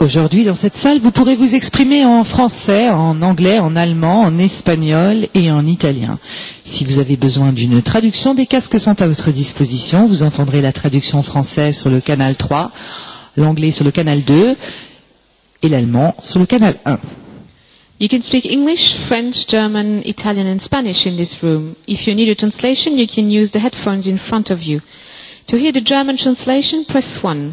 aujourd'hui dans cette salle. Vous pourrez vous exprimer en français, en anglais, en allemand, en espagnol et en italien. Si vous avez besoin d'une traduction, des casques sont à votre disposition. Vous entendrez la traduction française sur le canal 3, l'anglais sur le canal 2 et l'allemand sur le canal 1. You can speak English, French, German, Italian and Spanish in this room. If you need a translation, you can use the headphones in front of you. To hear the German translation, press 1.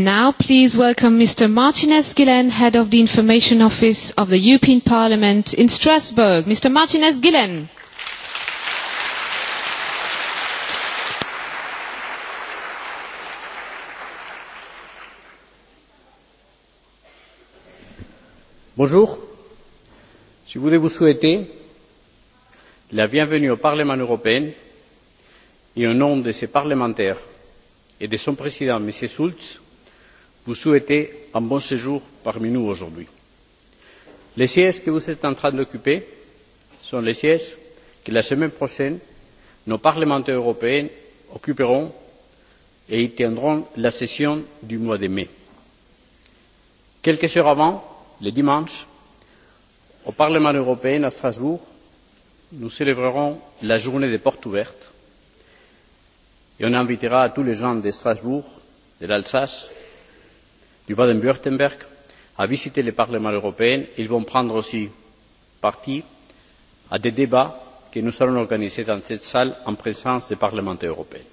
And now please welcome Mr. Martinez Gillen, Head of the Information Office of the European Parliament in Strasbourg. Mr. Martinez Gillen. Bonjour. Je voulais vous souhaiter la bienvenue au Parlement européen et au nom de ses parlementaires et de son président, M. Schulz, vous souhaiter un bon séjour parmi nous aujourd'hui. les sièges que vous êtes en train d'occuper sont les sièges que la semaine prochaine nos parlementaires européens occuperont et y tiendront la session du mois de mai. quelques heures avant le dimanche au parlement européen à strasbourg nous célébrerons la journée des portes ouvertes et on invitera tous les gens de strasbourg de l'alsace du baden württemberg à visiter le parlement européen. ils vont prendre aussi partie à des débats que nous allons organiser dans cette salle en présence des parlementaires européens.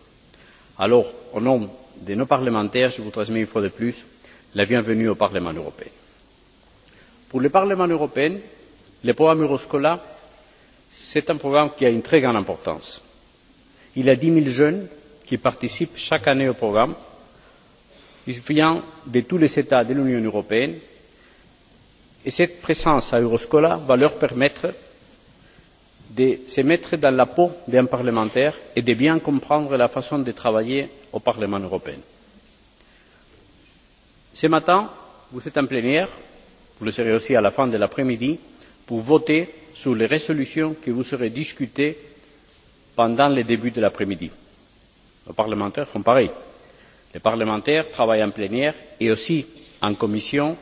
alors au nom de nos parlementaires je vous transmets une fois de plus la bienvenue au parlement européen. pour le parlement européen le programme euroscola c'est un programme qui a une très grande importance. il y a dix zéro jeunes qui participent chaque année au programme vient de tous les États de l'Union européenne et cette présence à Euroscola va leur permettre de se mettre dans la peau d'un parlementaire et de bien comprendre la façon de travailler au Parlement européen. Ce matin, vous êtes en plénière, vous le serez aussi à la fin de l'après-midi, pour voter sur les résolutions qui vous seront discutées pendant le début de l'après-midi. Nos parlementaires font pareil les parlementaires travaillent en plénière et aussi en commission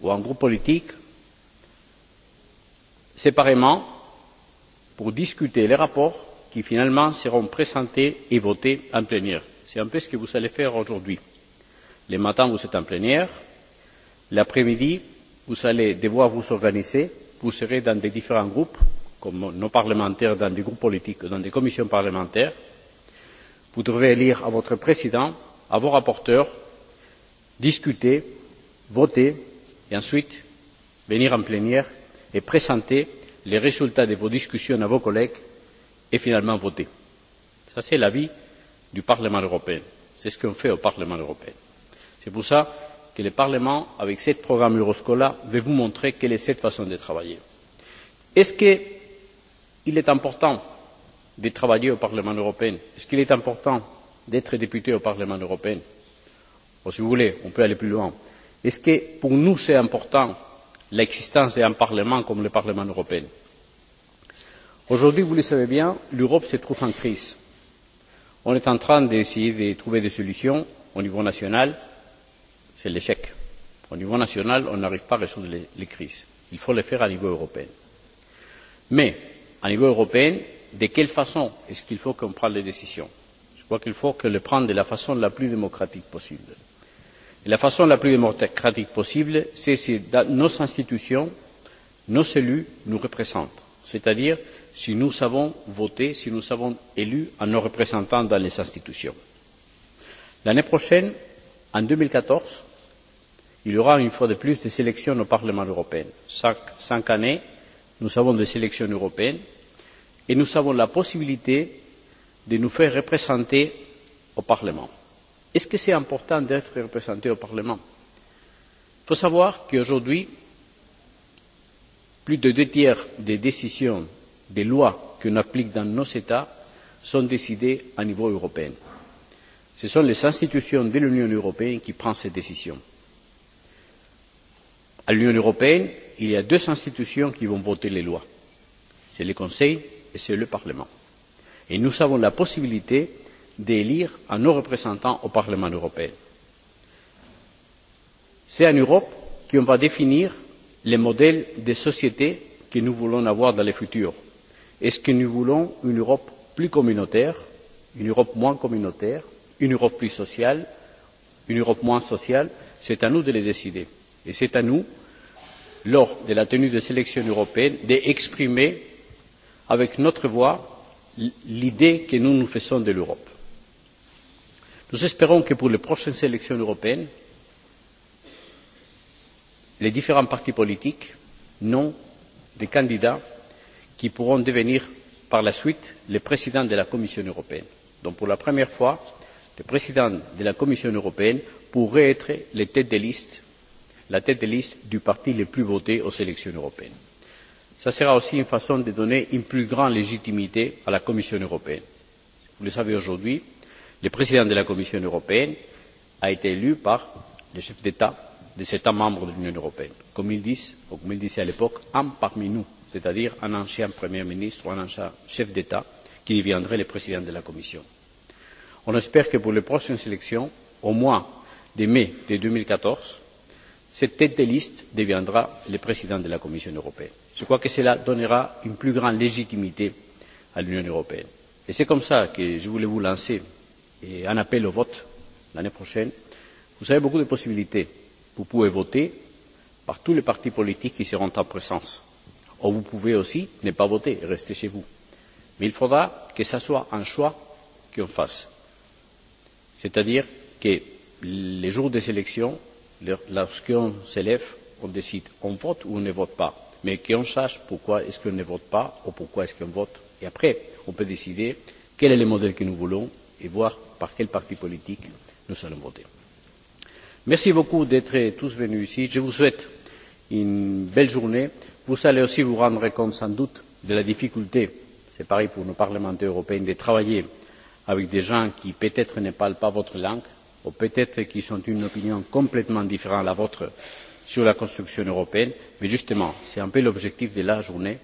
ou en groupe politique séparément pour discuter des rapports qui finalement seront présentés et votés en plénière. c'est un peu ce que vous allez faire aujourd'hui. le matin vous êtes en plénière l'après midi vous allez devoir vous organiser vous serez dans des différents groupes comme nos parlementaires dans des groupes politiques dans des commissions parlementaires vous devrez élire votre président à vos rapporteurs discuter voter et ensuite venir en plénière et présenter les résultats de vos discussions à vos collègues et finalement voter. c'est l'avis du parlement européen. c'est ce qu'on fait au parlement européen. c'est pour cela que le parlement avec ce programme euroscola veut vous montrer quelle est cette façon de travailler. est ce qu'il est important de travailler au parlement européen? est ce qu'il est important d'être député au Parlement européen. Bon, si vous voulez, on peut aller plus loin. Est-ce que pour nous c'est important l'existence d'un Parlement comme le Parlement européen Aujourd'hui, vous le savez bien, l'Europe se trouve en crise. On est en train d'essayer de trouver des solutions au niveau national. C'est l'échec. Au niveau national, on n'arrive pas à résoudre les, les crises. Il faut le faire au niveau européen. Mais, au niveau européen, de quelle façon est-ce qu'il faut qu'on prenne les décisions crois qu'il faut le prendre de la façon la plus démocratique possible. Et la façon la plus démocratique possible, c'est si nos institutions, nos élus nous représentent. C'est-à-dire si nous savons voter, si nous savons élu à nos représentants dans les institutions. L'année prochaine, en deux mille quatorze, il y aura une fois de plus des élections au Parlement européen. Chaque cinq années, nous avons des élections européennes et nous avons la possibilité de nous faire représenter au Parlement. Est-ce que c'est important d'être représenté au Parlement Il faut savoir qu'aujourd'hui, plus de deux tiers des décisions, des lois que l'on applique dans nos États sont décidées au niveau européen. Ce sont les institutions de l'Union européenne qui prennent ces décisions. À l'Union européenne, il y a deux institutions qui vont voter les lois. C'est le Conseil et c'est le Parlement et nous avons la possibilité d'élire à nos représentants au Parlement européen. C'est en Europe qu'on va définir les modèles de société que nous voulons avoir dans le futur. Est-ce que nous voulons une Europe plus communautaire, une Europe moins communautaire, une Europe plus sociale, une Europe moins sociale C'est à nous de le décider. Et c'est à nous, lors de la tenue des élections européennes, d'exprimer avec notre voix l'idée que nous nous faisons de l'Europe. Nous espérons que pour les prochaines élections européennes, les différents partis politiques n'ont des candidats qui pourront devenir par la suite les présidents de la Commission européenne. Donc pour la première fois, le président de la Commission européenne pourrait être la tête de liste, la tête de liste du parti le plus voté aux élections européennes ce sera aussi une façon de donner une plus grande légitimité à la commission européenne. vous le savez aujourd'hui le président de la commission européenne a été élu par les chefs d'état des états membres de l'union européenne comme ils disent ou comme ils disaient à l'époque un parmi nous c'est à dire un ancien premier ministre ou un ancien chef d'état qui deviendrait le président de la commission. on espère que pour les prochaines élections au mois de mai deux mille quatorze cette tête de liste deviendra le président de la commission européenne je crois que cela donnera une plus grande légitimité à l'union européenne. et c'est comme cela que je voulais vous lancer un appel au vote l'année prochaine. vous avez beaucoup de possibilités vous pouvez voter par tous les partis politiques qui seront en présence ou vous pouvez aussi ne pas voter et rester chez vous. mais il faudra que ce soit un choix que l'on fasse c'est à dire que le jour des élections lorsqu'on se lève on décide on vote ou on ne vote pas mais qu'on sache pourquoi est-ce qu'on ne vote pas ou pourquoi est-ce qu'on vote. Et après, on peut décider quel est le modèle que nous voulons et voir par quel parti politique nous allons voter. Merci beaucoup d'être tous venus ici. Je vous souhaite une belle journée. Vous allez aussi vous rendre compte sans doute de la difficulté, c'est pareil pour nos parlementaires européens, de travailler avec des gens qui peut-être ne parlent pas votre langue ou peut-être qui ont une opinion complètement différente de la vôtre sur la construction européenne. Mais justement, c'est un peu l'objectif de la journée,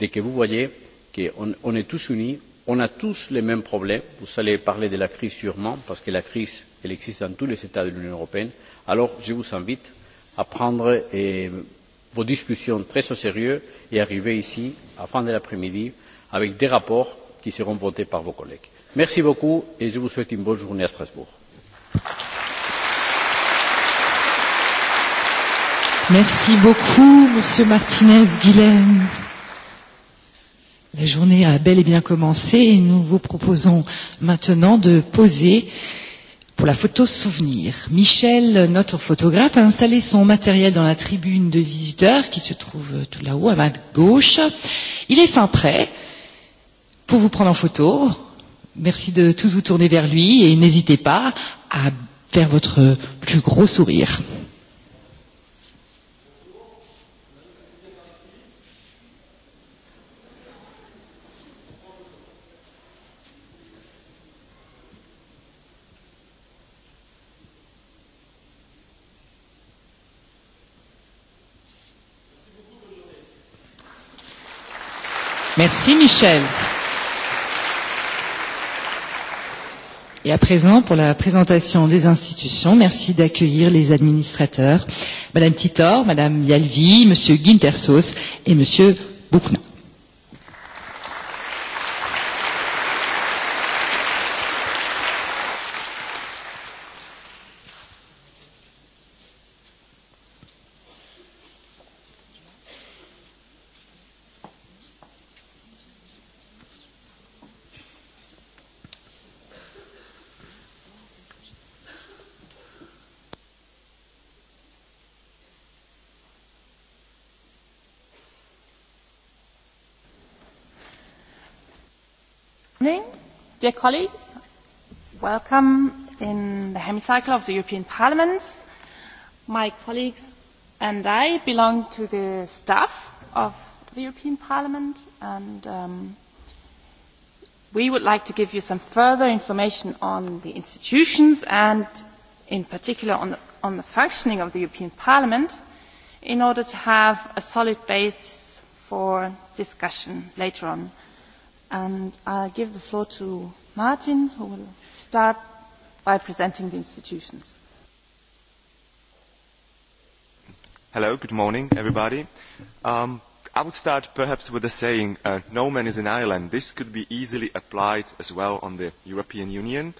de que vous voyez qu'on est tous unis, on a tous les mêmes problèmes. Vous allez parler de la crise sûrement, parce que la crise, elle existe dans tous les États de l'Union européenne. Alors, je vous invite à prendre eh, vos discussions très au sérieux et arriver ici, à la fin de l'après-midi, avec des rapports qui seront votés par vos collègues. Merci beaucoup et je vous souhaite une bonne journée à Strasbourg. Merci beaucoup, Monsieur martinez Guilhem. La journée a bel et bien commencé et nous vous proposons maintenant de poser pour la photo souvenir. Michel, notre photographe, a installé son matériel dans la tribune de visiteurs qui se trouve tout là-haut à ma gauche. Il est fin prêt pour vous prendre en photo. Merci de tous vous tourner vers lui et n'hésitez pas à faire votre plus gros sourire. Merci Michel. Et à présent, pour la présentation des institutions, merci d'accueillir les administrateurs, Madame Titor, Madame Yalvi, Monsieur Guintersos et Monsieur Dear colleagues, welcome in the hemicycle of the European Parliament. My colleagues and I belong to the staff of the European Parliament and um, we would like to give you some further information on the institutions and in particular on the, on the functioning of the European Parliament in order to have a solid base for discussion later on and I'll give the floor to Martin, who will start by presenting the institutions. Hello, good morning, everybody. Um, I would start perhaps with the saying, uh, no man is an island. This could be easily applied as well on the European Union.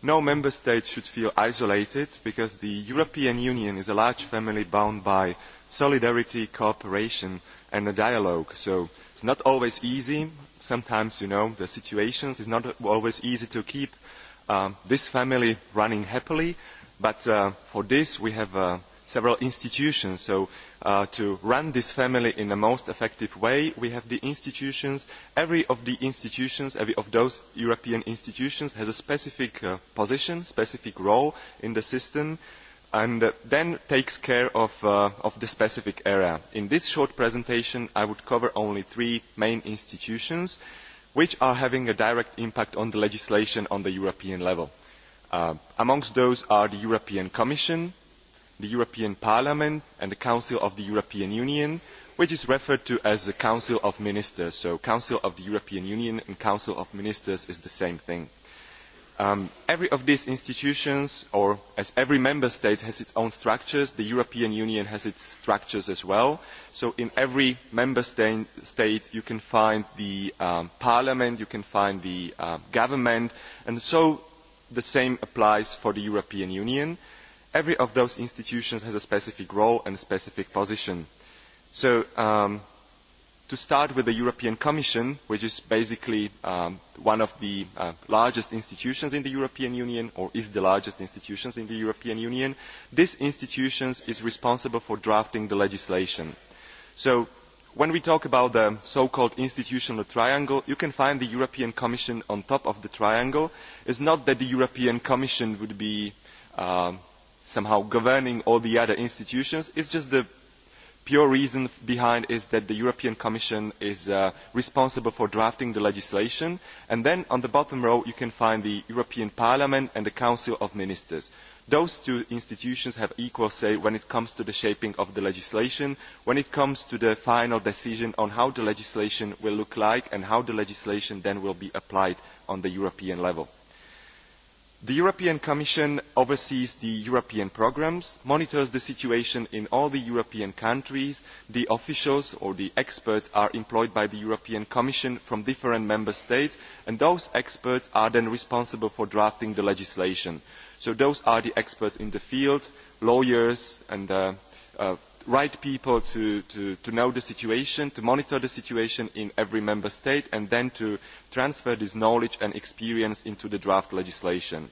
No member state should feel isolated because the European Union is a large family bound by solidarity, cooperation and a dialogue. So it's not always easy sometimes, you know, the situations, is not always easy to keep uh, this family running happily, but uh, for this we have uh, several institutions. So uh, to run this family in the most effective way, we have the institutions. Every of the institutions, every of those European institutions has a specific uh, position, specific role in the system and uh, then takes care of, uh, of the specific area. In this short presentation, I would cover only three main institutions which are having a direct impact on the legislation on the European level. Uh, amongst those are the European Commission, the European Parliament, and the Council of the European Union, which is referred to as the Council of Ministers. So Council of the European Union and Council of Ministers is the same thing every um, every of these institutions, or as every member state has its own structures, the European Union has its structures as well. So in every member state, you can find the um, parliament, you can find the um, government, and so the same applies for the European Union. Every of those institutions has a specific role and a specific position. So to start with the European Commission, which is basically um, one of the uh, largest institutions in the European Union, or is the largest institution in the European Union. This institution is responsible for drafting the legislation. So when we talk about the so-called institutional triangle, you can find the European Commission on top of the triangle. It is not that the European Commission would be uh, somehow governing all the other institutions, it is just the pure reason behind is that the European Commission is uh, responsible for drafting the legislation. And then on the bottom row, you can find the European Parliament and the Council of Ministers. Those two institutions have equal say when it comes to the shaping of the legislation, when it comes to the final decision on how the legislation will look like and how the legislation then will be applied on the European level the european commission oversees the european programmes monitors the situation in all the european countries the officials or the experts are employed by the european commission from different member states and those experts are then responsible for drafting the legislation so those are the experts in the field lawyers and uh, uh, right people to, to, to know the situation, to monitor the situation in every member state, and then to transfer this knowledge and experience into the draft legislation.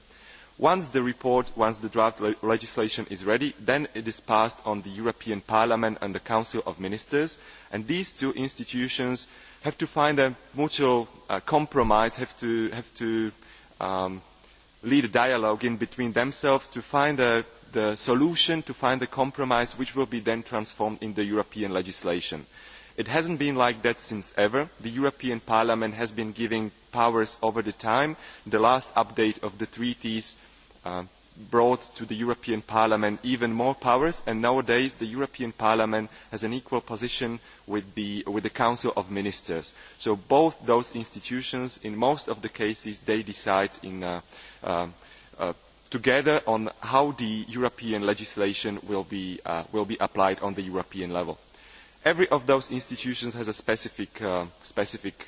Once the report, once the draft le legislation is ready, then it is passed on the European Parliament and the Council of Ministers, and these two institutions have to find a mutual uh, compromise, have to, have to um, lead a dialogue in between themselves to find a the solution to find a compromise which will be then transformed into European legislation. It has not been like that since ever. The European Parliament has been giving powers over the time. The last update of the treaties uh, brought to the European Parliament even more powers, and nowadays the European Parliament has an equal position with the, with the Council of Ministers. So both those institutions, in most of the cases, they decide in uh, uh, uh together on how the European legislation will be, uh, will be applied on the European level. Every of those institutions has a specific, uh, specific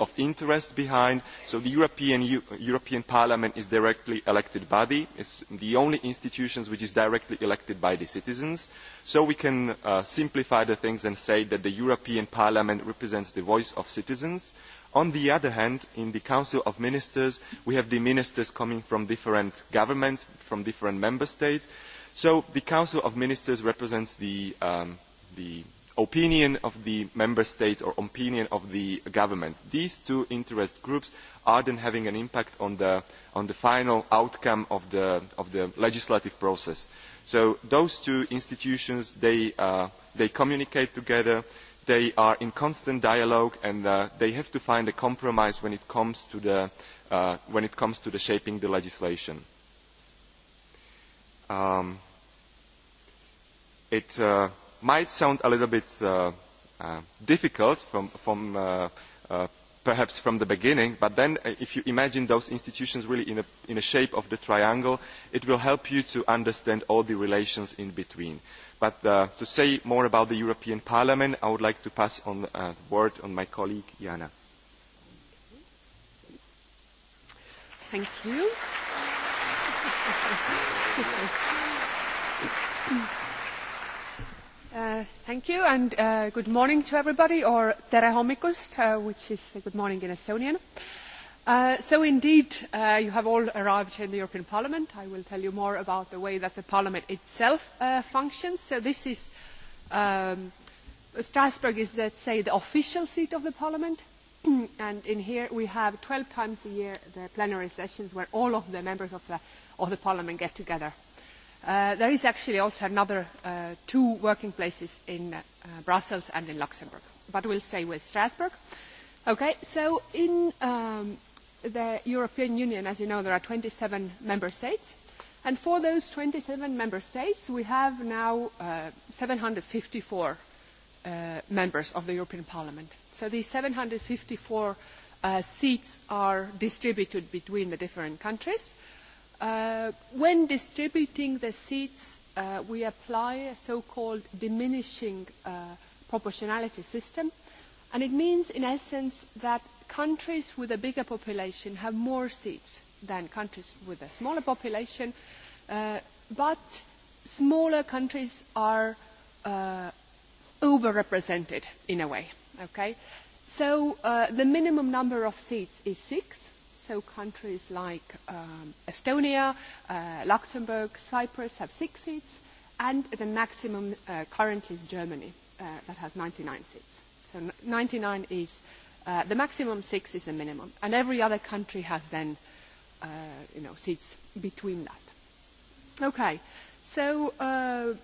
of interest behind, so the European, U European Parliament is directly elected body. it is the only institution which is directly elected by the citizens, so we can uh, simplify the things and say that the European Parliament represents the voice of citizens, on the other hand in the council of ministers we have the ministers coming from different governments from different member states so the council of ministers represents the, um, the opinion of the member states or opinion of the government. these two interest groups are then having an impact on the, on the final outcome of the, of the legislative process. so those two institutions they, uh, they communicate together they are in constant dialogue and uh, they have to find a compromise when it comes to, the, uh, when it comes to the shaping the legislation. Um, it uh, might sound a little bit uh, uh, difficult from, from uh, uh, perhaps from the beginning, but then uh, if you imagine those institutions really in a, in a shape of the triangle, it will help you to understand all the relations in between. But uh, to say more about the European Parliament, I would like to pass on uh, the word on my colleague, Jana. Thank you. Uh, thank you and uh, good morning to everybody, or tere hommikust, uh, which is good morning in Estonian. Uh, Uh, so indeed, uh, you have all arrived here in the European Parliament. I will tell you more about the way that the Parliament itself uh, functions. So this is, um, Strasbourg is, let's say, the official seat of the Parliament. and in here we have twelve times a year the plenary sessions where all of the members of the, of the Parliament get together. Uh, there is actually also another uh, two working places in uh, Brussels and in Luxembourg, but we'll stay with Strasbourg. Okay, so in um, the European Union, as you know, there are twenty seven member states. And for those twenty seven member states, we have now uh, seven hundred and fifty four uh, members of the European Parliament. So these seven hundred and fifty four uh, seats are distributed between the different countries. Uh, when distributing the seats, uh, we apply a so-called diminishing uh, proportionality system. And it means, in essence, that countries with a bigger population have more seats than countries with a smaller population, uh, but smaller countries are uh, overrepresented in a way. Okay? So uh, the minimum number of seats is six. So countries like um, Estonia, uh, Luxembourg, Cyprus have six seats, and the maximum uh, currently is Germany, uh, that has 99 seats. So 99 is Uh, the maximum six is the minimum, and every other country has then, uh, you know, seats between that. Okay, so uh,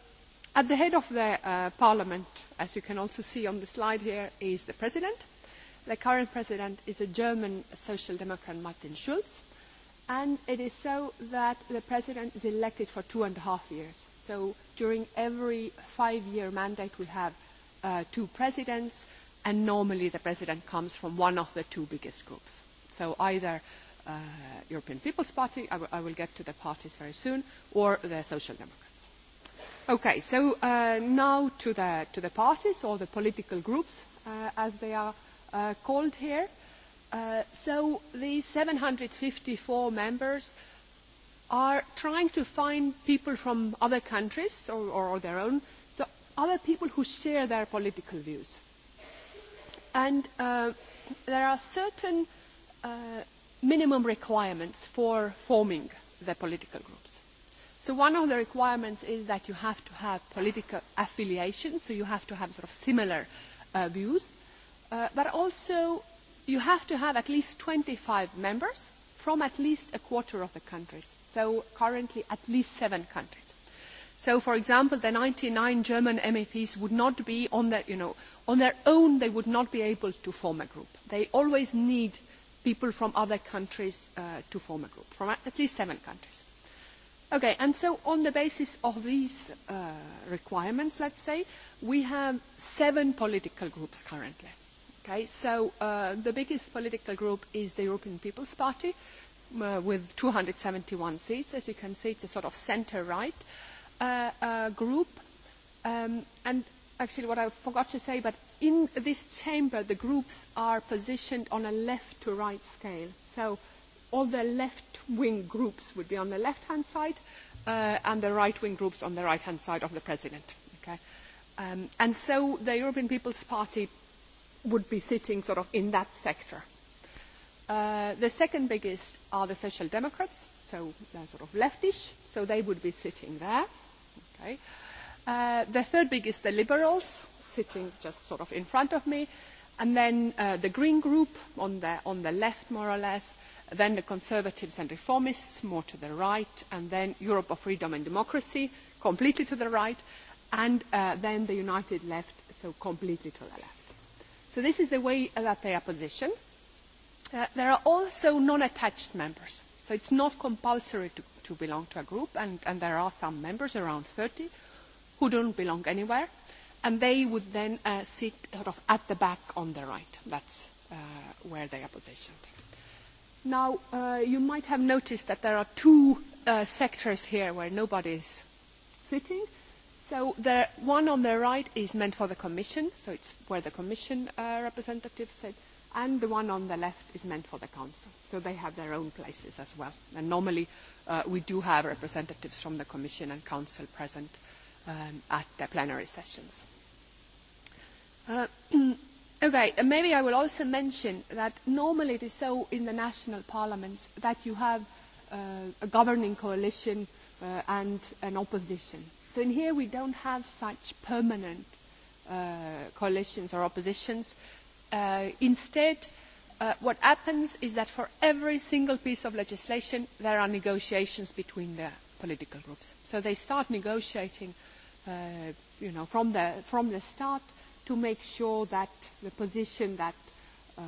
at the head of the uh, parliament, as you can also see on the slide here, is the president. The current president is a German social democrat, Martin Schulz, and it is so that the president is elected for two and a half years. So during every five-year mandate, we have uh, two presidents and normally the president comes from one of the two biggest groups. So either uh, European People's Party, I, I will get to the parties very soon, or the Social Democrats. Okay, so uh, now to the, to the parties or the political groups, uh, as they are uh, called here. Uh, so the 754 members are trying to find people from other countries or, or, or their own, so other people who share their political views And uh, there are certain uh, minimum requirements for forming the political groups. So one of the requirements is that you have to have political affiliation, so you have to have sort of similar uh, views, uh, but also you have to have at least twenty five members from at least a quarter of the countries. So currently at least seven countries. So, for example, the ninety nine German MEPs would not be on their, you know, on their own, they would not be able to form a group. They always need people from other countries uh, to form a group, from at least seven countries. Okay, and so on the basis of these uh, requirements, let's say, we have seven political groups currently. Okay, so uh, the biggest political group is the European People's Party uh, with 271 seats. As you can see, it's a sort of center-right. Uh, group. Um, and actually what I forgot to say, but in this chamber, the groups are positioned on a left to right scale. So all the left-wing groups would be on the left-hand side, uh, and the right-wing groups on the right-hand side of the president. Okay? Um, and so the European People's Party would be sitting sort of in that sector. Uh, the second biggest are the Social Democrats, so they're sort of leftish, so they would be sitting there. Okay? Uh, the third big is the Liberals, sitting just sort of in front of me, and then uh, the Green Group on the, on the left, more or less, then the Conservatives and Reformists, more to the right, and then Europe of Freedom and Democracy, completely to the right, and uh, then the United Left, so completely to the left. So this is the way that they are positioned. Uh, there are also non-attached members, so it's not compulsory to to belong to a group, and, and there are some members, around 30, who don't belong anywhere, and they would then uh, sit sort of at the back on the right. That's uh, where they are positioned. Now, uh, you might have noticed that there are two uh, sectors here where nobody is sitting. So the one on the right is meant for the Commission, so it's where the Commission uh, representatives sit, and the one on the left is meant for the Council. So they have their own places as well. And normally uh, we do have representatives from the Commission and Council present um, at the plenary sessions. Uh, okay, maybe I will also mention that normally it is so in the national parliaments that you have uh, a governing coalition uh, and an opposition. So in here we don't have such permanent uh, coalitions or oppositions. Uh, instead, Uh, what happens is that for every single piece of legislation there are negotiations between the political groups. So they start negotiating uh, you know, from, the, from the start to make sure that the position that um,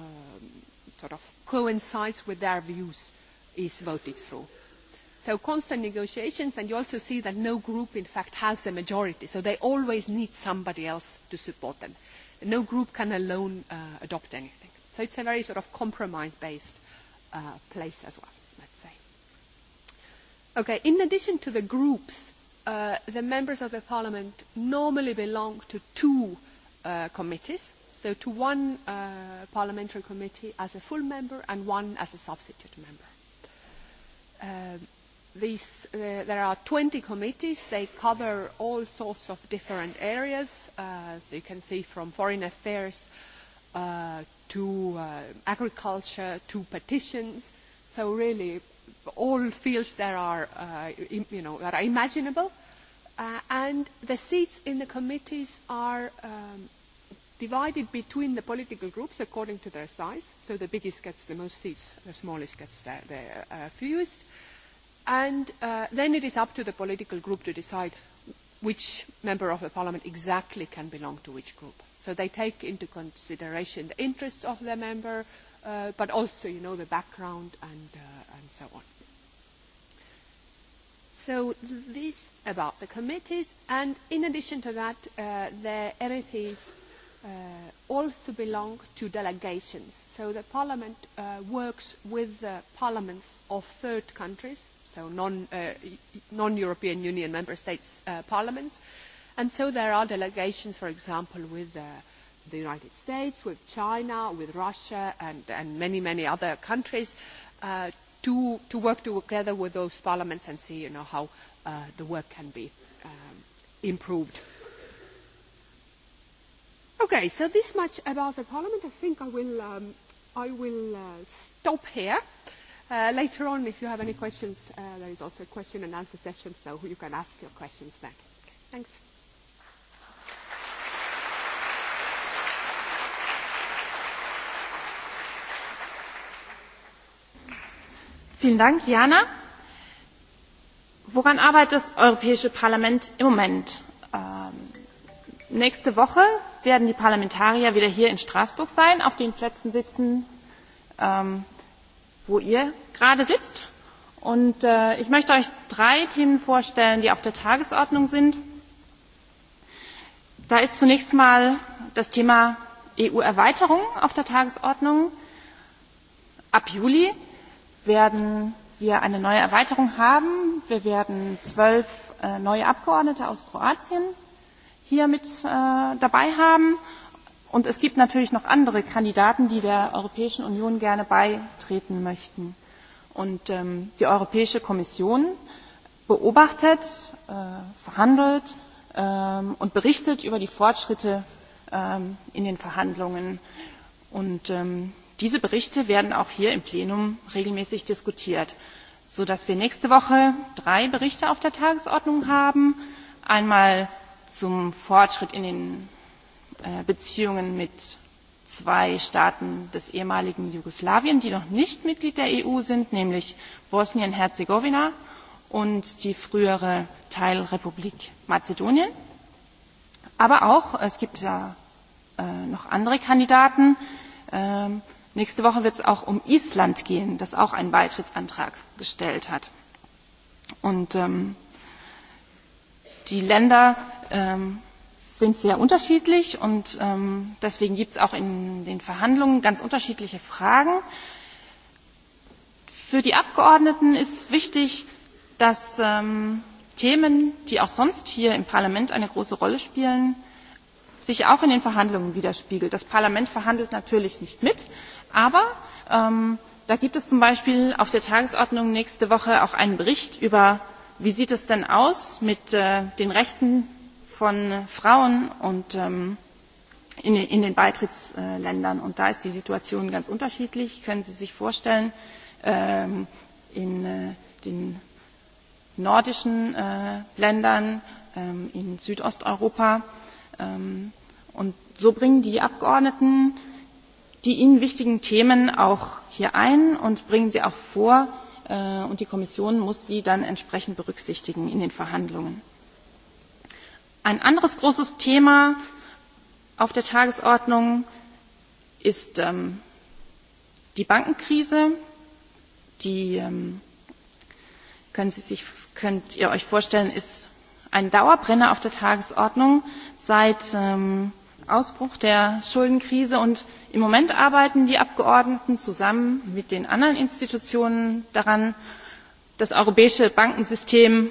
sort of coincides with their views is voted through. So constant negotiations, and you also see that no group, in fact, has a majority, so they always need somebody else to support them. No group can alone uh, adopt anything. So it's a very sort of compromise-based uh, place as well, let's say. Okay, in addition to the groups, uh, the members of the parliament normally belong to two uh, committees, so to one uh, parliamentary committee as a full member and one as a substitute member. Um, these, uh, there are 20 committees. They cover all sorts of different areas, uh, so you can see from foreign affairs uh, to uh, agriculture, to petitions. So really, all fields that are, uh, im, you know, that are imaginable. Uh, and the seats in the committees are um, divided between the political groups according to their size. So the biggest gets the most seats, the smallest gets the, the uh, fewest. And uh, then it is up to the political group to decide which member of the parliament exactly can belong to which group. So they take into consideration the interests of the member, uh, but also, you know, the background and, uh, and so on. So this about the committees, and in addition to that, uh, the MEPs uh, also belong to delegations. So the Parliament uh, works with the parliaments of third countries, so non, uh, non-European Union member states' uh, parliaments, uh, And so there are delegations, for example, with uh, the United States, with China, with Russia, and, and many, many other countries uh, to, to work together with those parliaments and see you know, how uh, the work can be um, improved. Okay, so this much about the Parliament. I think I will, um, I will uh, stop here. Uh, later on, if you have any questions, uh, there is also a question and answer session, so you can ask your questions then. Thanks. Vielen Dank, Jana. Woran arbeitet das Europäische Parlament im Moment? Ähm, nächste Woche werden die Parlamentarier wieder hier in Straßburg sein, auf den Plätzen sitzen, ähm, wo ihr gerade sitzt. Und äh, ich möchte euch drei Themen vorstellen, die auf der Tagesordnung sind. Da ist zunächst mal das Thema EU-Erweiterung auf der Tagesordnung. Ab Juli werden wir eine neue Erweiterung haben. Wir werden zwölf äh, neue Abgeordnete aus Kroatien hier mit äh, dabei haben. Und es gibt natürlich noch andere Kandidaten, die der Europäischen Union gerne beitreten möchten. Und ähm, die Europäische Kommission beobachtet, äh, verhandelt ähm, und berichtet über die Fortschritte ähm, in den Verhandlungen. Und ähm, diese berichte werden auch hier im plenum regelmäßig diskutiert sodass wir nächste woche drei berichte auf der tagesordnung haben einmal zum fortschritt in den äh, beziehungen mit zwei staaten des ehemaligen jugoslawien die noch nicht mitglied der eu sind nämlich bosnien herzegowina und die frühere teilrepublik mazedonien aber auch es gibt ja äh, noch andere kandidaten ähm, nächste woche wird es auch um island gehen das auch einen beitrittsantrag gestellt hat. Und, ähm, die länder ähm, sind sehr unterschiedlich und ähm, deswegen gibt es auch in den verhandlungen ganz unterschiedliche fragen. für die abgeordneten ist wichtig dass ähm, themen die auch sonst hier im parlament eine große rolle spielen sich auch in den verhandlungen widerspiegelt. das parlament verhandelt natürlich nicht mit aber ähm, da gibt es zum beispiel auf der tagesordnung nächste woche auch einen bericht über wie sieht es denn aus mit äh, den rechten von frauen und, ähm, in, in den beitrittsländern und da ist die situation ganz unterschiedlich können sie sich vorstellen ähm, in äh, den nordischen äh, ländern ähm, in südosteuropa ähm, und so bringen die abgeordneten die Ihnen wichtigen Themen auch hier ein und bringen sie auch vor. Äh, und die Kommission muss sie dann entsprechend berücksichtigen in den Verhandlungen. Ein anderes großes Thema auf der Tagesordnung ist ähm, die Bankenkrise. Die ähm, können Sie sich, könnt ihr euch vorstellen, ist ein Dauerbrenner auf der Tagesordnung seit ähm, ausbruch der schuldenkrise und im moment arbeiten die abgeordneten zusammen mit den anderen institutionen daran das europäische bankensystem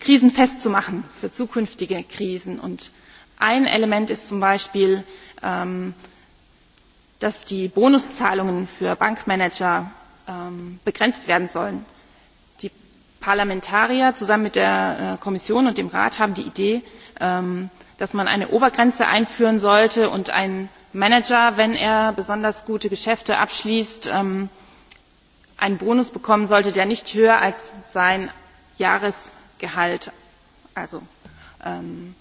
krisenfest zu machen für zukünftige krisen. Und ein element ist zum beispiel ähm, dass die bonuszahlungen für bankmanager ähm, begrenzt werden sollen. die parlamentarier zusammen mit der äh, kommission und dem rat haben die idee ähm, dass man eine obergrenze einführen sollte und ein manager wenn er besonders gute geschäfte abschließt ähm, einen bonus bekommen sollte der nicht höher als sein jahresgehalt ähm,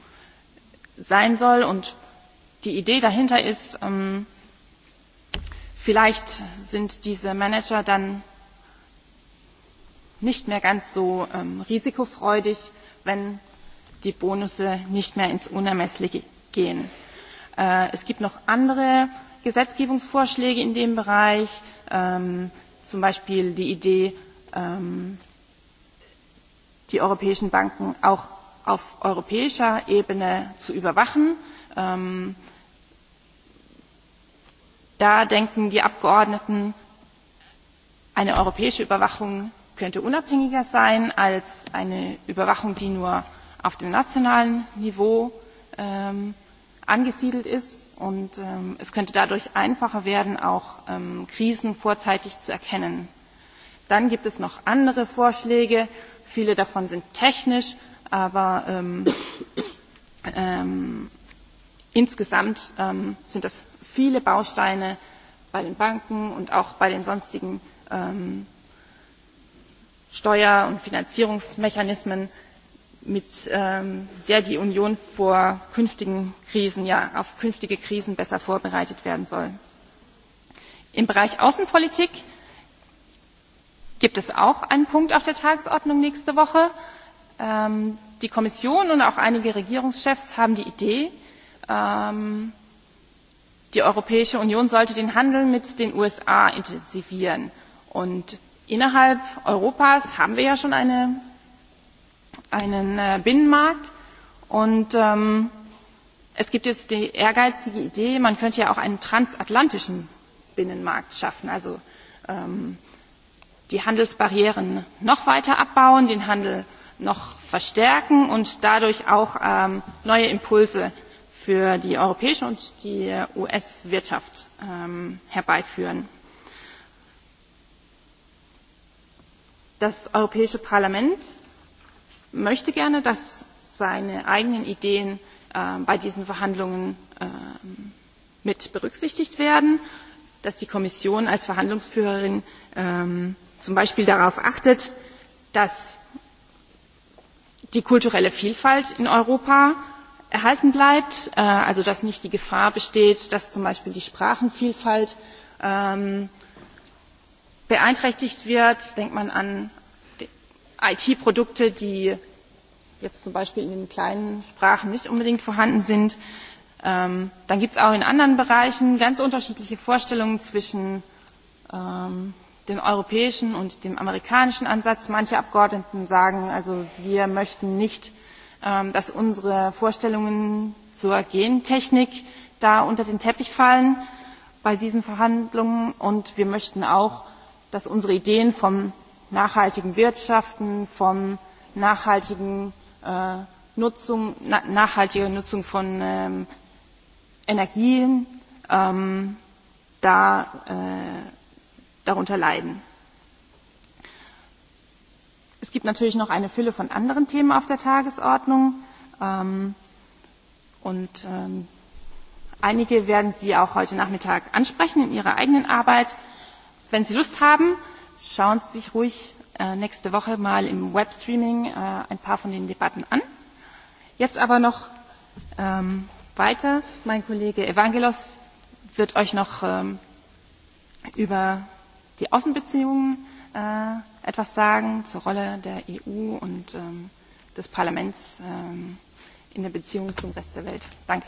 sein soll. Und die idee dahinter ist ähm, vielleicht sind diese manager dann nicht mehr ganz so risikofreudig wenn die Bonusse nicht mehr ins Unermessliche gehen. Äh, es gibt noch andere Gesetzgebungsvorschläge in dem Bereich, ähm, zum Beispiel die Idee, ähm, die europäischen Banken auch auf europäischer Ebene zu überwachen. Ähm, da denken die Abgeordneten, eine europäische Überwachung könnte unabhängiger sein als eine Überwachung, die nur auf dem nationalen Niveau ähm, angesiedelt ist und ähm, es könnte dadurch einfacher werden, auch ähm, Krisen vorzeitig zu erkennen. Dann gibt es noch andere Vorschläge. Viele davon sind technisch, aber ähm, ähm, insgesamt ähm, sind das viele Bausteine bei den Banken und auch bei den sonstigen ähm, Steuer- und Finanzierungsmechanismen, mit ähm, der die Union vor künftigen Krisen, ja, auf künftige Krisen besser vorbereitet werden soll. Im Bereich Außenpolitik gibt es auch einen Punkt auf der Tagesordnung nächste Woche. Ähm, die Kommission und auch einige Regierungschefs haben die Idee, ähm, die Europäische Union sollte den Handel mit den USA intensivieren. Und innerhalb Europas haben wir ja schon eine einen äh, Binnenmarkt. Und ähm, es gibt jetzt die ehrgeizige Idee, man könnte ja auch einen transatlantischen Binnenmarkt schaffen. Also ähm, die Handelsbarrieren noch weiter abbauen, den Handel noch verstärken und dadurch auch ähm, neue Impulse für die europäische und die äh, US-Wirtschaft ähm, herbeiführen. Das Europäische Parlament möchte gerne, dass seine eigenen Ideen äh, bei diesen Verhandlungen äh, mit berücksichtigt werden, dass die Kommission als Verhandlungsführerin ähm, zum Beispiel darauf achtet, dass die kulturelle Vielfalt in Europa erhalten bleibt, äh, also dass nicht die Gefahr besteht, dass zum Beispiel die Sprachenvielfalt ähm, beeinträchtigt wird. Denkt man an it produkte die jetzt zum beispiel in den kleinen sprachen nicht unbedingt vorhanden sind. Ähm, dann gibt es auch in anderen bereichen ganz unterschiedliche vorstellungen zwischen ähm, dem europäischen und dem amerikanischen ansatz. manche abgeordneten sagen also wir möchten nicht ähm, dass unsere vorstellungen zur gentechnik da unter den teppich fallen bei diesen verhandlungen und wir möchten auch dass unsere ideen vom nachhaltigen Wirtschaften, von nachhaltigen äh, Nutzung, na, nachhaltiger Nutzung von ähm, Energien ähm, da, äh, darunter leiden. Es gibt natürlich noch eine Fülle von anderen Themen auf der Tagesordnung ähm, und ähm, einige werden Sie auch heute Nachmittag ansprechen in Ihrer eigenen Arbeit. Wenn Sie Lust haben, schauen Sie sich ruhig äh, nächste Woche mal im Webstreaming äh, ein paar von den Debatten an. Jetzt aber noch ähm, weiter. Mein Kollege Evangelos wird euch noch ähm, über die Außenbeziehungen äh, etwas sagen, zur Rolle der EU und ähm, des Parlaments in der Beziehung zum Rest der Welt. Danke.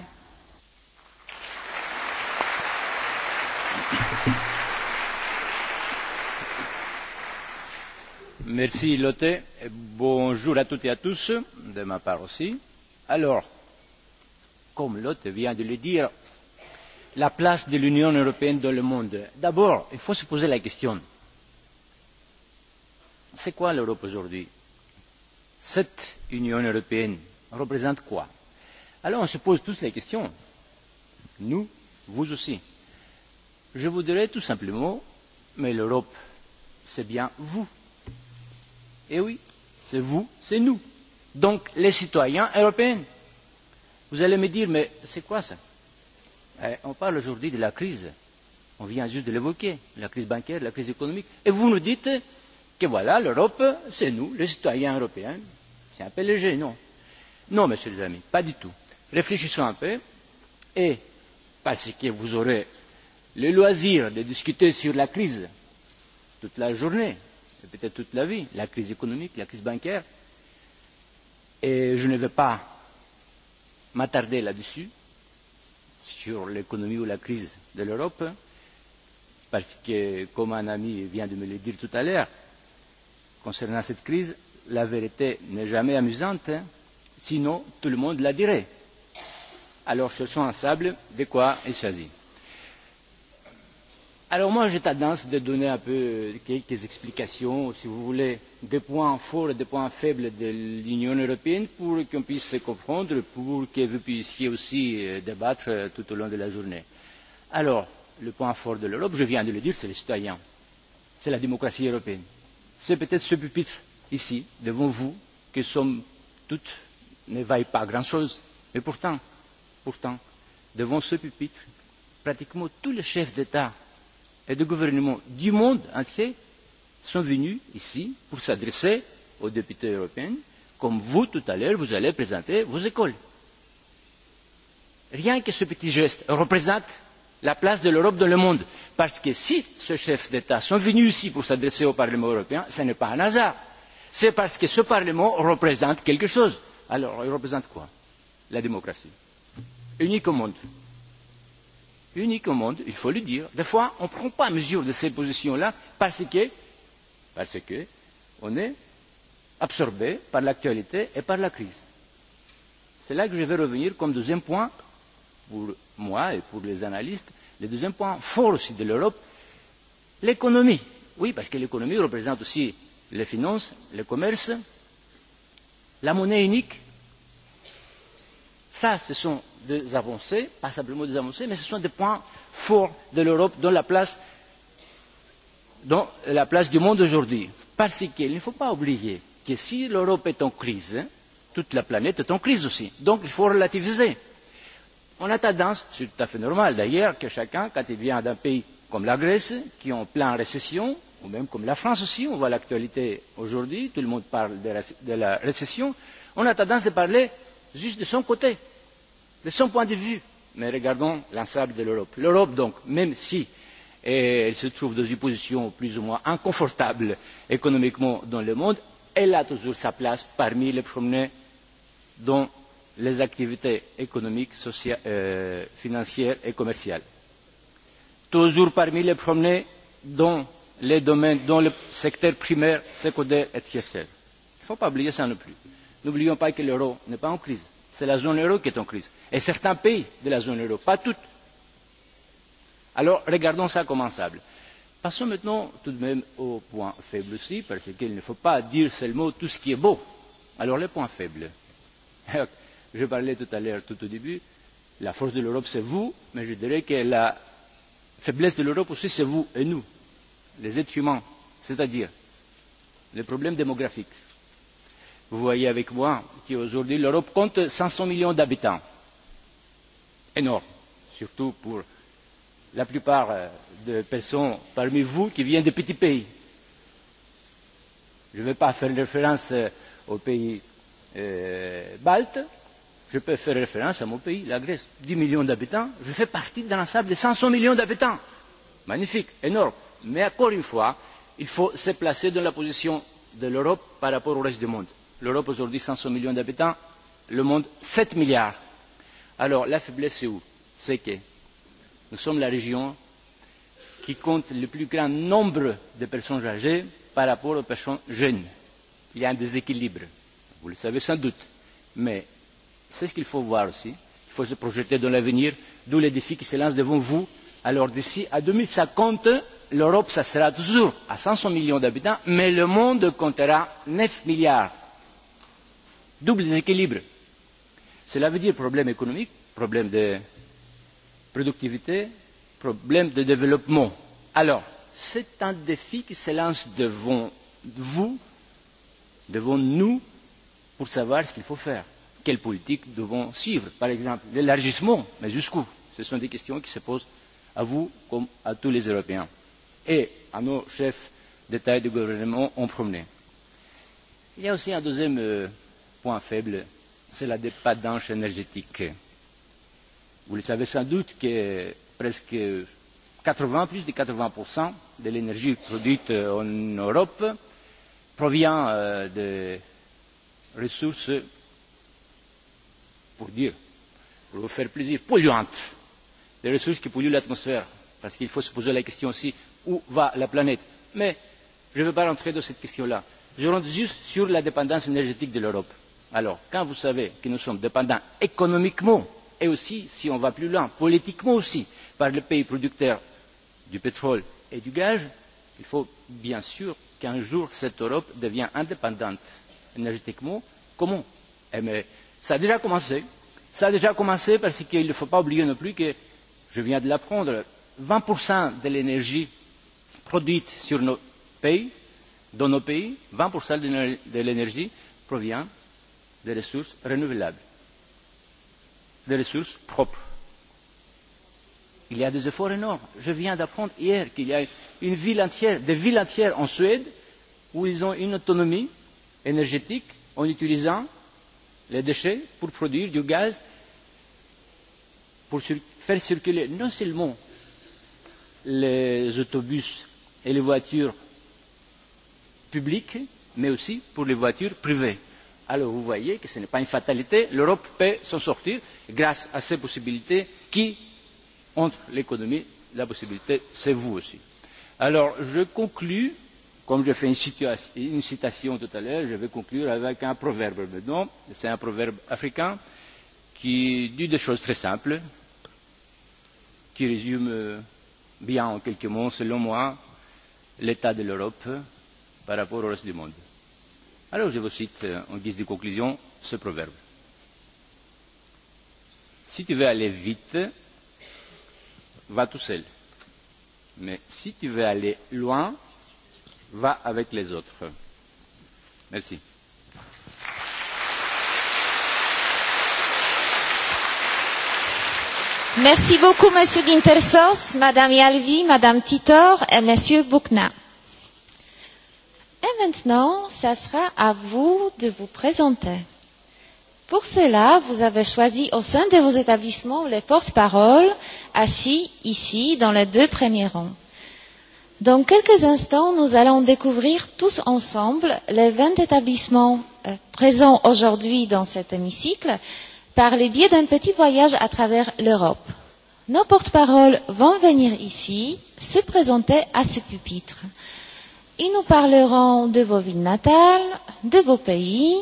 Thank you. Merci Lotte. bonjour à toutes et à tous, de ma part aussi. Alors, comme Lotte vient de le dire, la place de l'Union européenne dans le monde. D'abord, il faut se poser la question. C'est quoi l'Europe aujourd'hui Cette Union européenne représente quoi Alors on se pose tous la question. Nous, vous aussi. Je vous dirais tout simplement, mais l'Europe, c'est bien vous Eh oui, c'est vous, c'est nous. Donc les citoyens européens. Vous allez me dire, mais c'est quoi ça eh, On parle aujourd'hui de la crise. On vient juste de l'évoquer, la crise bancaire, la crise économique. Et vous nous dites que voilà, l'Europe, c'est nous, les citoyens européens. C'est un peu léger, non Non, messieurs les amis, pas du tout. Réfléchissons un peu. Et parce que vous aurez le loisir de discuter sur la crise toute la journée, peut être toute la vie la crise économique la crise bancaire et je ne vais pas m'attarder là dessus sur l'économie ou la crise de l'europe parce que comme un ami vient de me le dire tout à l'heure concernant cette crise la vérité n'est jamais amusante sinon tout le monde la dirait. alors ce sont ensemble de quoi il s'agit. Alors moi j'ai tendance de donner un peu euh, quelques explications, si vous voulez, des points forts et des points faibles de l'Union européenne pour qu'on puisse se comprendre, pour que vous puissiez aussi euh, débattre euh, tout au long de la journée. Alors, le point fort de l'Europe, je viens de le dire, c'est les citoyens, c'est la démocratie européenne. C'est peut-être ce pupitre ici, devant vous, que sommes toutes, ne vaille pas grand-chose, mais pourtant, pourtant, devant ce pupitre, pratiquement tous les chefs d'État et de gouvernements du monde entier sont venus ici pour s'adresser aux députés européens, comme vous tout à l'heure, vous allez présenter vos écoles. Rien que ce petit geste représente la place de l'Europe dans le monde. Parce que si ces chefs d'État sont venus ici pour s'adresser au Parlement européen, ce n'est pas un hasard. C'est parce que ce Parlement représente quelque chose. Alors, il représente quoi La démocratie. Unique au monde unique au monde, il faut le dire. Des fois, on ne prend pas mesure de ces positions-là parce que, parce que on est absorbé par l'actualité et par la crise. C'est là que je vais revenir comme deuxième point, pour moi et pour les analystes, le deuxième point fort aussi de l'Europe, l'économie. Oui, parce que l'économie représente aussi les finances, le commerce, la monnaie unique. Ça, ce sont des avancées, pas simplement des avancées, mais ce sont des points forts de l'Europe dans la place, dans la place du monde aujourd'hui. Parce qu'il ne faut pas oublier que si l'Europe est en crise, toute la planète est en crise aussi. Donc il faut relativiser. On a tendance, c'est tout à fait normal d'ailleurs, que chacun, quand il vient d'un pays comme la Grèce, qui est en pleine récession, ou même comme la France aussi, on voit l'actualité aujourd'hui, tout le monde parle de la, de la récession, on a tendance de parler juste de son côté de son point de vue. Mais regardons l'ensemble de l'Europe. L'Europe, donc, même si eh, elle se trouve dans une position plus ou moins inconfortable économiquement dans le monde, elle a toujours sa place parmi les promeneurs dans les activités économiques, sociales, euh, financières et commerciales. Toujours parmi les promeneurs dans les domaines, dans le secteur primaire, secondaire et tertiaire. Il ne faut pas oublier ça non plus. N'oublions pas que l'euro n'est pas en crise c'est la zone euro qui est en crise et certains pays de la zone euro pas tous. alors regardons cela commensable. passons maintenant tout de même aux points faibles aussi parce qu'il ne faut pas dire seulement tout ce qui est beau. alors les points faibles je parlais tout à l'heure tout au début la force de l'europe c'est vous mais je dirais que la faiblesse de l'europe aussi c'est vous et nous les êtres humains c'est à dire les problèmes démographiques vous voyez avec moi qu'aujourd'hui l'Europe compte 500 millions d'habitants. Énorme, surtout pour la plupart euh, des personnes parmi vous qui viennent de petits pays. Je ne vais pas faire référence euh, aux pays euh, baltes, je peux faire référence à mon pays, la Grèce, 10 millions d'habitants, je fais partie l'ensemble des cinq 500 millions d'habitants. Magnifique, énorme. Mais encore une fois, il faut se placer dans la position de l'Europe par rapport au reste du monde L'Europe aujourd'hui 500 millions d'habitants, le monde 7 milliards. Alors la faiblesse c'est où C'est que nous sommes la région qui compte le plus grand nombre de personnes âgées par rapport aux personnes jeunes. Il y a un déséquilibre, vous le savez sans doute, mais c'est ce qu'il faut voir aussi. Il faut se projeter dans l'avenir, d'où les défis qui se lancent devant vous. Alors d'ici à 2050, l'Europe, ça sera toujours à 500 millions d'habitants, mais le monde comptera 9 milliards double déséquilibre. Cela veut dire problème économique, problème de productivité, problème de développement. Alors, c'est un défi qui se lance devant vous, devant nous, pour savoir ce qu'il faut faire. Quelle politique devons suivre Par exemple, l'élargissement, mais jusqu'où Ce sont des questions qui se posent à vous comme à tous les Européens et à nos chefs d'État et de gouvernement en premier. Il y a aussi un deuxième euh, point faible, c'est la dépendance énergétique. Vous le savez sans doute que presque 80, plus de 80% de l'énergie produite en Europe provient euh, de ressources, pour dire, pour vous faire plaisir, polluantes, des ressources qui polluent l'atmosphère. Parce qu'il faut se poser la question aussi, où va la planète Mais je ne veux pas rentrer dans cette question-là. Je rentre juste sur la dépendance énergétique de l'Europe Alors, quand vous savez que nous sommes dépendants économiquement et aussi, si on va plus loin, politiquement aussi, par les pays producteurs du pétrole et du gaz, il faut bien sûr qu'un jour cette Europe devienne indépendante énergétiquement. Comment eh bien, a déjà commencé. cela a déjà commencé parce qu'il ne faut pas oublier non plus que, je viens de l'apprendre, vingt de l'énergie produite sur nos pays, dans nos pays, vingt de l'énergie provient des ressources renouvelables, des ressources propres. Il y a des efforts énormes. Je viens d'apprendre hier qu'il y a une ville entière, des villes entières en Suède où ils ont une autonomie énergétique en utilisant les déchets pour produire du gaz, pour cir faire circuler non seulement les autobus et les voitures publiques, mais aussi pour les voitures privées Alors vous voyez que ce n'est pas une fatalité, l'Europe peut s'en sortir grâce à ces possibilités qui, entre l'économie, la possibilité, c'est vous aussi. Alors je conclus, comme j'ai fait une, une citation tout à l'heure, je vais conclure avec un proverbe maintenant, c'est un proverbe africain qui dit des choses très simples, qui résume bien en quelques mots, selon moi, l'état de l'Europe par rapport au reste du monde. Alors je vous cite euh, en guise de conclusion ce proverbe. Si tu veux aller vite, va tout seul. Mais si tu veux aller loin, va avec les autres. Merci. Merci beaucoup, Monsieur Gintersos, Madame Yalvi, Madame Titor et Monsieur Boukna. Et maintenant, ça sera à vous de vous présenter. Pour cela, vous avez choisi au sein de vos établissements les porte-paroles assis ici dans les deux premiers rangs. Dans quelques instants, nous allons découvrir tous ensemble les 20 établissements euh, présents aujourd'hui dans cet hémicycle par le biais d'un petit voyage à travers l'Europe. Nos porte-paroles vont venir ici se présenter à ce pupitre. Ils nous parleront de vos villes natales, de vos pays,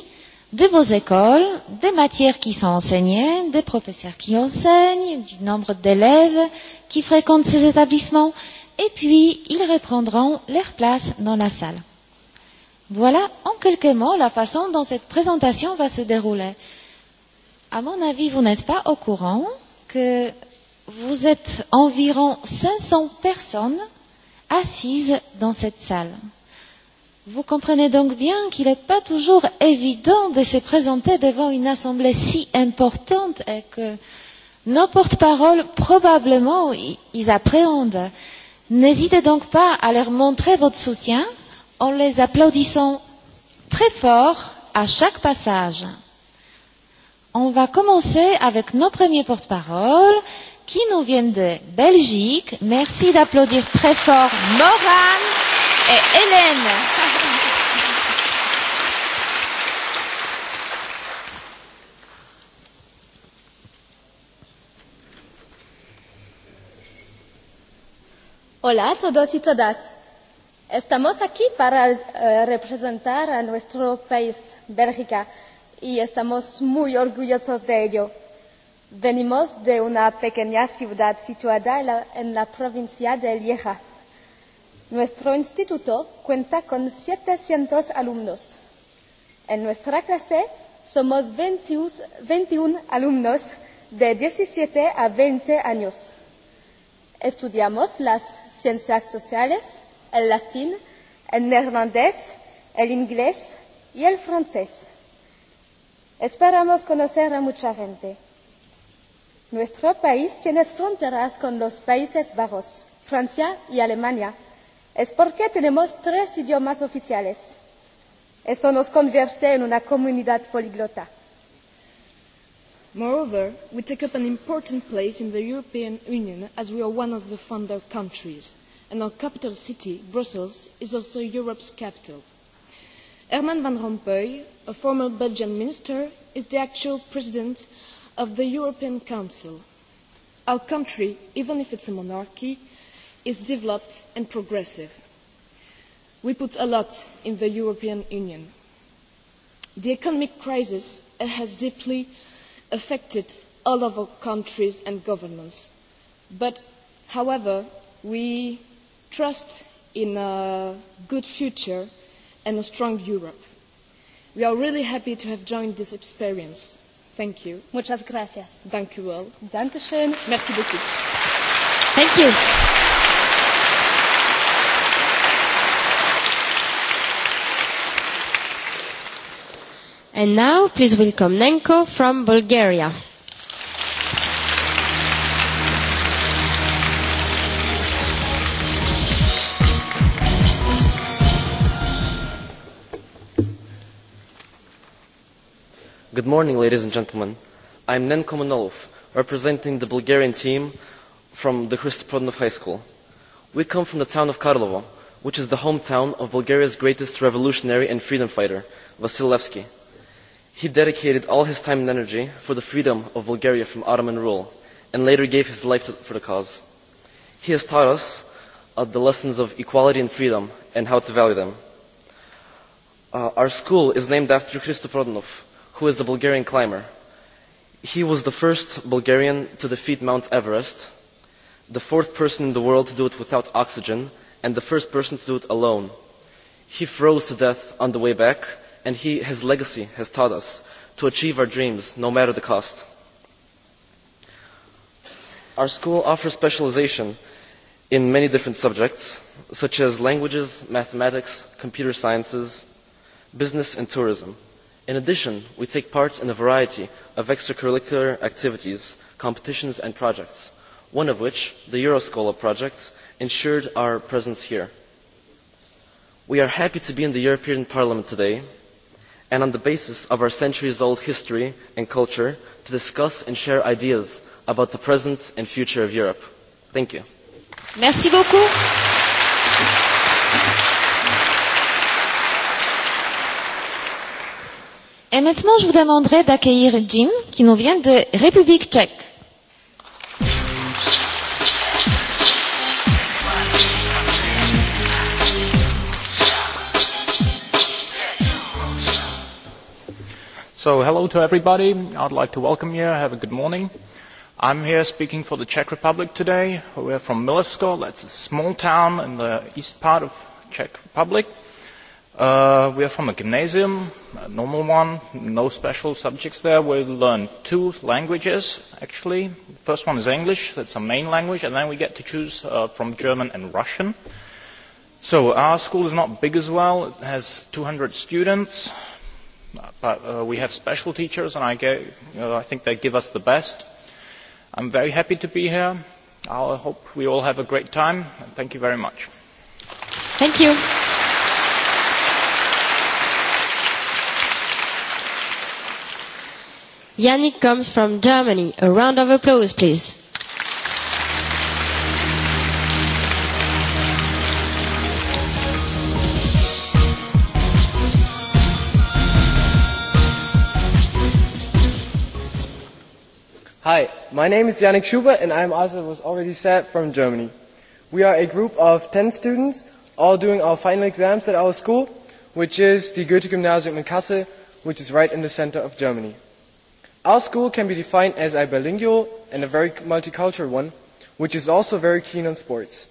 de vos écoles, des matières qui sont enseignées, des professeurs qui enseignent, du nombre d'élèves qui fréquentent ces établissements, et puis ils reprendront leur place dans la salle. Voilà en quelques mots la façon dont cette présentation va se dérouler. À mon avis, vous n'êtes pas au courant que vous êtes environ 500 personnes assises dans cette salle. Vous comprenez donc bien qu'il n'est pas toujours évident de se présenter devant une assemblée si importante et que nos porte-paroles, probablement, ils appréhendent. N'hésitez donc pas à leur montrer votre soutien en les applaudissant très fort à chaque passage. On va commencer avec nos premiers porte-paroles qui nous viennent de Belgique. Merci d'applaudir très fort Morane et Hélène. Hola a todos y todas. Estamos aquí para uh, representar a nuestro país, Bélgica, y estamos muy orgullosos de ello. Venimos de una pequeña ciudad situada en la, en la provincia de Lieja. Nuestro instituto cuenta con 700 alumnos. En nuestra clase somos 20, 21 alumnos de 17 a 20 años. Estudiamos las ciencias sociales, el latín, el neerlandés, el inglés y el francés. Esperamos conocer a mucha gente. Nuestro país tiene fronteras con los Países Bajos, Francia y Alemania. Es porque tenemos tres idiomas oficiales. Eso nos convierte en una comunidad poliglota. Moreover, we take up an important place in the European Union as we are one of the founder countries, and our capital city, Brussels, is also Europe's capital. Herman Van Rompuy, a former Belgian minister, is the actual president of the European Council. Our country, even if it is a monarchy, is developed and progressive. We put a lot in the European Union. The economic crisis has deeply affected all of our countries and governments. But, however, we trust in a good future and a strong Europe. We are really happy to have joined this experience. Thank you. Muchas gracias. Dank u wel. Dankeschön. Merci beaucoup. Thank you. And now, please welcome Nenko from Bulgaria. Good morning, ladies and gentlemen. I'm Nen Komonolov, representing the Bulgarian team from the Hristoprodnov High School. We come from the town of Karlovo, which is the hometown of Bulgaria's greatest revolutionary and freedom fighter, Vasil Levski. He dedicated all his time and energy for the freedom of Bulgaria from Ottoman rule, and later gave his life to, for the cause. He has taught us uh, the lessons of equality and freedom and how to value them. Uh, our school is named after Christo Prodnov, who is a Bulgarian climber. He was the first Bulgarian to defeat Mount Everest, the fourth person in the world to do it without oxygen, and the first person to do it alone. He froze to death on the way back, and he, his legacy has taught us to achieve our dreams, no matter the cost. Our school offers specialization in many different subjects, such as languages, mathematics, computer sciences, business and tourism in addition we take part in a variety of extracurricular activities competitions and projects one of which the Euroscola project ensured our presence here. we are happy to be in the european parliament today and on the basis of our centuries old history and culture to discuss and share ideas about the present and future of europe. thank you. Et maintenant, je vous demanderai d'accueillir Jim, qui nous vient de République tchèque. So, hello to everybody. I'd like to welcome you. Have a good morning. I'm here speaking for the Czech Republic today. We're from Milovsko. That's a small town in the east part of Czech Republic. Uh, we are from a gymnasium, a normal one, no special subjects there. We learn two languages, actually. The first one is English, that's our main language, and then we get to choose uh, from German and Russian. So our school is not big as well. It has 200 students, but uh, we have special teachers, and I, get, know I think they give us the best. I'm very happy to be here. I hope we all have a great time. and Thank you very much. Thank you. Yannick comes from Germany. A round of applause, please. Hi, my name is Yannick Schubert and I am, as it was already said, from Germany. We are a group of 10 students, all doing our final exams at our school, which is the Goethe-Gymnasium in Kassel, which is right in the center of Germany. Our school can be defined as a bilingual and a very multicultural one, which is also very keen on sports.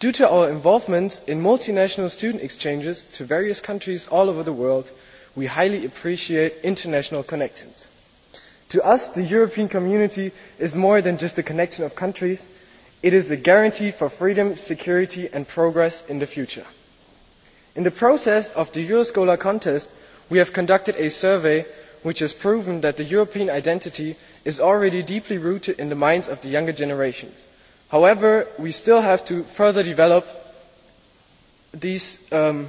Due to our involvement in multinational student exchanges to various countries all over the world, we highly appreciate international connections. To us, the European community is more than just a connection of countries, it is a guarantee for freedom, security and progress in the future. In the process of the Euroscholar contest, we have conducted a survey which has proven that the european identity is already deeply rooted in the minds of the younger generations. however we still have to further develop um,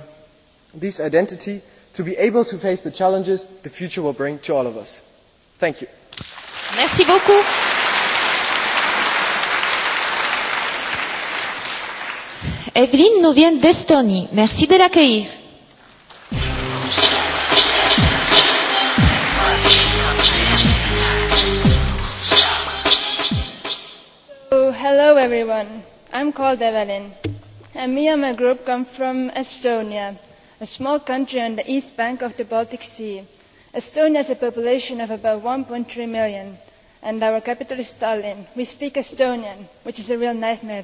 this identity to be able to face the challenges the future will bring to all of us. thank you. Merci beaucoup. Evelyne nous vient d'Estonie. Merci de l'accueillir. Hello everyone, I'm called Evelyn, and me and my group come from Estonia, a small country on the east bank of the Baltic Sea. Estonia has a population of about 1.3 million, and our capital is Tallinn. We speak Estonian, which is a real nightmare,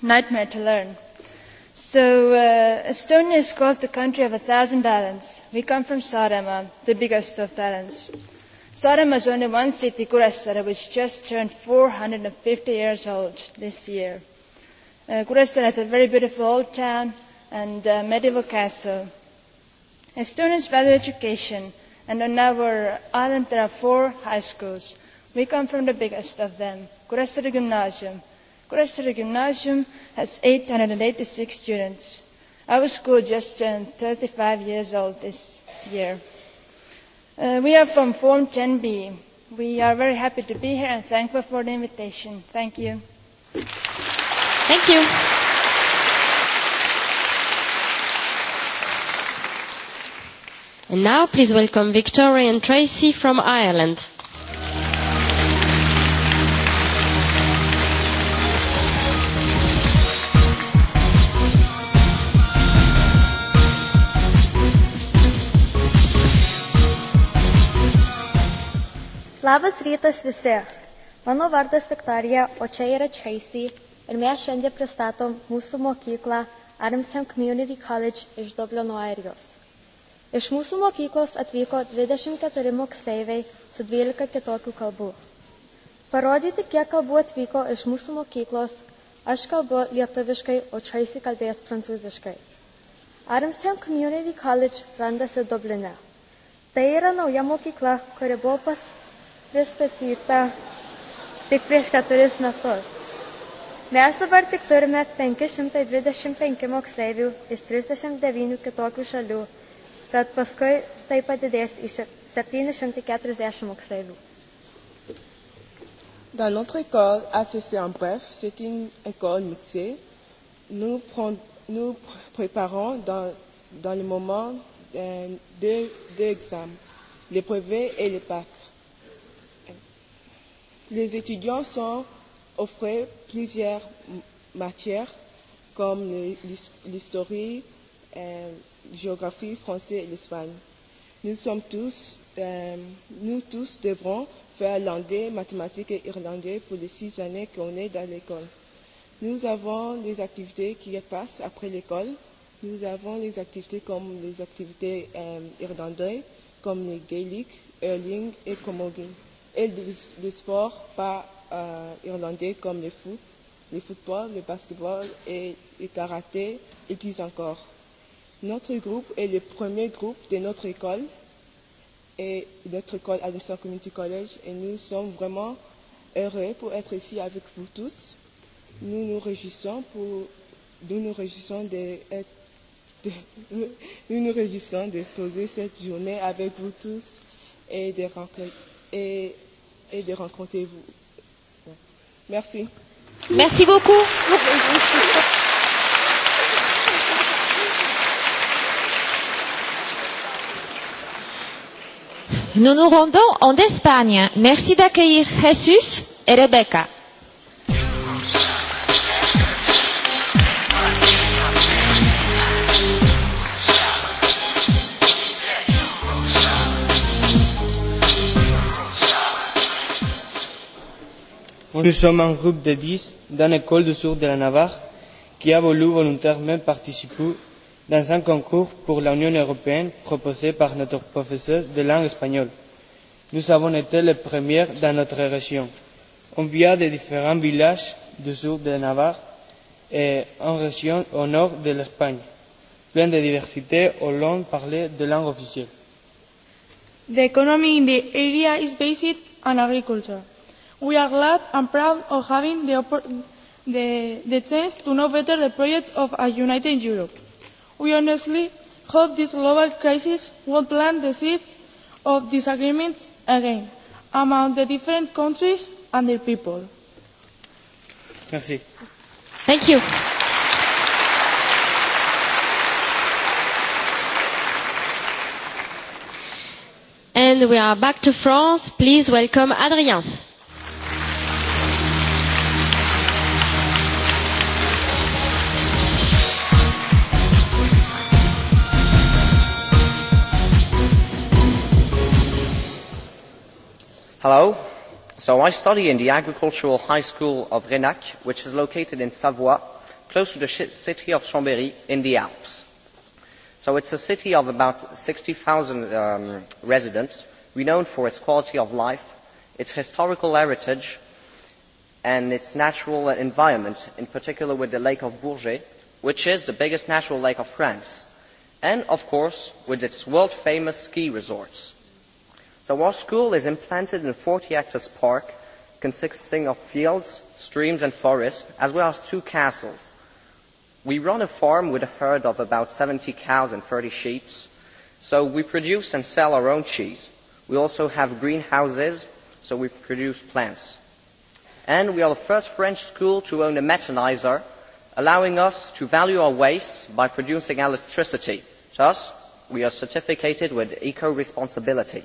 nightmare to learn. So uh, Estonia is called the country of a thousand islands. We come from Saaremaa, the biggest of islands. Saddam is only one city, Kuressaare, which just turned 450 years old this year. Uh, Kuressaare has a very beautiful old town and a medieval castle. Estonians value education, and on our island there are four high schools. We come from the biggest of them, Kuressaare Gymnasium. Kuressaare Gymnasium has 886 students. Our school just turned 35 years old this year. Uh, we are from Form 10B. We are very happy to be here and thankful for the invitation. Thank you. Thank you. And now please welcome Victoria and Tracy from Ireland. Labas rytas visi. Mano vardas Viktorija, o čia yra Tracy. Ir mes šiandien pristatom mūsų mokyklą Armstrong Community College iš Dublino, Airijos. Iš mūsų mokyklos atvyko 24 moksleiviai su 12 kitokių kalbų. Parodyti, kiek kalbų atvyko iš mūsų mokyklos, aš kalbu lietuviškai, o Tracy kalbėjęs prancūziškai. Armstrong Community College randasi Dubline. Tai yra nauja mokykla, kuri buvo pasirinkta pristatyta tik prieš keturis metus. Mes dabar tik turime 525 moksleivių iš 39 kitokių šalių, bet paskui tai padidės iš 740 moksleivių. Dans notre école, ACC en bref, c'est une école mixée. Nous, prend, nous préparons dans, dans le moment deux, deux examens, les brevets et les bac. Les étudiants sont offrés plusieurs matières comme l'histoire, euh, géographie, français et l'Espagne. Nous sommes tous, euh, nous tous devrons faire l'anglais, mathématiques et irlandais pour les six années qu'on est dans l'école. Nous avons des activités qui passent après l'école. Nous avons des activités comme les activités euh, irlandaises, comme les Gaelic, Erling et Comogin et des, des sports pas euh, irlandais comme le foot, le football, le basketball et le karaté, et plus encore. Notre groupe est le premier groupe de notre école et notre école Anderson Community College et nous sommes vraiment heureux pour être ici avec vous tous. Nous nous réjouissons pour nous nous réjouissons de, de, nous nous réjouissons d'exposer cette journée avec vous tous et de rencontrer et, et de rencontrer vous. Merci. Merci beaucoup. Nous nous rendons en Espagne. Merci d'accueillir Jesus et Rebecca. Nous sommes un groupe de dix dans l'école de sourds de la Navarre qui a voulu volontairement participer dans un concours pour l'Union européenne proposé par notre professeur de langue espagnole. Nous avons été les premiers dans notre région. On vient de différents villages du sud de Navarre et en région au nord de l'Espagne, plein de diversité où l'on parler de langue officielle. The economy in the area is based on agriculture. We are glad and proud of having the, the, the chance to know better the project of a united Europe. We honestly hope this global crisis will plant the seed of disagreement again among the different countries and their people. Merci. Thank you. And we are back to France. Please welcome Adrien. Hello. So I study in the Agricultural High School of Renac, which is located in Savoie, close to the city of Chambéry in the Alps. So it's a city of about 60,000 um, residents, renowned for its quality of life, its historical heritage, and its natural environment, in particular with the Lake of Bourget, which is the biggest natural lake of France, and of course with its world famous ski resorts the wash school is implanted in forty hectares park consisting of fields streams and forests as well as two castles. we run a farm with a herd of about seventy cows and thirty sheep so we produce and sell our own cheese. we also have greenhouses so we produce plants and we are the first french school to own a metanizer, allowing us to value our wastes by producing electricity. thus we are certificated with eco responsibility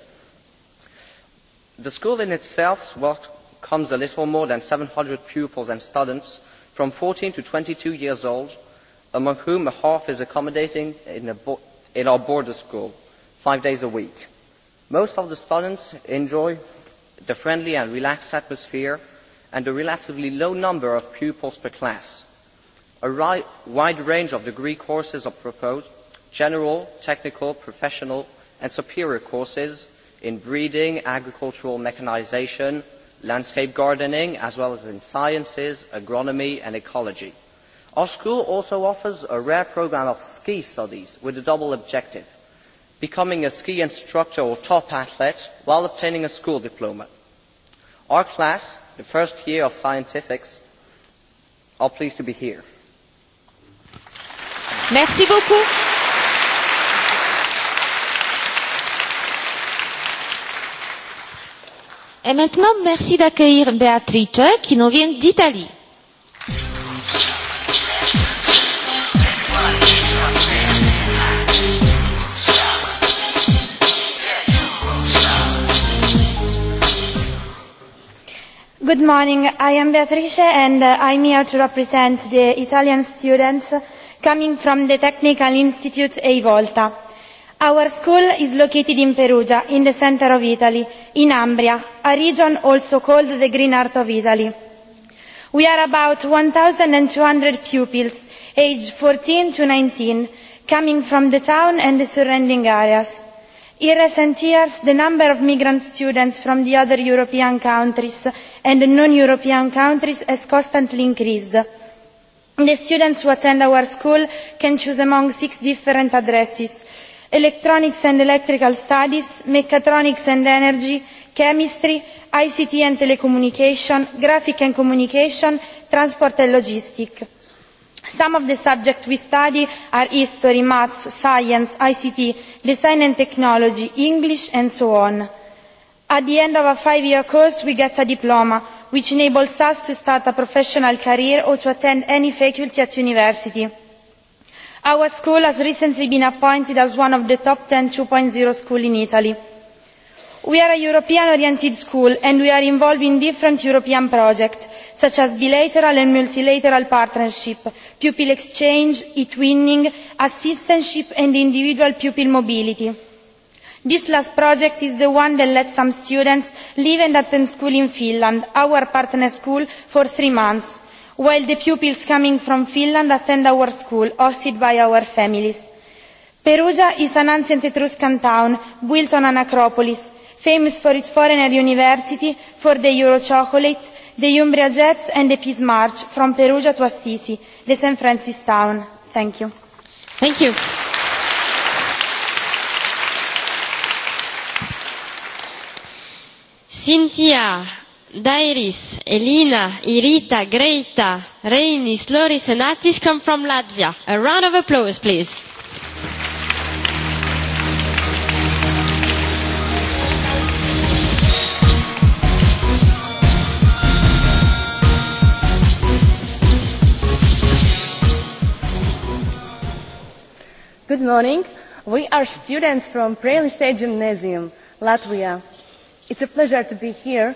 the school in itself welcomes a little more than seven hundred pupils and students from fourteen to twenty two years old, among whom a half is accommodating in, a bo- in our border school five days a week. Most of the students enjoy the friendly and relaxed atmosphere and the relatively low number of pupils per class. A ri- wide range of degree courses are proposed general, technical, professional, and superior courses in breeding, agricultural mechanisation, landscape gardening, as well as in sciences, agronomy and ecology. Our school also offers a rare programme of ski studies with a double objective, becoming a ski instructor or top athlete while obtaining a school diploma. Our class, the first year of scientifics, are pleased to be here. Merci beaucoup. Et maintenant, merci d'accueillir Beatrice qui nous vient d'Italie. Good morning, I am Beatrice and uh, I'm here to represent the Italian students coming from the Technical Institute Evolta. Volta Our school is located in Perugia, in the centre of Italy, in Umbria, a region also called the Green Heart of Italy. We are about one two hundred pupils, aged fourteen to nineteen, coming from the town and the surrounding areas. In recent years, the number of migrant students from the other European countries and non-European countries has constantly increased. The students who attend our school can choose among six different addresses, electronics and electrical studies mechatronics and energy chemistry ict and telecommunication graphic and communication transport and logistics. some of the subjects we study are history maths science ict design and technology english and so on. at the end of a five year course we get a diploma which enables us to start a professional career or to attend any faculty at university our school has recently been appointed as one of the top ten two zero schools in italy. we are a european oriented school and we are involved in different european projects such as bilateral and multilateral partnership pupil exchange e twinning assistantship and individual pupil mobility. this last project is the one that lets some students leave and attend school in finland our partner school for three months while the pupils coming from Finland attend our school, hosted by our families. Perugia is an ancient Etruscan town built on an acropolis, famous for its foreigner university, for the Euro chocolate, the Umbria Jets and the Peace March from Perugia to Assisi, the St. Francis town. Thank you. Thank you. Cynthia Dairis, Elina, Irita, Greta, Reinis, Loris and Atis come from Latvia. A round of applause, please. Good morning. We are students from Prelistate Gymnasium, Latvia. It's a pleasure to be here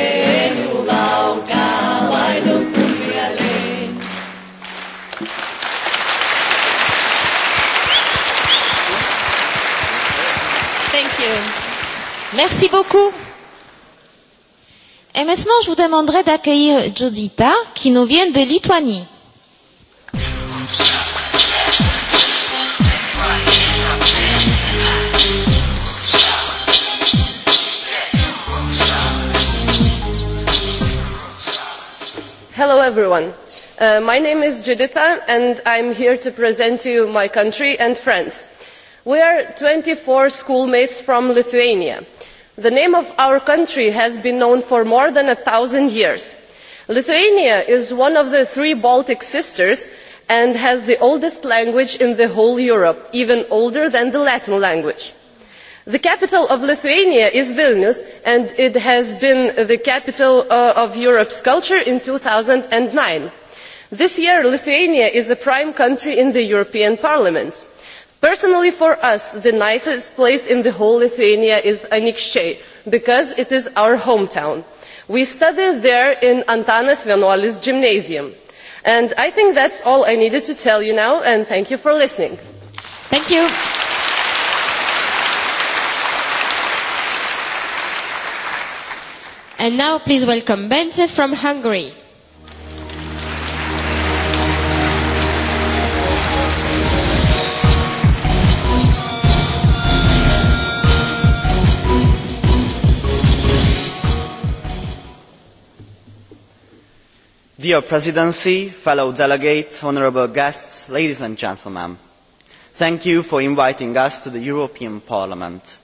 Merci beaucoup. Et maintenant, je vous demanderai d'accueillir Judita, qui nous vient de Lituanie. Hello everyone. Uh, my name is Judita and I'm here to present to you my country and friends. We are 24 schoolmates from Lithuania the name of our country has been known for more than a thousand years. lithuania is one of the three baltic sisters and has the oldest language in the whole of europe even older than the latin language. the capital of lithuania is vilnius and it has been the capital uh, of europe's culture since. two thousand and nine this year lithuania is a prime country in the european parliament personally for us the nicest place in the whole of lithuania is anykščiai because it is our home town. we studied there in antanas vienuolis gymnasium and i think that is all i needed to tell you now and thank you for listening. You. and now please welcome bence from hungary. Dear Presidency, fellow delegates, honourable guests, ladies and gentlemen, thank you for inviting us to the European Parliament.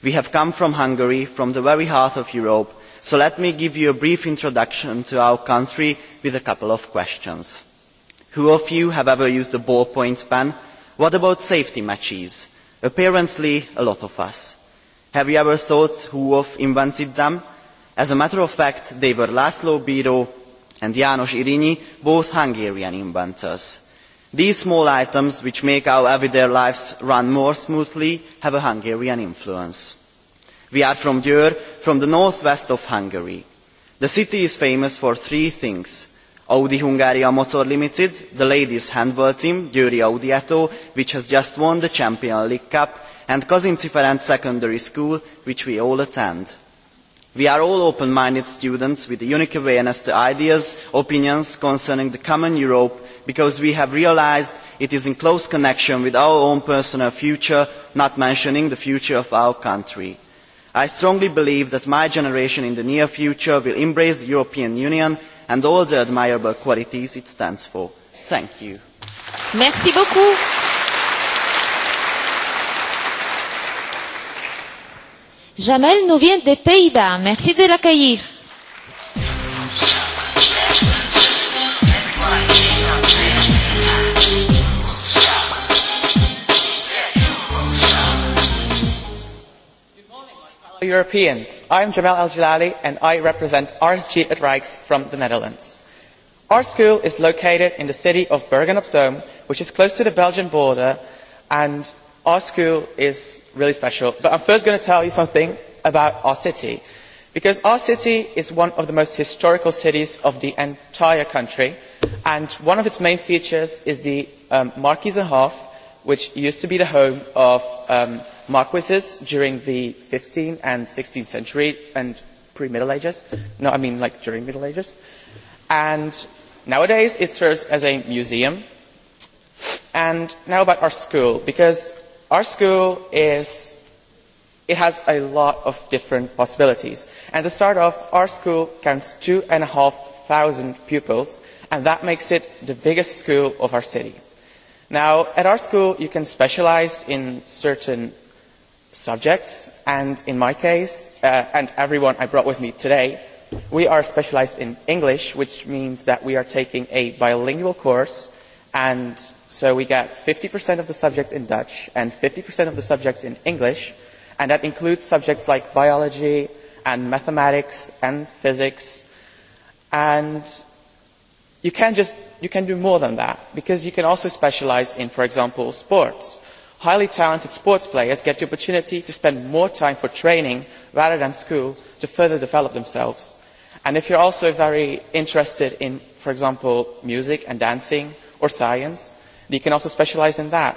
We have come from Hungary, from the very heart of Europe, so let me give you a brief introduction to our country with a couple of questions. Who of you have ever used a ballpoint pen? What about safety matches? Apparently, a lot of us. Have you ever thought who invented them? As a matter of fact, they were Laszlo Biro, and Janos Irinyi, both Hungarian inventors. These small items, which make our everyday lives run more smoothly, have a Hungarian influence. We are from Győr, from the north west of Hungary. The city is famous for three things. Audi Hungaria Motor Limited, the ladies handball team, Győri Audiato, which has just won the Champion League Cup, and Kazinci Ferenc Secondary School, which we all attend we are all open minded students with a unique awareness to ideas and opinions concerning the common europe because we have realised it is in close connection with our own personal future not mentioning the future of our country. i strongly believe that my generation in the near future will embrace the european union and all the admirable qualities it stands for. thank you. Jamel nous vient des Pays-Bas. Merci de l'accueillir. Europeans. I am Jamal Al Jalali and I represent RSG at Rijks from the Netherlands. Our school is located in the city of Bergen op Zoom, which is close to the Belgian border and Our school is really special, but I'm first going to tell you something about our city, because our city is one of the most historical cities of the entire country, and one of its main features is the um, Markiezenhof, which used to be the home of um, marquises during the 15th and 16th century and pre-Middle Ages. No, I mean like during Middle Ages. And nowadays it serves as a museum. And now about our school, because our school is it has a lot of different possibilities. and to start off, our school counts two and a half thousand pupils and that makes it the biggest school of our city. now at our school you can specialise in certain subjects and in my case uh, and everyone i brought with me today we are specialised in english which means that we are taking a bilingual course and so we get 50% of the subjects in Dutch and 50% of the subjects in English, and that includes subjects like biology and mathematics and physics. And you can just you can do more than that because you can also specialise in, for example, sports. Highly talented sports players get the opportunity to spend more time for training rather than school to further develop themselves. And if you're also very interested in, for example, music and dancing, or science. They can also specialise in that.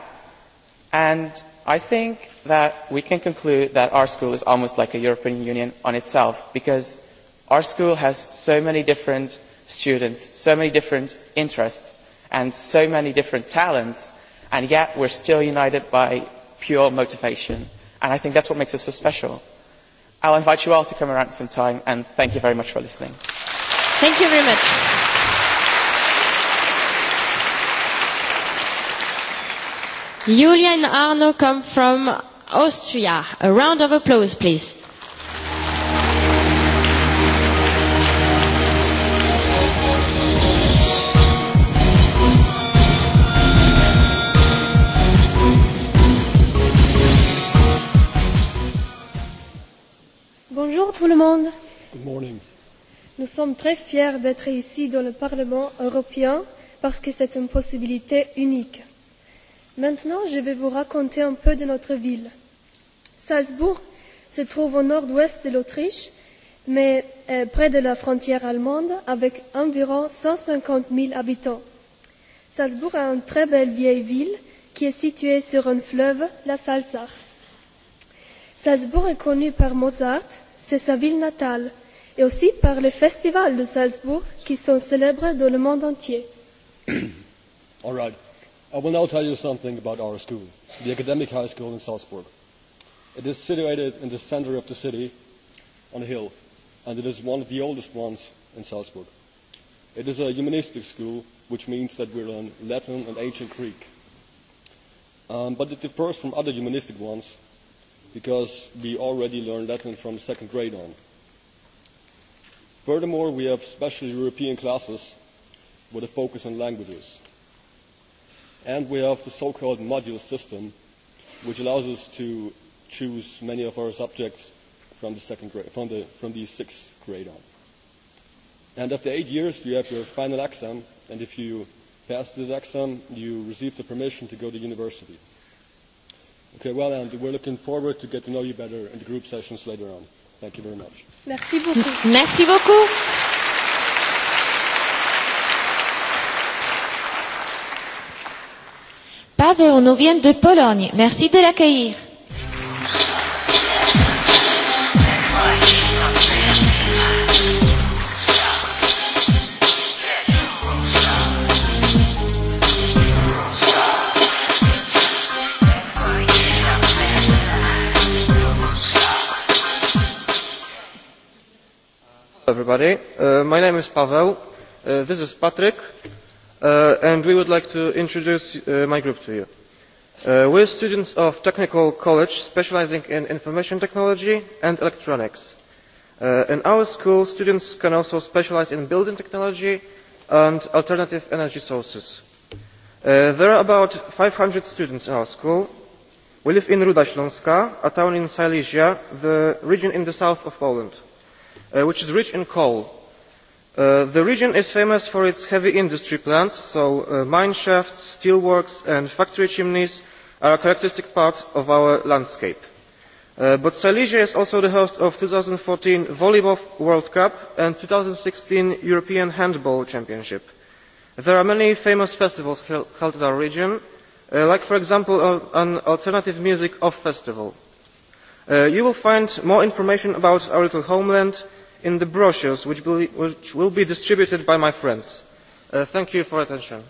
And I think that we can conclude that our school is almost like a European Union on itself because our school has so many different students, so many different interests, and so many different talents, and yet we're still united by pure motivation. And I think that's what makes us so special. I'll invite you all to come around sometime, and thank you very much for listening. Thank you very much. Julia and Arno come from Austria. A round of applause, please. Bonjour tout le monde. Good morning. Nous sommes très fiers d'être ici dans le Parlement européen parce que c'est une possibilité unique Maintenant, je vais vous raconter un peu de notre ville. Salzbourg se trouve au nord-ouest de l'Autriche, mais euh, près de la frontière allemande, avec environ 150 000 habitants. Salzbourg est une très belle vieille ville qui est située sur un fleuve, la Salzach. Salzbourg est connue par Mozart, c'est sa ville natale, et aussi par les festivals de Salzbourg qui sont célèbres dans le monde entier. All right. I will now tell you something about our school, the Academic High School in Salzburg. It is situated in the center of the city on a hill, and it is one of the oldest ones in Salzburg. It is a humanistic school, which means that we learn Latin and ancient Greek. Um, but it differs from other humanistic ones because we already learn Latin from second grade on. Furthermore, we have special European classes with a focus on languages. And we have the so-called module system, which allows us to choose many of our subjects from the second grade, from the, from the sixth grade on. And after eight years, you have your final exam, and if you pass this exam, you receive the permission to go to university. Okay, well, and we're looking forward to get to know you better in the group sessions later on. Thank you very much. Merci beaucoup. Merci beaucoup. Tadeo nous vient de Pologne. Merci de l'accueillir. Hello everybody, uh, my name is Pavel, uh, this is Patrick, Uh, and we would like to introduce uh, my group to you. Uh, we are students of technical college specializing in information technology and electronics. in our school, students can also specialize in building technology and alternative energy sources. there are about 500 students in our school. We live in Ruda Śląska, a town in Silesia, the region in the south of Poland, which is rich in coal Uh, the region is famous for its heavy industry plants, so uh, mine shafts, steel works and factory chimneys are a characteristic part of our landscape. Uh, but Silesia is also the host of the fourteen Volleyball World Cup and sixteen European Handball Championship. There are many famous festivals held in our region, like for example an alternative music off festival. you will find more information about our little homeland in the brochures which will, be distributed by my friends. Uh, thank you for your attention.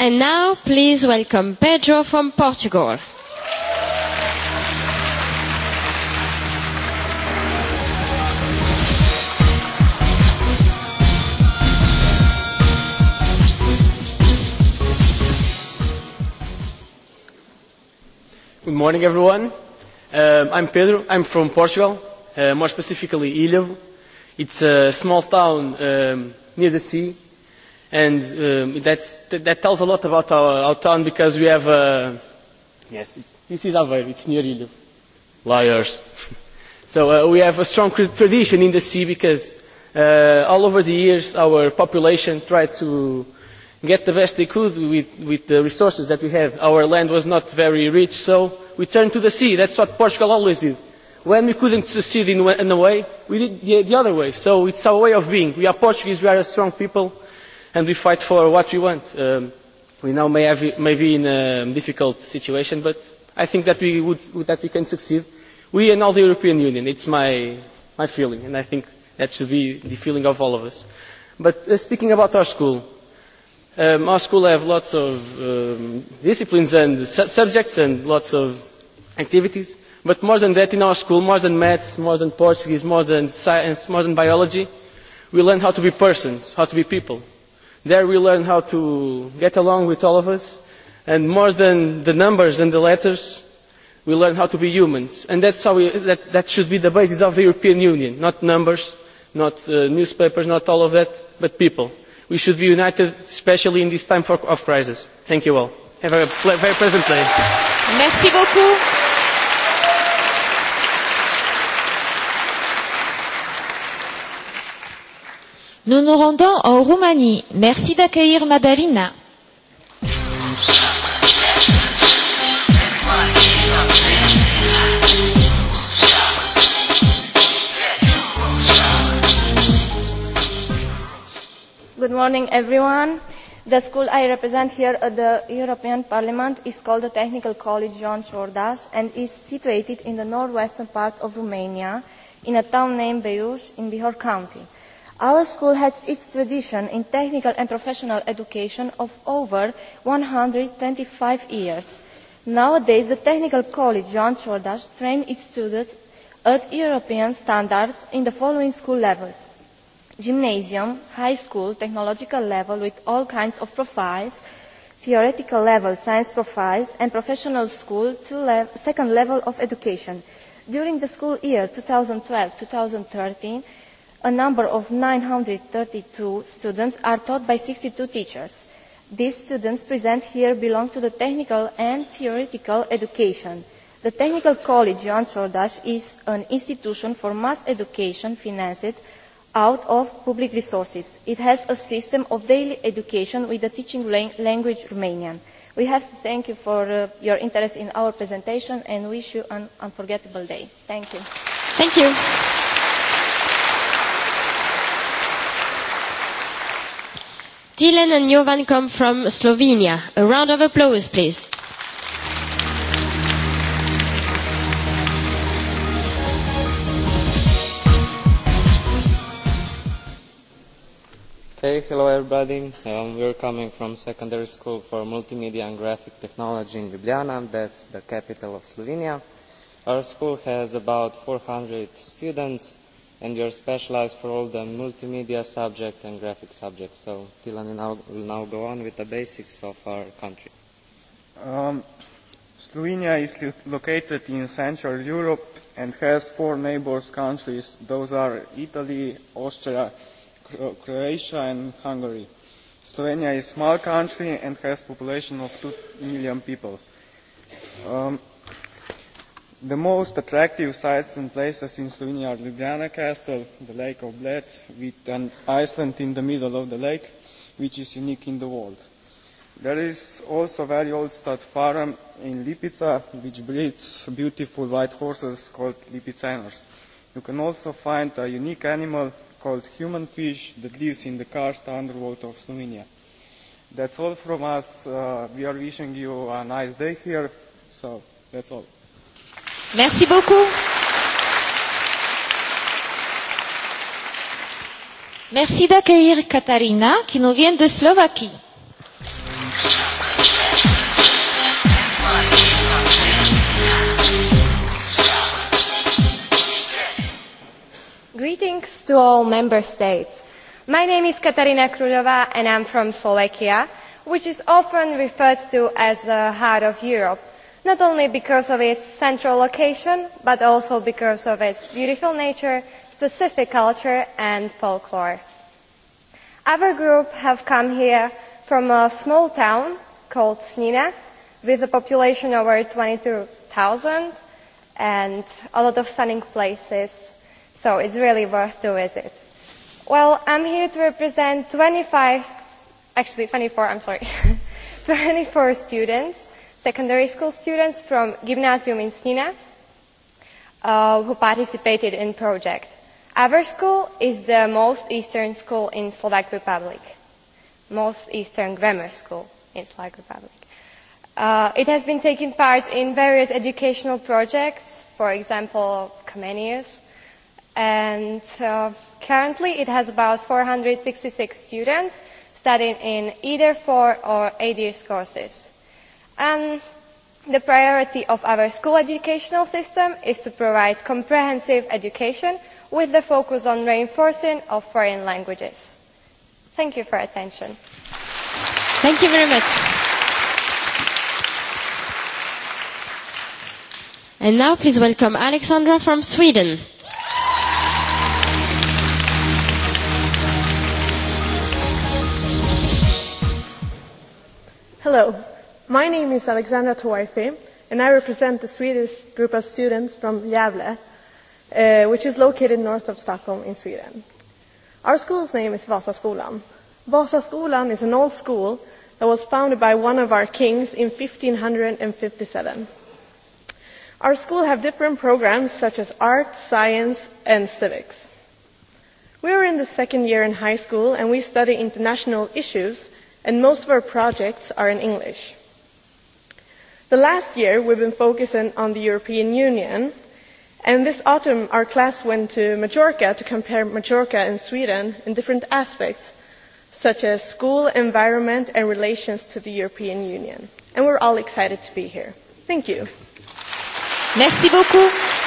And now please welcome Pedro from Portugal. Good morning, everyone. Uh, I'm Pedro. I'm from Portugal, uh, more specifically Ilhavo. It's a small town um, near the sea, and um, that's, that, that tells a lot about our, our town because we have. Uh, yes, it's, this is Aveiro. It's near Ilhavo. Liars. so uh, we have a strong tradition in the sea because uh, all over the years our population tried to get the best they could with, with the resources that we have. Our land was not very rich, so we turned to the sea. That's what Portugal always did. When we couldn't succeed in, in a way, we did the, the other way. So it's our way of being. We are Portuguese, we are a strong people, and we fight for what we want. Um, we now may, have, may be in a difficult situation, but I think that we, would, that we can succeed. We and all the European Union, it's my, my feeling, and I think that should be the feeling of all of us. But uh, speaking about our school, Um, our school has have lots of um, disciplines and su subjects and lots of activities. But more than that, in our school, more than maths, more than Portuguese, more than science, more than biology, we learn how to be persons, how to be people. There we learn how to get along with all of us. And more than the numbers and the letters, we learn how to be humans. And that's how we, that, that should be the basis of the European Union, not numbers, not uh, newspapers, not all of that, but people we should be united especially in this time of crisis. thank you all. have a very pleasant day. Merci beaucoup. Nous nous rendons en Roumanie. Merci d'accueillir Madalina. Good morning, everyone. The school I represent here at the European Parliament is called the Technical College John Chordas and is situated in the northwestern part of Romania in a town named Beiuș in Bihor County. Our school has its tradition in technical and professional education of over one hundred twenty five years. Nowadays, the Technical College John Chordas trains its students at European standards in the following school levels gymnasium, high school, technological level with all kinds of profiles, theoretical level, science profiles, and professional school to le- second level of education. During the school year 2012-2013, a number of 932 students are taught by 62 teachers. These students present here belong to the technical and theoretical education. The Technical College Joan Chordash is an institution for mass education financed out of public resources. It has a system of daily education with the teaching language Romanian. We have to thank you for uh, your interest in our presentation and wish you an unforgettable day. Thank you. Thank you. Dylan and Jovan come from Slovenia. A round of applause, please. Hey, hello everybody. Um, we're coming from Secondary School for Multimedia and Graphic Technology in Ljubljana, that's the capital of Slovenia. Our school has about 400 students, and we are specialized for all the multimedia subject and graphic subjects. So Tilani now, will now go on with the basics of our country. Um, Slovenia is located in Central Europe and has four neighbors countries. Those are Italy, Austria, Croatia and Hungary. Slovenia is a small country and has a population of 2 million people. Um, the most attractive sites and places in Slovenia are Ljubljana Castle, the Lake of Bled, with an island in the middle of the lake, which is unique in the world. There is also a very old stud farm in Lipica, which breeds beautiful white horses called Lipicaners. You can also find a unique animal called human fish that lives in the karst underwater of Slovenia. That's all from us. Uh, we are wishing you a nice day here. So that's all. Merci beaucoup. Merci d'accueillir Katarina qui nous vient de Slovaquie. to all member states. My name is Katarina Krudová and I'm from Slovakia, which is often referred to as the heart of Europe, not only because of its central location, but also because of its beautiful nature, specific culture and folklore. Our group have come here from a small town called Snina, with a population over 22,000 and a lot of stunning places so it's really worth the visit. Well, I'm here to represent 25, actually 24, I'm sorry, 24 students, secondary school students from Gymnasium in Snina, uh, who participated in project. Our school is the most eastern school in Slovak Republic, most eastern grammar school in Slovak Republic. Uh, it has been taking part in various educational projects, for example, Comenius, and uh, currently it has about 466 students studying in either four or eight years courses. Um, the priority of our school educational system is to provide comprehensive education with the focus on reinforcing of foreign languages. Thank you for attention. Thank you very much. And now please welcome Alexandra from Sweden. Hello, my name is Alexandra Tawaifi, and I represent the Swedish group of students from Gävle, uh, which is located north of Stockholm in Sweden. Our school's name is Vasaskolan. Vasaskolan is an old school that was founded by one of our kings in 1557. Our school have different programs such as art, science, and civics. We are in the second year in high school and we study international issues and most of our projects are in English. The last year we've been focusing on the European Union, and this autumn our class went to Majorca to compare Majorca and Sweden in different aspects, such as school, environment, and relations to the European Union. And we're all excited to be here. Thank you. Merci beaucoup.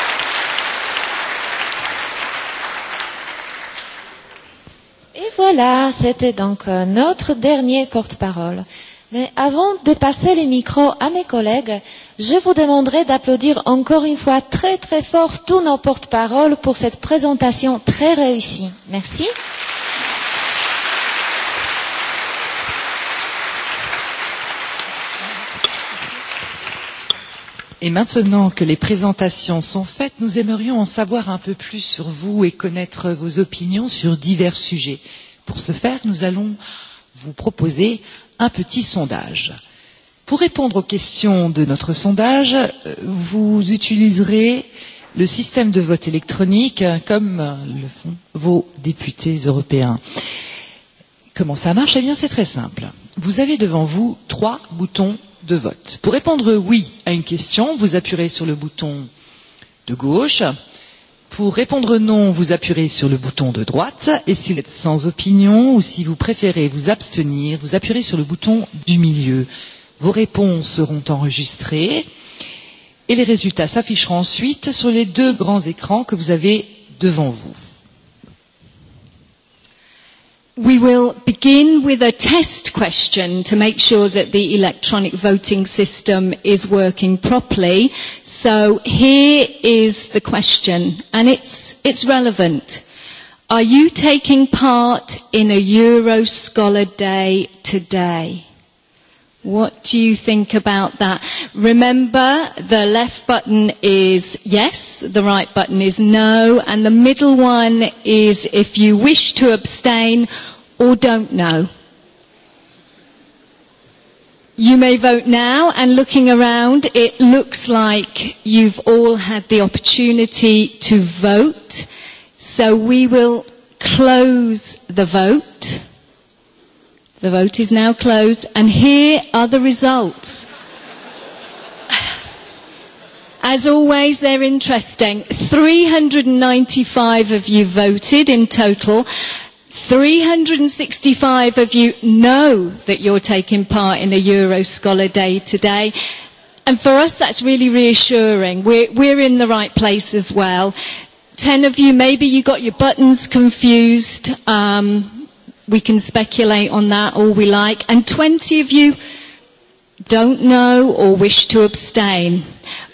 voilà, c'était donc euh, notre dernier porte-parole. Mais avant de passer les micros à mes collègues, je vous demanderai d'applaudir encore une fois très très fort tous nos porte-paroles pour cette présentation très réussie. Merci. Applaudissements Et maintenant que les présentations sont faites, nous aimerions en savoir un peu plus sur vous et connaître vos opinions sur divers sujets. Pour ce faire, nous allons vous proposer un petit sondage. Pour répondre aux questions de notre sondage, euh, vous utiliserez le système de vote électronique euh, comme euh, le font vos députés européens. Comment ça marche Eh bien, c'est très simple. Vous avez devant vous trois boutons de vote. Pour répondre oui à une question, vous appuyez sur le bouton de gauche. Pour répondre non, vous appuyez sur le bouton de droite. Et si vous êtes sans opinion ou si vous préférez vous abstenir, vous appuyez sur le bouton du milieu. Vos réponses seront enregistrées et les résultats s'afficheront ensuite sur les deux grands écrans que vous avez devant vous. We will begin with a test question to make sure that the electronic voting system is working properly. So here is the question, and it's, it's relevant. Are you taking part in a Euroscholar Day today? What do you think about that? Remember, the left button is yes, the right button is no, and the middle one is if you wish to abstain or don't know. You may vote now, and looking around, it looks like you've all had the opportunity to vote. So we will close the vote. The vote is now closed, and here are the results. As always, they're interesting. 395 of you voted in total. 365 of you know that you're taking part in a Euro Scholar Day today. And for us, that's really reassuring. We're, we're in the right place as well. Ten of you, maybe you got your buttons confused. Um, we can speculate on that all we like. And 20 of you don't know or wish to abstain.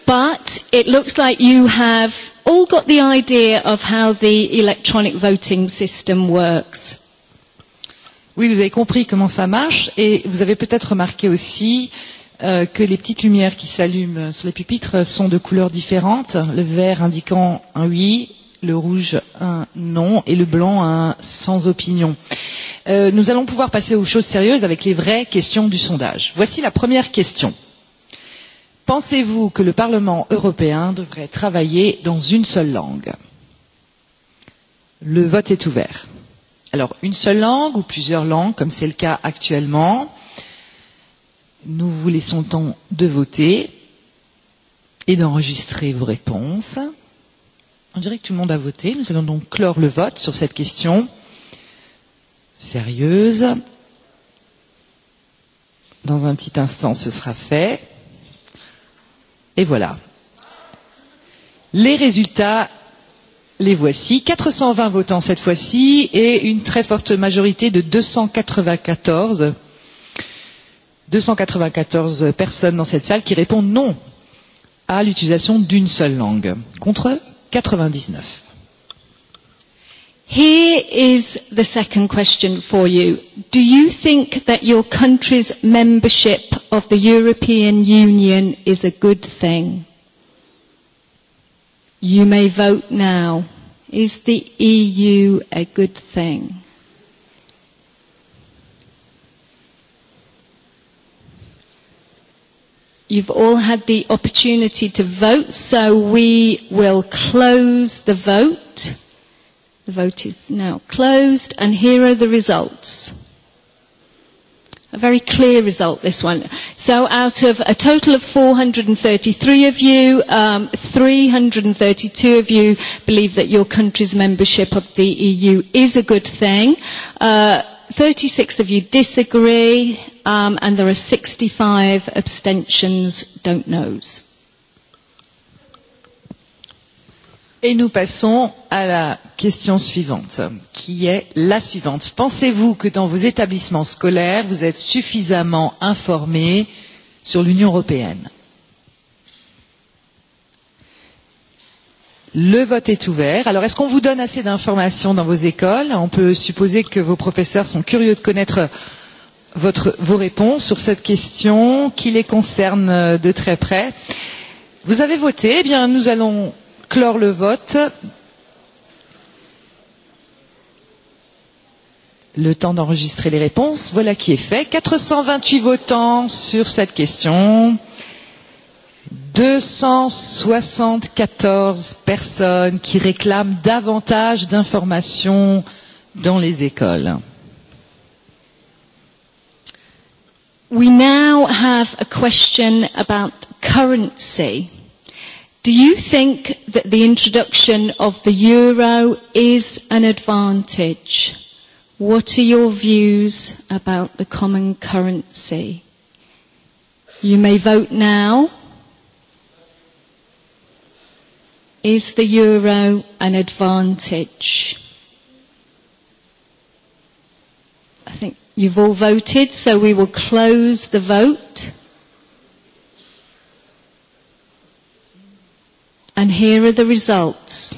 But it looks like you have all got the idea of how the electronic voting system works. Oui, vous avez compris comment ça marche et vous avez peut-être remarqué aussi euh, que les petites lumières qui s'allument sur les pupitres sont de couleurs différentes, le vert indiquant un oui, le rouge un non et le blanc un sans opinion. Euh, nous allons pouvoir passer aux choses sérieuses avec les vraies questions du sondage. Voici la première question. Pensez-vous que le Parlement européen devrait travailler dans une seule langue Le vote est ouvert. Alors, une seule langue ou plusieurs langues, comme c'est le cas actuellement. Nous vous laissons le temps de voter et d'enregistrer vos réponses. On dirait que tout le monde a voté. Nous allons donc clore le vote sur cette question sérieuse. Dans un petit instant, ce sera fait. Et voilà. Les résultats, les voici. 420 votants cette fois-ci et une très forte majorité de 294. 294 personnes dans cette salle qui répondent non à l'utilisation d'une seule langue. Contre 99. Here is the second question for you. Do you think that your country's membership of the European Union is a good thing? You may vote now. Is the EU a good thing? You've all had the opportunity to vote, so we will close the vote. The vote is now closed, and here are the results. A very clear result, this one. So out of a total of 433 of you, um, 332 of you believe that your country's membership of the EU is a good thing. Uh, 36 of you disagree, um, and there are 65 abstentions, don't knows. Et nous passons à la question suivante, qui est la suivante. Pensez-vous que dans vos établissements scolaires, vous êtes suffisamment informés sur l'Union européenne Le vote est ouvert. Alors, est-ce qu'on vous donne assez d'informations dans vos écoles On peut supposer que vos professeurs sont curieux de connaître votre, vos réponses sur cette question qui les concerne euh, de très près. Vous avez voté. Eh bien, nous allons clore le vote. le temps d'enregistrer les réponses. Voilà qui est fait. 428 votants sur cette question, 274 personnes qui réclament davantage d'informations dans les écoles. We now have a question about currency. Do you think that the introduction of the euro is an advantage? What are your views about the common currency? You may vote now. Is the euro an advantage? I think you've all voted, so we will close the vote. And here are the results.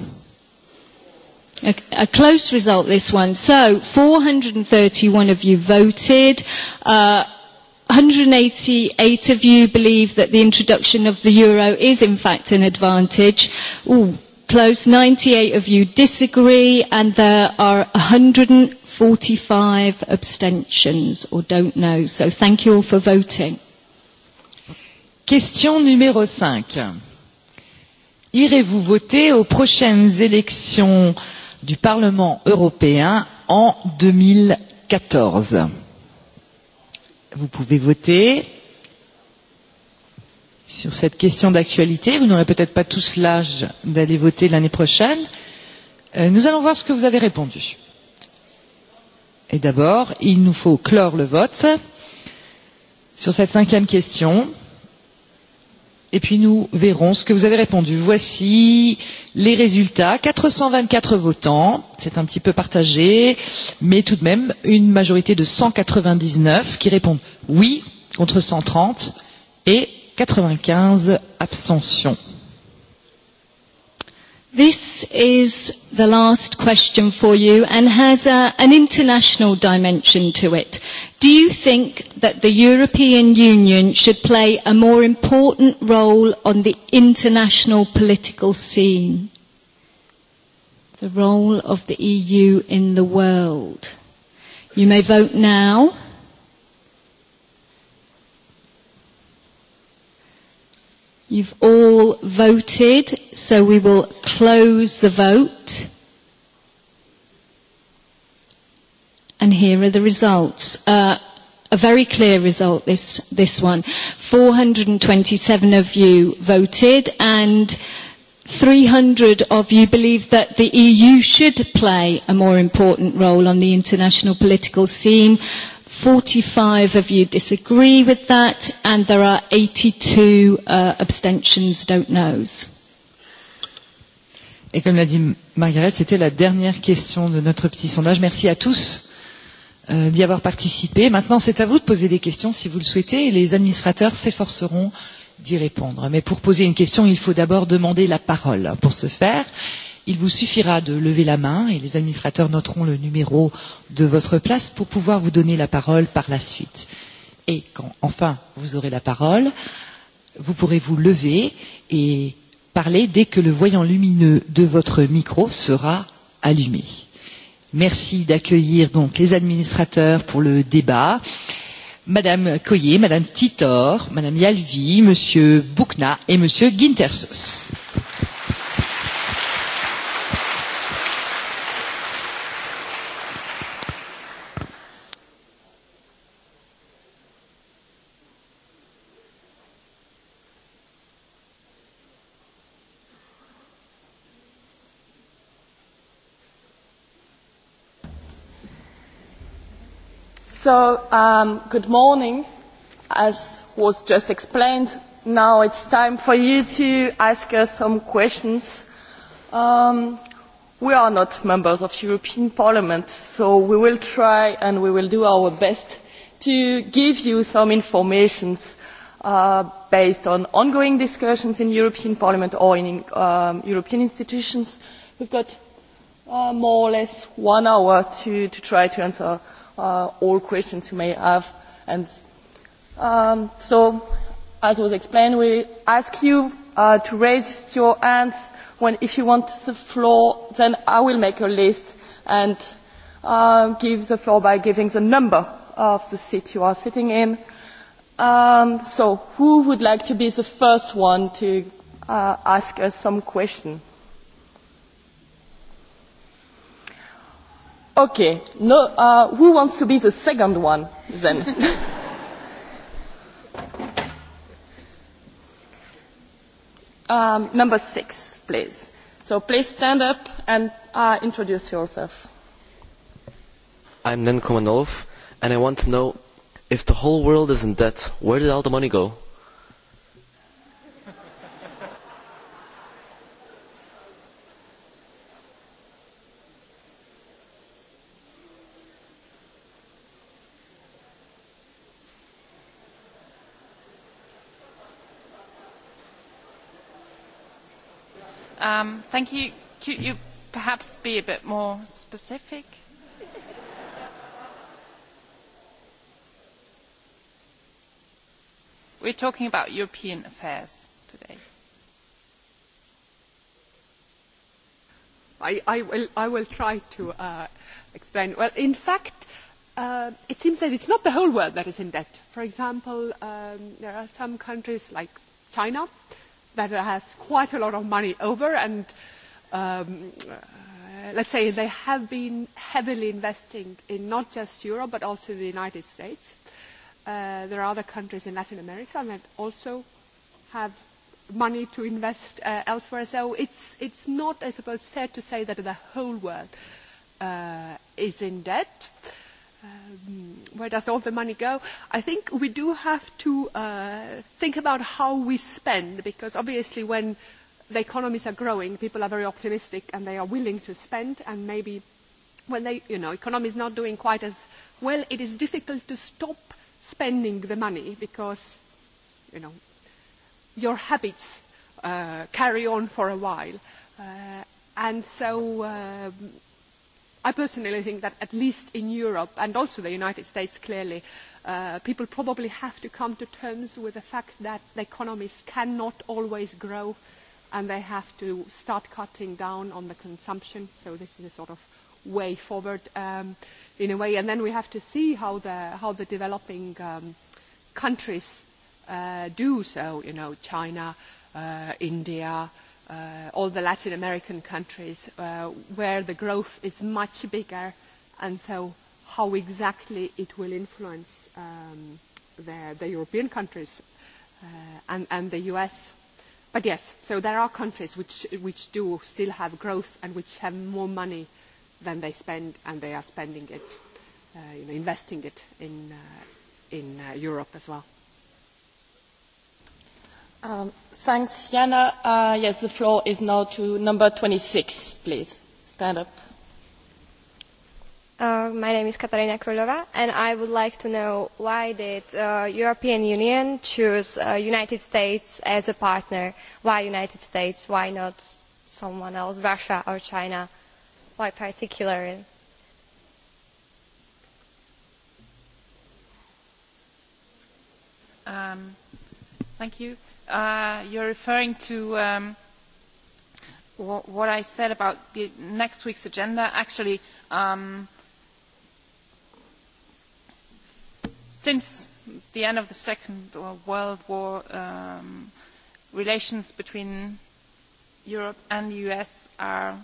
A, a close result, this one. So, 431 of you voted. Uh, 188 of you believe that the introduction of the euro is in fact an advantage. Ooh, close 98 of you disagree and there are 145 abstentions or don't know. So thank you all for voting. Question numéro 5. Irez-vous voter aux prochaines élections du Parlement européen en 2014 Vous pouvez voter sur cette question d'actualité. Vous n'aurez peut-être pas tous l'âge d'aller voter l'année prochaine. Euh, nous allons voir ce que vous avez répondu. Et d'abord, il nous faut clore le vote sur cette cinquième question et puis nous verrons ce que vous avez répondu. Voici les résultats. 424 votants, c'est un petit peu partagé, mais tout de même une majorité de 199 qui répondent oui contre 130 et 95 abstentions. This is the last question for you and has a, an international dimension to it. Do you think that the European Union should play a more important role on the international political scene? The role of the EU in the world. You may vote now. You've all voted, so we will close the vote. And here are the results. Uh, a very clear result, this, this one. 427 of you voted, and 300 of you believe that the EU should play a more important role on the international political scene. 45 of you disagree with that, and there are 82 uh, abstentions, don't knows. Et comme l'a dit Margaret, c'était la dernière question de notre petit sondage. Merci à tous euh, d'y avoir participé. Maintenant, c'est à vous de poser des questions si vous le souhaitez et les administrateurs s'efforceront d'y répondre. Mais pour poser une question, il faut d'abord demander la parole. Pour ce faire, il vous suffira de lever la main et les administrateurs noteront le numéro de votre place pour pouvoir vous donner la parole par la suite. Et quand enfin vous aurez la parole, vous pourrez vous lever et parler dès que le voyant lumineux de votre micro sera allumé. Merci d'accueillir donc les administrateurs pour le débat. Madame Coyer, Madame Titor, Madame Yalvi, Monsieur Boukna et Monsieur Gintersos. So, um, good morning. As was just explained, now it's time for you to ask us some questions. Um, we are not members of the European Parliament, so we will try and we will do our best to give you some information uh, based on ongoing discussions in European Parliament or in um, European institutions. We've got uh, more or less one hour to, to try to answer Uh, all questions you may have. And um, so, as was explained, we ask you uh, to raise your hands when, if you want the floor. Then I will make a list and uh, give the floor by giving the number of the seat you are sitting in. Um, so, who would like to be the first one to uh, ask us some questions? Okay. No, uh, who wants to be the second one then? um, number six, please. So please stand up and uh, introduce yourself. I'm Nen Komanov, and I want to know if the whole world is in debt, where did all the money go? Thank you. Could you perhaps be a bit more specific? We're talking about European affairs today. I, I, will, I will try to uh, explain. Well, in fact, uh, it seems that it's not the whole world that is in debt. For example, um, there are some countries like China that has quite a lot of money over and um, uh, let's say they have been heavily investing in not just Europe but also the United States. Uh, there are other countries in Latin America that also have money to invest uh, elsewhere. So it's, it's not, I suppose, fair to say that the whole world uh, is in debt. Uh, um, where does all the money go? I think we do have to uh, think about how we spend, because obviously when the economies are growing, people are very optimistic and they are willing to spend, and maybe when the you know, economy is not doing quite as well, it is difficult to stop spending the money because you know, your habits uh, carry on for a while. Uh, and so... Uh, i personally think that at least in Europe and also the United States clearly, uh, people probably have to come to terms with the fact that the economies cannot always grow and they have to start cutting down on the consumption. So this is a sort of way forward um, in a way. And then we have to see how the, how the developing um, countries uh, do so, you know, China, uh, India, uh, all the Latin American countries uh, where the growth is much bigger and so how exactly it will influence um, the, the European countries uh, and, and the US. But yes, so there are countries which, which do still have growth and which have more money than they spend and they are spending it, uh, you know, investing it in, uh, in uh, Europe as well. Um, Jana. Uh, yes, the floor is now to number please. Stand up. Uh, my name is Katarina Krulova, and I would like to know why did uh, European Union choose uh, United States as a partner? Why United States? Why not someone else, Russia or China? Why particularly? Um, thank you uh, you're referring to um, wh what I said about the next week's agenda. Actually, um, since the end of the Second uh, World War, um, relations between Europe and the US are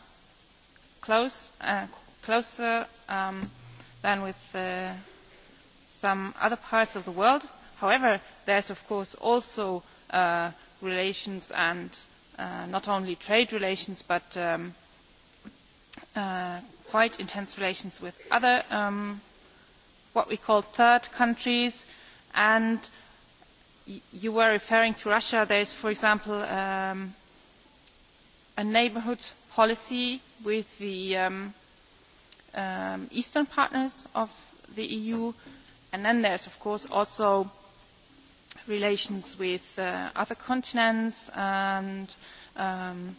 close, uh, closer um, than with uh, some other parts of the world. However, there's of course also uh, relations and uh, not only trade relations but um, uh, quite intense relations with other um, what we call third countries and you were referring to Russia. There is, for example, um, a neighbourhood policy with the um, um, eastern partners of the EU, and then there is, of course, also relations with uh, other continents and um,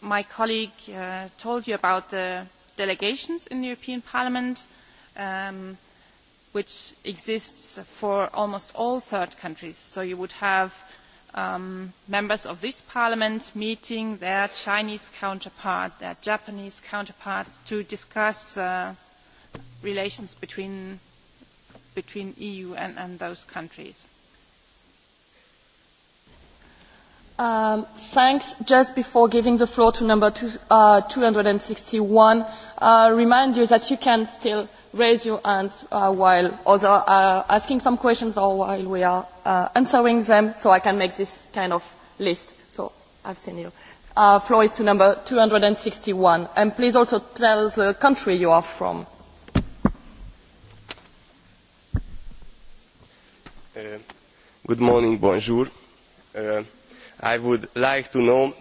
my colleague uh, told you about the delegations in the European Parliament um, which exists for almost all third countries. So you would have um, members of this parliament meeting their Chinese counterpart, their Japanese counterparts to discuss uh, relations between, between EU and, and those countries. Um, thanks. Just before giving the floor to number two, uh, 261, uh, remind you that you can still raise your hands uh, while others are uh, asking some questions or while we are uh, answering them, so I can make this kind of list. So I've seen you. Uh, floor is to number 261. And please also tell the country you are from. Uh, good morning, bonjour. Uh, i would like to know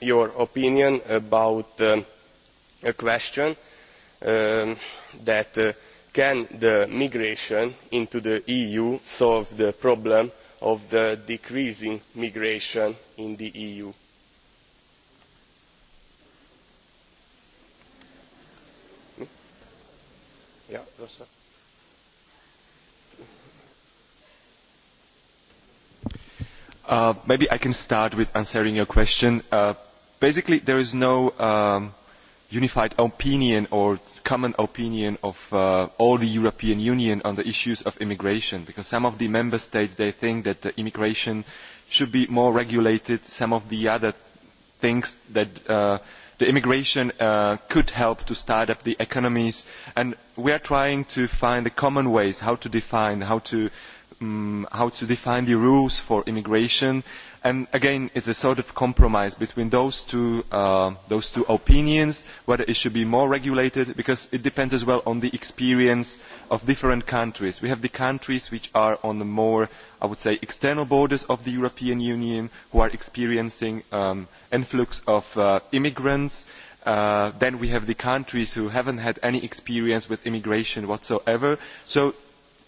your opinion about uh, a question um, that uh, can the migration into the eu solve the problem of the decreasing migration in the eu? Hmm? Uh, maybe I can start with answering your question. Uh, basically, there is no um, unified opinion or common opinion of uh, all the European Union on the issues of immigration, because some of the member states, they think that the immigration should be more regulated. Some of the other things that uh, the immigration uh, could help to start up the economies. And we are trying to find the common ways how to define, how to um, how to define the rules for immigration. And again, it's a sort of compromise between those two, uh, those two opinions, whether it should be more regulated, because it depends as well on the experience of different countries. We have the countries which are on the more, I would say, external borders of the European Union, who are experiencing um, influx of uh, immigrants. Uh, then we have the countries who haven't had any experience with immigration whatsoever. So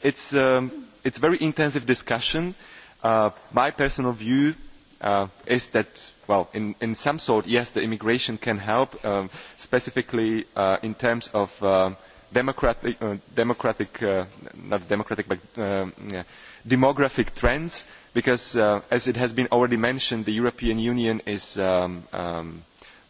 it's... Um, it's very intensive discussion. Uh, my personal view uh, is that, well, in, in some sort, yes, the immigration can help, um, specifically uh, in terms of uh, democratic, uh, democratic uh, not democratic, but um, yeah, demographic trends, because uh, as it has been already mentioned, the European Union is um, um,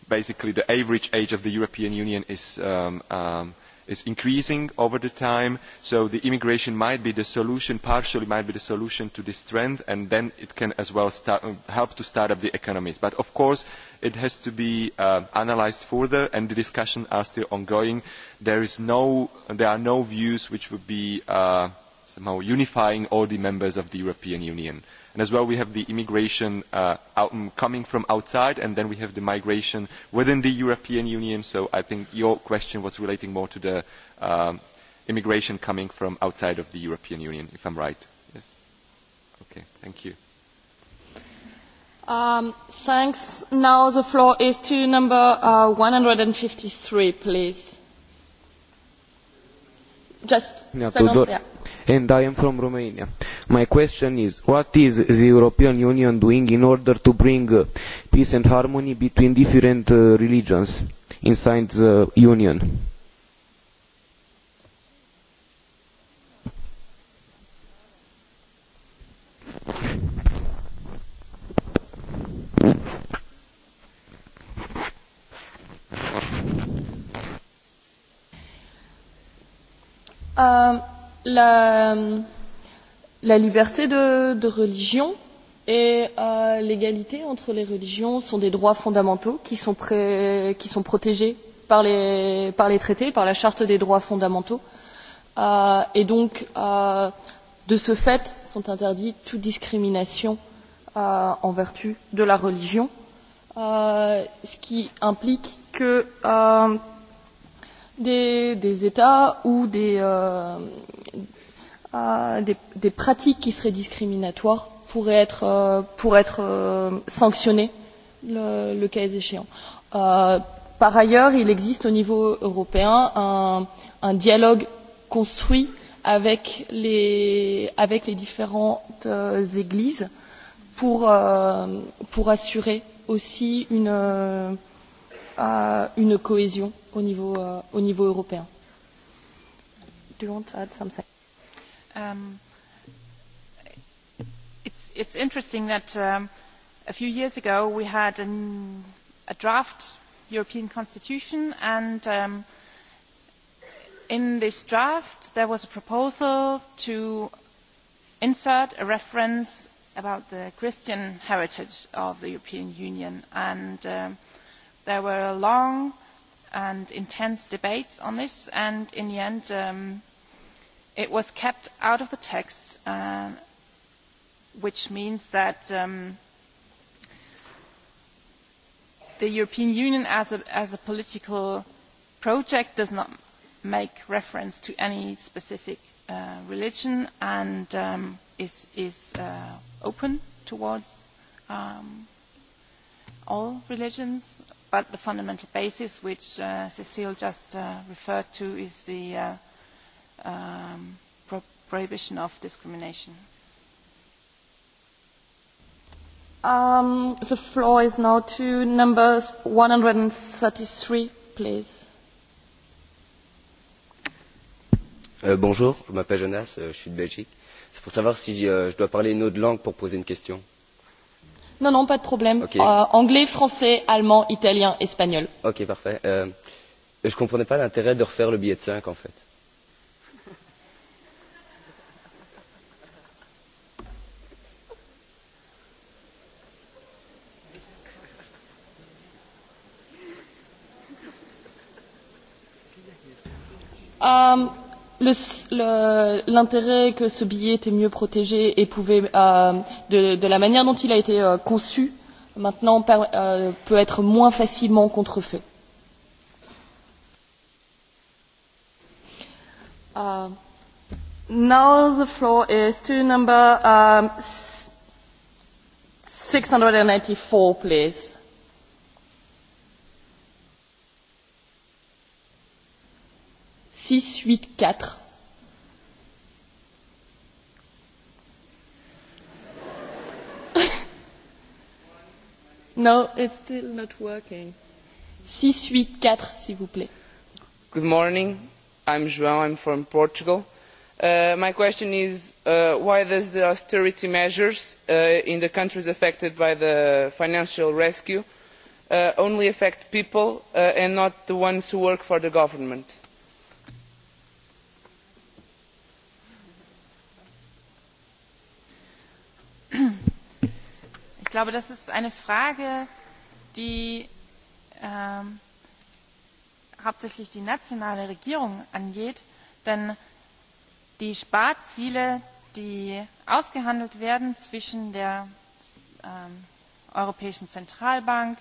basically the average age of the European Union is um, um, is increasing over the time, so the immigration might be the solution, partially might be the solution to this trend, and then it can as well start, um, help to start up the economies. But of course, it has to be uh, analysed further, and the discussions are still ongoing. There, is no, there are no views which would be uh, somehow unifying all the members of the European Union. And as well, we have the immigration uh, out, mm, coming from outside, and then we have the migration within the European Union. So I think your question was relating more to the um, immigration coming from outside of the European Union, if I'm right. Yes? Okay, thank you. Um, thanks. Now the floor is to number uh, 153, please just yeah, second, yeah. And I am from Romania. My question is, what is the European Union doing in order to bring uh, peace and harmony between different uh, religions inside the Union? la, la liberté de, de religion et euh, l'égalité entre les religions sont des droits fondamentaux qui sont, pré, qui sont protégés par les, par les traités, par la charte des droits fondamentaux, euh, et donc euh, de ce fait sont interdits toute discrimination euh, en vertu de la religion, euh, ce qui implique que euh, des, des États ou des, euh, euh, des, des pratiques qui seraient discriminatoires pourraient être, euh, pourraient être euh, sanctionnées le, le cas échéant. Euh, par ailleurs, il existe au niveau européen un, un dialogue construit avec les, avec les différentes euh, églises pour, euh, pour assurer aussi une, euh, une cohésion au niveau, euh, au niveau européen. Do you want to add something? Um, it's, it's interesting that um, a few years ago we had an, a draft European constitution and um, in this draft there was a proposal to insert a reference about the Christian heritage of the European Union and um, there were a long and intense debates on this, and in the end, um, it was kept out of the text, uh, which means that um, the European Union as a, as a political project does not make reference to any specific uh, religion and um, is, is uh, open towards um, all religions but the fundamental basis, which uh, Cecile just uh, referred to, is the uh, um, pro prohibition of discrimination. Um, the floor is now to number 133, please. Euh, bonjour, je m'appelle Jonas, euh, je suis de Belgique. C'est pour savoir si euh, je dois parler une autre langue pour poser une question. Non, non, pas de problème. Okay. Euh, anglais, français, allemand, italien, espagnol. Ok, parfait. Euh, je comprenais pas l'intérêt de refaire le billet de 5, en fait. Um, l'intérêt que ce billet était mieux protégé et pouvait, euh, de, de la manière dont il a été euh, conçu, maintenant par, euh, peut être moins facilement contrefait. Uh, now the floor is to number um, 694, please. six huit quatre No, it's still not working. quatre, s'il vous plaît. Good morning. I'm João. I'm from Portugal. Uh, my question is uh, why does the austerity measures uh, in the countries affected by the financial rescue uh, only affect people uh, and not the ones who work for the government? Ich glaube, das ist eine Frage, die ähm, hauptsächlich die nationale Regierung angeht, denn die Sparziele, die ausgehandelt werden zwischen der ähm, Europäischen Zentralbank,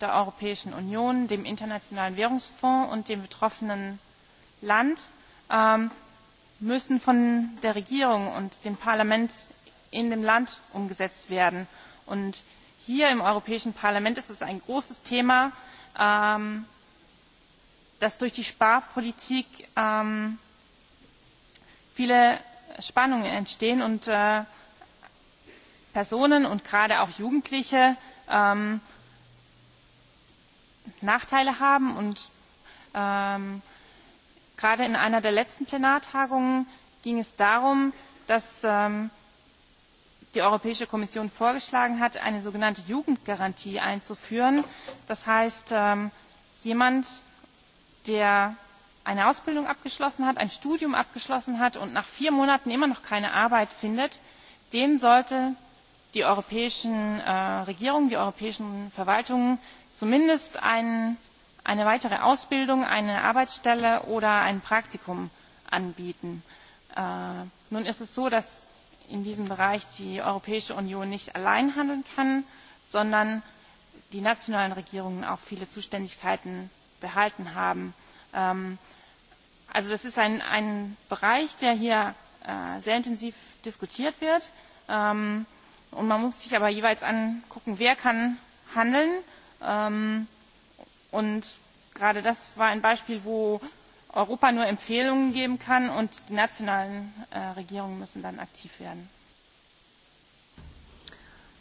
der Europäischen Union, dem Internationalen Währungsfonds und dem betroffenen Land, ähm, müssen von der Regierung und dem Parlament in dem land umgesetzt werden. Und hier im Europäischen Parlament ist es ein großes Thema, ähm, dass durch die Sparpolitik ähm, viele Spannungen entstehen und äh, Personen und gerade auch Jugendliche ähm, Nachteile haben. Und gerade in einer der letzten Plenartagungen ging es darum, dass die europäische kommission vorgeschlagen hat eine sogenannte jugendgarantie einzuführen das heißt ähm, jemand der eine ausbildung abgeschlossen hat ein studium abgeschlossen hat und nach vier monaten immer noch keine arbeit findet dem sollten die europäischen äh, regierungen die europäischen verwaltungen zumindest eine weitere ausbildung eine arbeitsstelle oder ein praktikum anbieten. Äh, nun ist es so dass in diesem Bereich die Europäische Union nicht allein handeln kann, sondern die nationalen Regierungen auch viele Zuständigkeiten behalten haben. Ähm, also das ist ein, ein Bereich, der hier äh, sehr intensiv diskutiert wird. Ähm, und man muss sich aber jeweils angucken, wer kann handeln. Ähm, und gerade das war ein Beispiel, wo europa nur empfehlungen geben kann und die nationalen äh, regierungen müssen dann aktiv werden.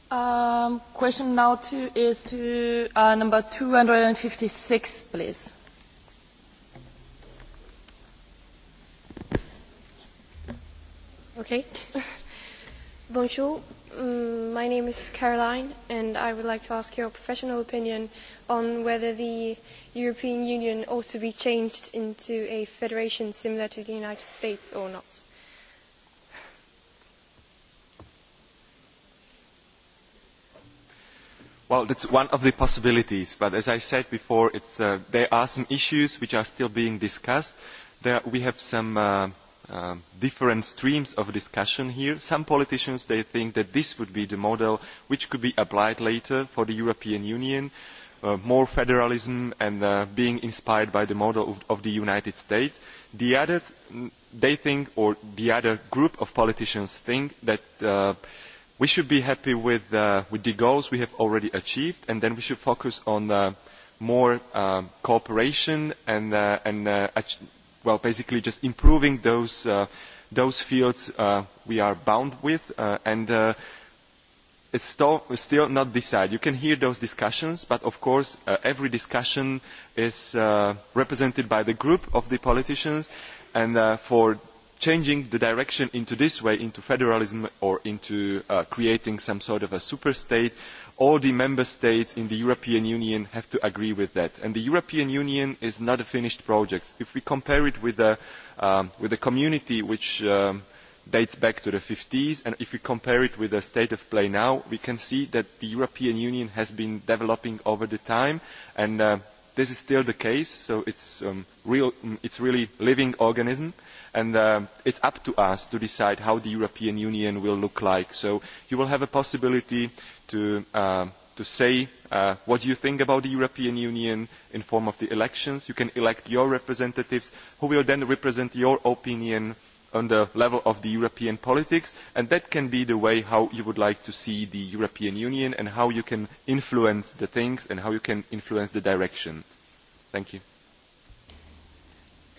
Um, Mm, my name is Caroline, and I would like to ask your professional opinion on whether the European Union ought to be changed into a federation similar to the United States or not. Well, that's one of the possibilities, but as I said before, it's, uh, there are some issues which are still being discussed. There, we have some uh, Uh, different streams of discussion here. Some politicians, they think that this would be the model which could be applied later for the European Union, uh, more federalism and uh, being inspired by the model of, of the United States. The other, they think, or the other group of politicians think that uh, we should be happy with, uh, with the goals we have already achieved and then we should focus on uh, more uh, cooperation and, uh, and uh, well, basically just improving those, uh, those fields uh, we are bound with. Uh, and uh, it's still, still not decided. You can hear those discussions, but of course uh, every discussion is uh, represented by the group of the politicians. And uh, for changing the direction into this way, into federalism or into uh, creating some sort of a super state, uh, all the member states in the european union have to agree with that and the european union is not a finished project. if we compare it with a, um, community which um, dates back to the fifty s and if we compare it with the state of play now we can see that the european union has been developing over time and uh, this is still the case so it is um, real, it's really living organism and uh, it is up to us to decide how the european union will look like so you will have a possibility to, uh, to say uh, what you think about the european union in the form of the elections you can elect your representatives who will then represent your opinion on the level of the european politics and that can be the way how you would like to see the european union and how you can influence the things and how you can influence the direction. thank you.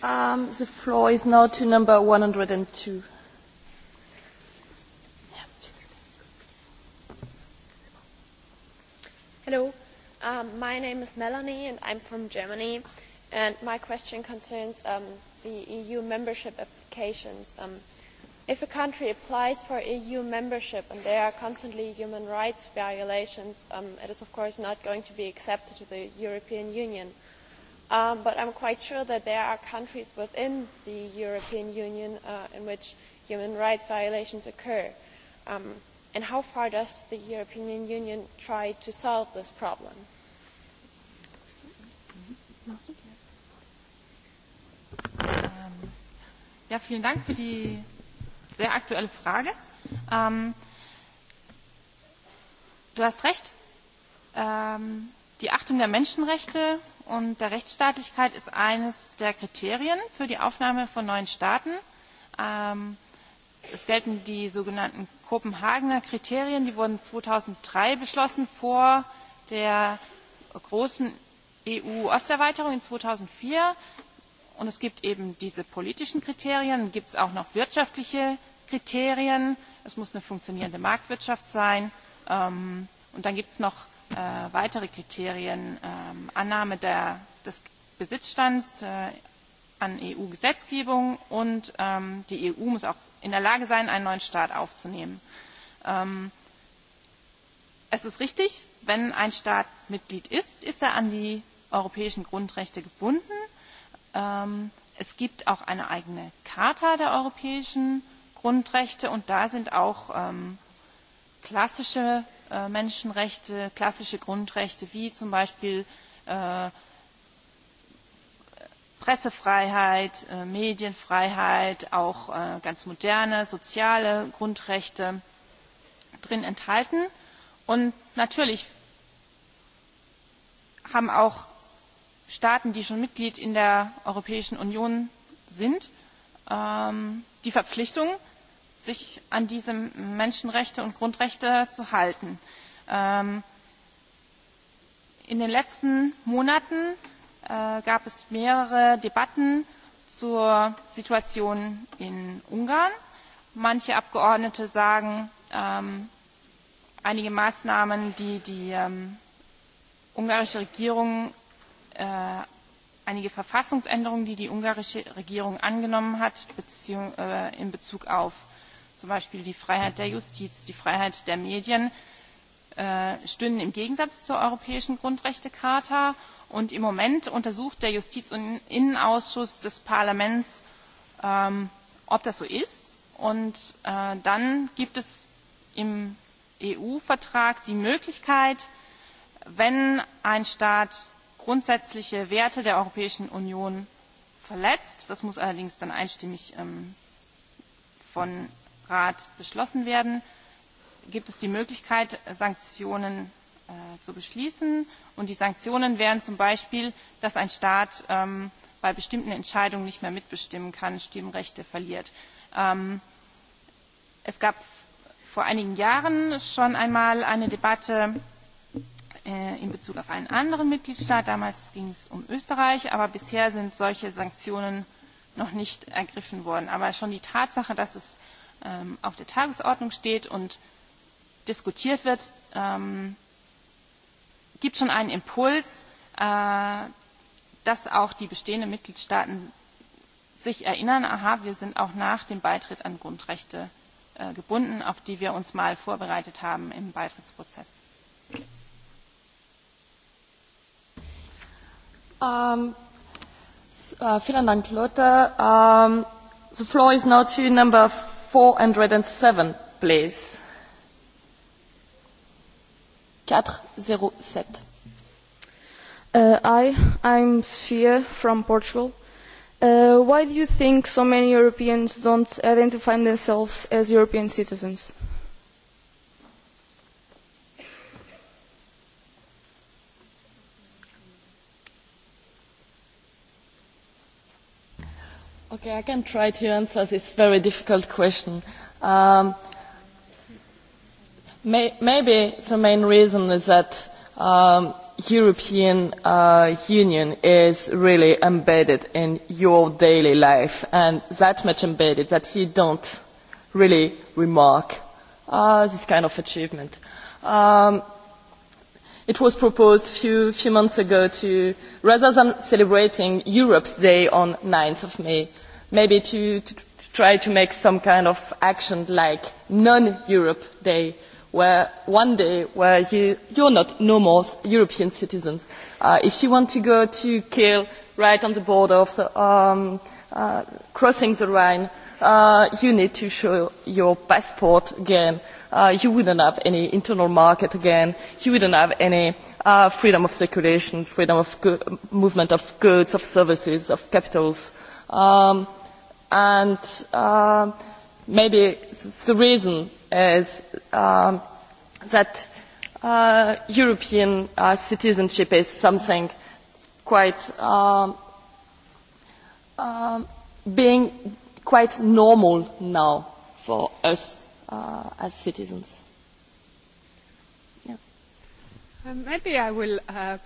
Um, the floor is now to number Hello, um, my name is Melanie and I'm from Germany. And my question concerns um, the EU membership applications. Um, if a country applies for eu membership and there are constantly human rights violations um, it is of course not going to be accepted to the european union. Um, but I'm quite sure that there are countries within the European Union uh, in which human rights violations occur. Um, how far does the European Union try to solve this problem? Ähm, vielen Dank für die sehr aktuelle Frage. Ähm, du hast recht. Ähm, die Achtung der Menschenrechte und der Rechtsstaatlichkeit ist eines der Kriterien für die Aufnahme von neuen Staaten. Ähm, es gelten die sogenannten Kopenhagener Kriterien, die wurden 2003 beschlossen vor der großen EU-Osterweiterung in 2004. Und es gibt eben diese politischen Kriterien, gibt es auch noch wirtschaftliche Kriterien. Es muss eine funktionierende Marktwirtschaft sein. Ähm, und dann gibt es noch äh, weitere Kriterien, äh, Annahme der, des Besitzstands äh, an EU-Gesetzgebung und ähm, die EU muss auch in der Lage sein, einen neuen Staat aufzunehmen. Ähm, es ist richtig, wenn ein Staat Mitglied ist, ist er an die europäischen Grundrechte gebunden. Ähm, es gibt auch eine eigene Charta der europäischen Grundrechte und da sind auch ähm, klassische Äh, Menschenrechte, klassische Grundrechte wie zum Beispiel äh, Pressefreiheit, äh, Medienfreiheit, auch ganz moderne soziale Grundrechte drin enthalten. Und natürlich haben auch Staaten, die schon Mitglied in der Europäischen Union sind, ähm, die Verpflichtung, sich an diese Menschenrechte und Grundrechte zu halten. Ähm, in den letzten Monaten äh, gab es mehrere Debatten zur Situation in Ungarn. Manche Abgeordnete sagen, ähm, einige Maßnahmen, die die ähm, ungarische Regierung, äh, einige Verfassungsänderungen, die die ungarische Regierung angenommen hat, äh, in Bezug auf zum Beispiel die Freiheit der Justiz, die Freiheit der Medien, äh, stünden im Gegensatz zur Europäischen Grundrechtecharta. Und im Moment untersucht der Justiz- und Innenausschuss des Parlaments, ähm, ob das so ist. Und äh, dann gibt es im EU-Vertrag die Möglichkeit, wenn ein Staat grundsätzliche Werte der Europäischen Union verletzt, das muss allerdings dann einstimmig ähm, von rat beschlossen werden gibt es die möglichkeit sanktionen äh, zu beschließen und die sanktionen wären zum beispiel dass ein staat ähm, bei bestimmten entscheidungen nicht mehr mitbestimmen kann stimmrechte verliert. Ähm, es gab vor einigen jahren schon einmal eine debatte äh, in bezug auf einen anderen mitgliedstaat damals ging es um österreich aber bisher sind solche sanktionen noch nicht ergriffen worden. aber schon die tatsache dass Ähm, auf der Tagesordnung steht und diskutiert wird, ähm, gibt schon einen Impuls, äh, dass auch die bestehenden Mitgliedstaaten sich erinnern, aha, wir sind auch nach dem Beitritt an Grundrechte äh, gebunden, auf die wir uns mal vorbereitet haben im Beitrittsprozess. Um, uh, vielen Dank, Lotte. Um, ähm, the floor is now to number 407, uh, I, I'm Sofia from Portugal. Uh, why do you think so many Europeans don't identify themselves as European citizens? I can try to answer this very difficult question. Um, may, maybe the main reason is that um, European uh, Union is really embedded in your daily life and that much embedded that you don't really remark uh, this kind of achievement. Um, it was proposed a few, few months ago to, rather than celebrating Europe's Day on 9th of May, maybe to, to, to try to make some kind of action like non-Europe Day, where one day where you, you're not no more European citizens. Uh, if you want to go to Kiel, right on the border of the, um, uh, crossing the Rhine, uh, you need to show your passport again. Uh, you wouldn't have any internal market again. You wouldn't have any uh, freedom of circulation, freedom of movement of goods, of services, of capitals. Um, and uh, maybe the reason is um, that uh, European uh, citizenship is something quite um, um, being quite normal now for us uh, as citizens. Yeah. Uh, maybe I will uh,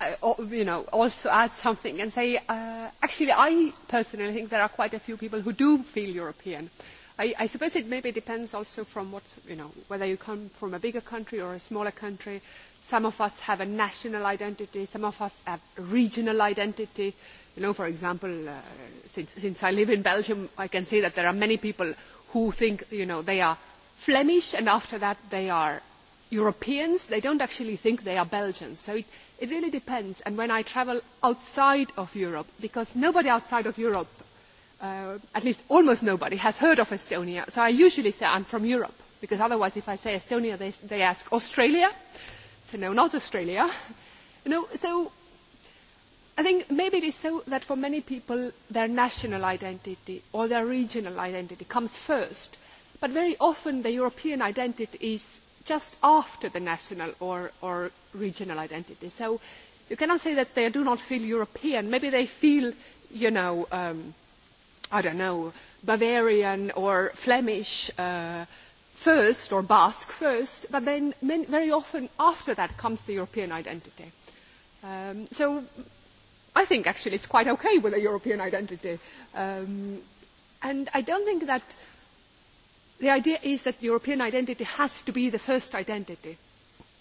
Uh, you know, also add something and say, uh, actually, I personally think there are quite a few people who do feel European. I, I suppose it maybe depends also from what, you know, whether you come from a bigger country or a smaller country. Some of us have a national identity, some of us have a regional identity. You know, for example, uh, since, since I live in Belgium, I can see that there are many people who think, you know, they are Flemish and after that they are Europeans, they don't actually think they are Belgians. So it, it really depends. And when I travel outside of Europe, because nobody outside of Europe, uh, at least almost nobody, has heard of Estonia. So I usually say I'm from Europe, because otherwise if I say Estonia, they, they ask Australia. So no, not Australia. You know, so I think maybe it is so that for many people their national identity or their regional identity comes first. But very often the European identity is just after the national or, or regional identity. So you cannot say that they do not feel European. Maybe they feel, you know, um, I don't know, Bavarian or Flemish uh, first or Basque first, but then many, very often after that comes the European identity. Um, so I think actually it's quite okay with a European identity. Um, and I don't think that the idea is that European identity has to be the first identity.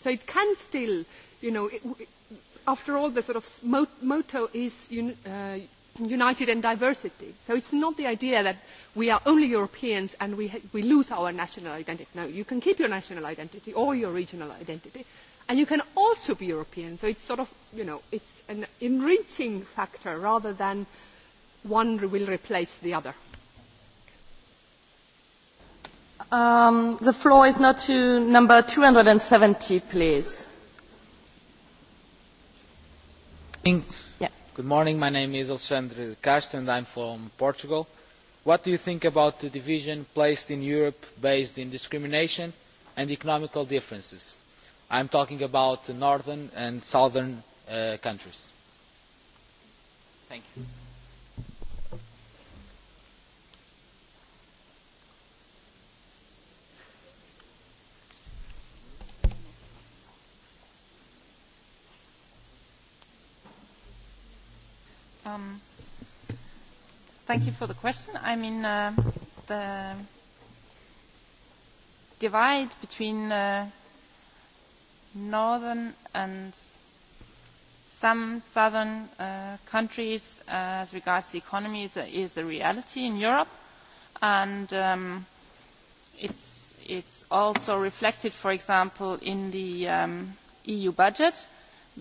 So it can still, you know, it, after all, the sort of motto is un, uh, united in diversity. So it's not the idea that we are only Europeans and we, ha- we lose our national identity. No, you can keep your national identity or your regional identity. And you can also be European. So it's sort of, you know, it's an enriching factor rather than one will replace the other. Um, the floor is now to number My name is Alexandre Castro and am from Portugal. What do you think about the division placed in Europe based on discrimination and economical differences? I am talking about northern and southern uh, countries. Um, thank you for the question. I mean, uh, the divide between uh, northern and some southern uh, countries uh, as regards the economy is a, is a reality in Europe, and um, it's, it's also reflected, for example, in the um, EU budget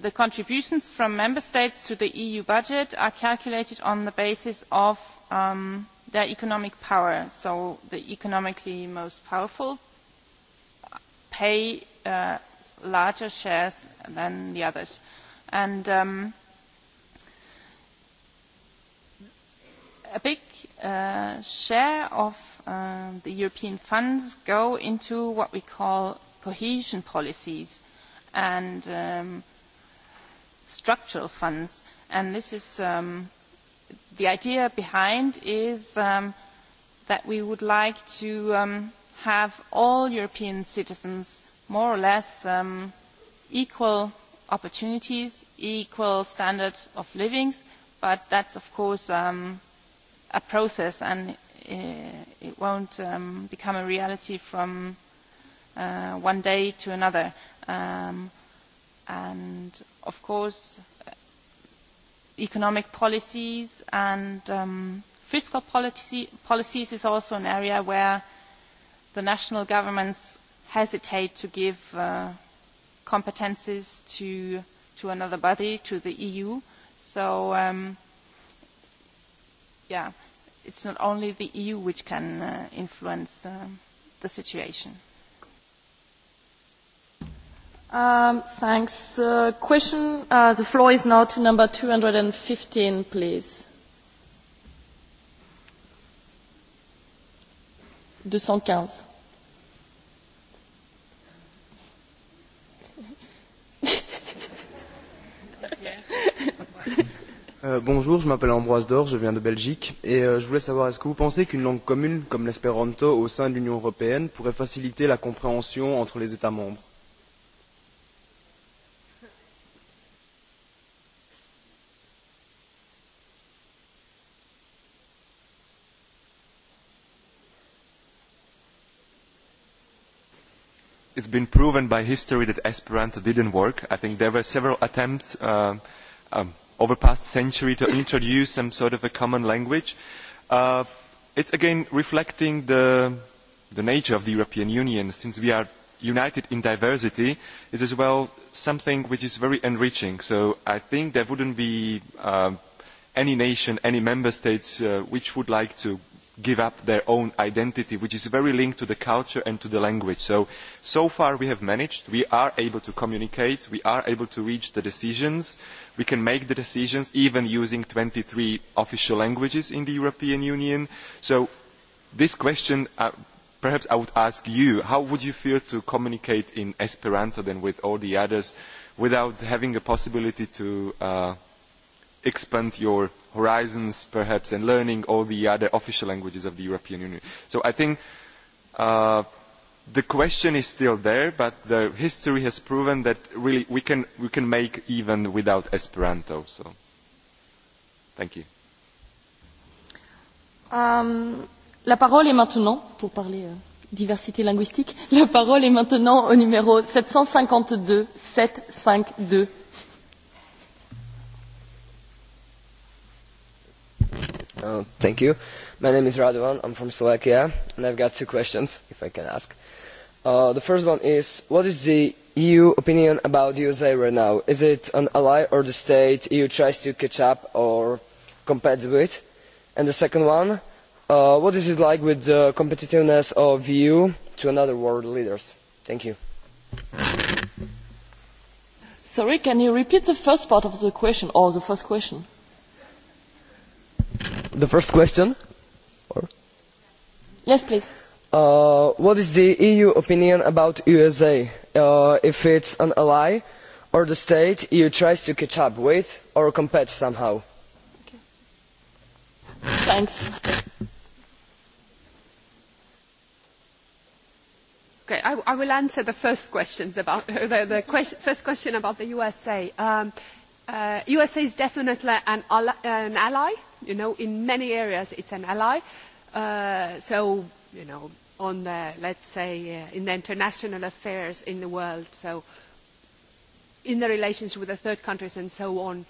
the contributions from member states to the eu budget are calculated on the basis of um, their economic power so the economically most powerful pay uh, larger shares than the others and um, a big uh, share of uh, the european funds go into what we call cohesion policies and um, structural funds. And this is um, the idea behind is um, that we would like to um, have all European citizens more or less um, equal opportunities, equal standard of living, but that's of course um, a process and uh, it won't um, become a reality from uh, one day to another. Um, and of course uh, economic policies and um, fiscal policy, policies is also an area where the national governments hesitate to give uh, competences to, to another body, to the EU. So, um, yeah, it's not only the EU which can uh, influence uh, the situation. Um, uh, uh, the floor is now to number 215, please. 215. euh, bonjour, je m'appelle Ambroise Dor, je viens de Belgique et euh, je voulais savoir est-ce que vous pensez qu'une langue commune comme l'espéranto au sein de l'Union européenne pourrait faciliter la compréhension entre les États membres it has been proven by history that Esperanto did not work. I think there were several attempts uh, um, over the past century to introduce some sort of a common language. Uh, it is again reflecting the, nature of the European Union. Since we are united in diversity, it is well something which is very enriching. So I think there wouldn't be um, any nation, any member states uh, which would like to give up their own identity, which is very linked to the culture and to the language. So, so far we have managed. We are able to communicate. We are able to reach the decisions. We can make the decisions even using twenty three official languages in the European Union. So this question, uh, perhaps I would ask you, how would you feel to communicate in Esperanto than with all the others without having a possibility to uh, expand your horizons perhaps and learning all the other official languages of the European Union. So I think uh, the question is still there, but the history has proven that really we can, we can make even without Esperanto. So thank you. Um, la parole est maintenant, pour parler euh, diversité linguistique, la parole est maintenant au numéro 752, 752. Oh, thank you. My name is Radovan. I'm from Slovakia, and I've got two questions, if I can ask. Uh, the first one is, what is the EU opinion about the USA right now? Is it an ally or the state EU tries to catch up or compete with? And the second one, uh, what is it like with the competitiveness of the EU to another world leaders? Thank you. Sorry, can you repeat the first part of the question, or the first question? the first question? Or? Yes, please. Uh, what is the EU opinion about USA? Uh, if it's an ally or the state EU tries to catch up with or compete somehow? Okay. Thanks. Okay, I, I will answer the first questions about the, the question, first question about the USA. Um, uh, USA is definitely an, al an ally You know, in many areas it's an ally. Uh, so, you know, on the, let's say, uh, in the international affairs in the world, so in the relations with the third countries and so on,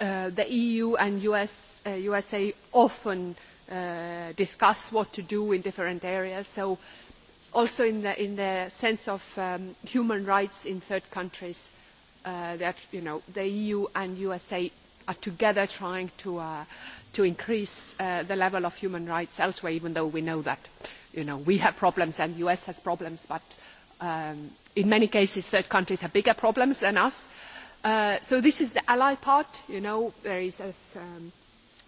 uh, the EU and US, uh, USA often uh, discuss what to do in different areas. So also in the, in the sense of um, human rights in third countries, uh, that, you know, the EU and USA are together trying to, uh, to increase uh, the level of human rights elsewhere, even though we know that you know, we have problems and the US has problems, but um, in many cases third countries have bigger problems than us. Uh, so this is the ally part. You know, there is, as um,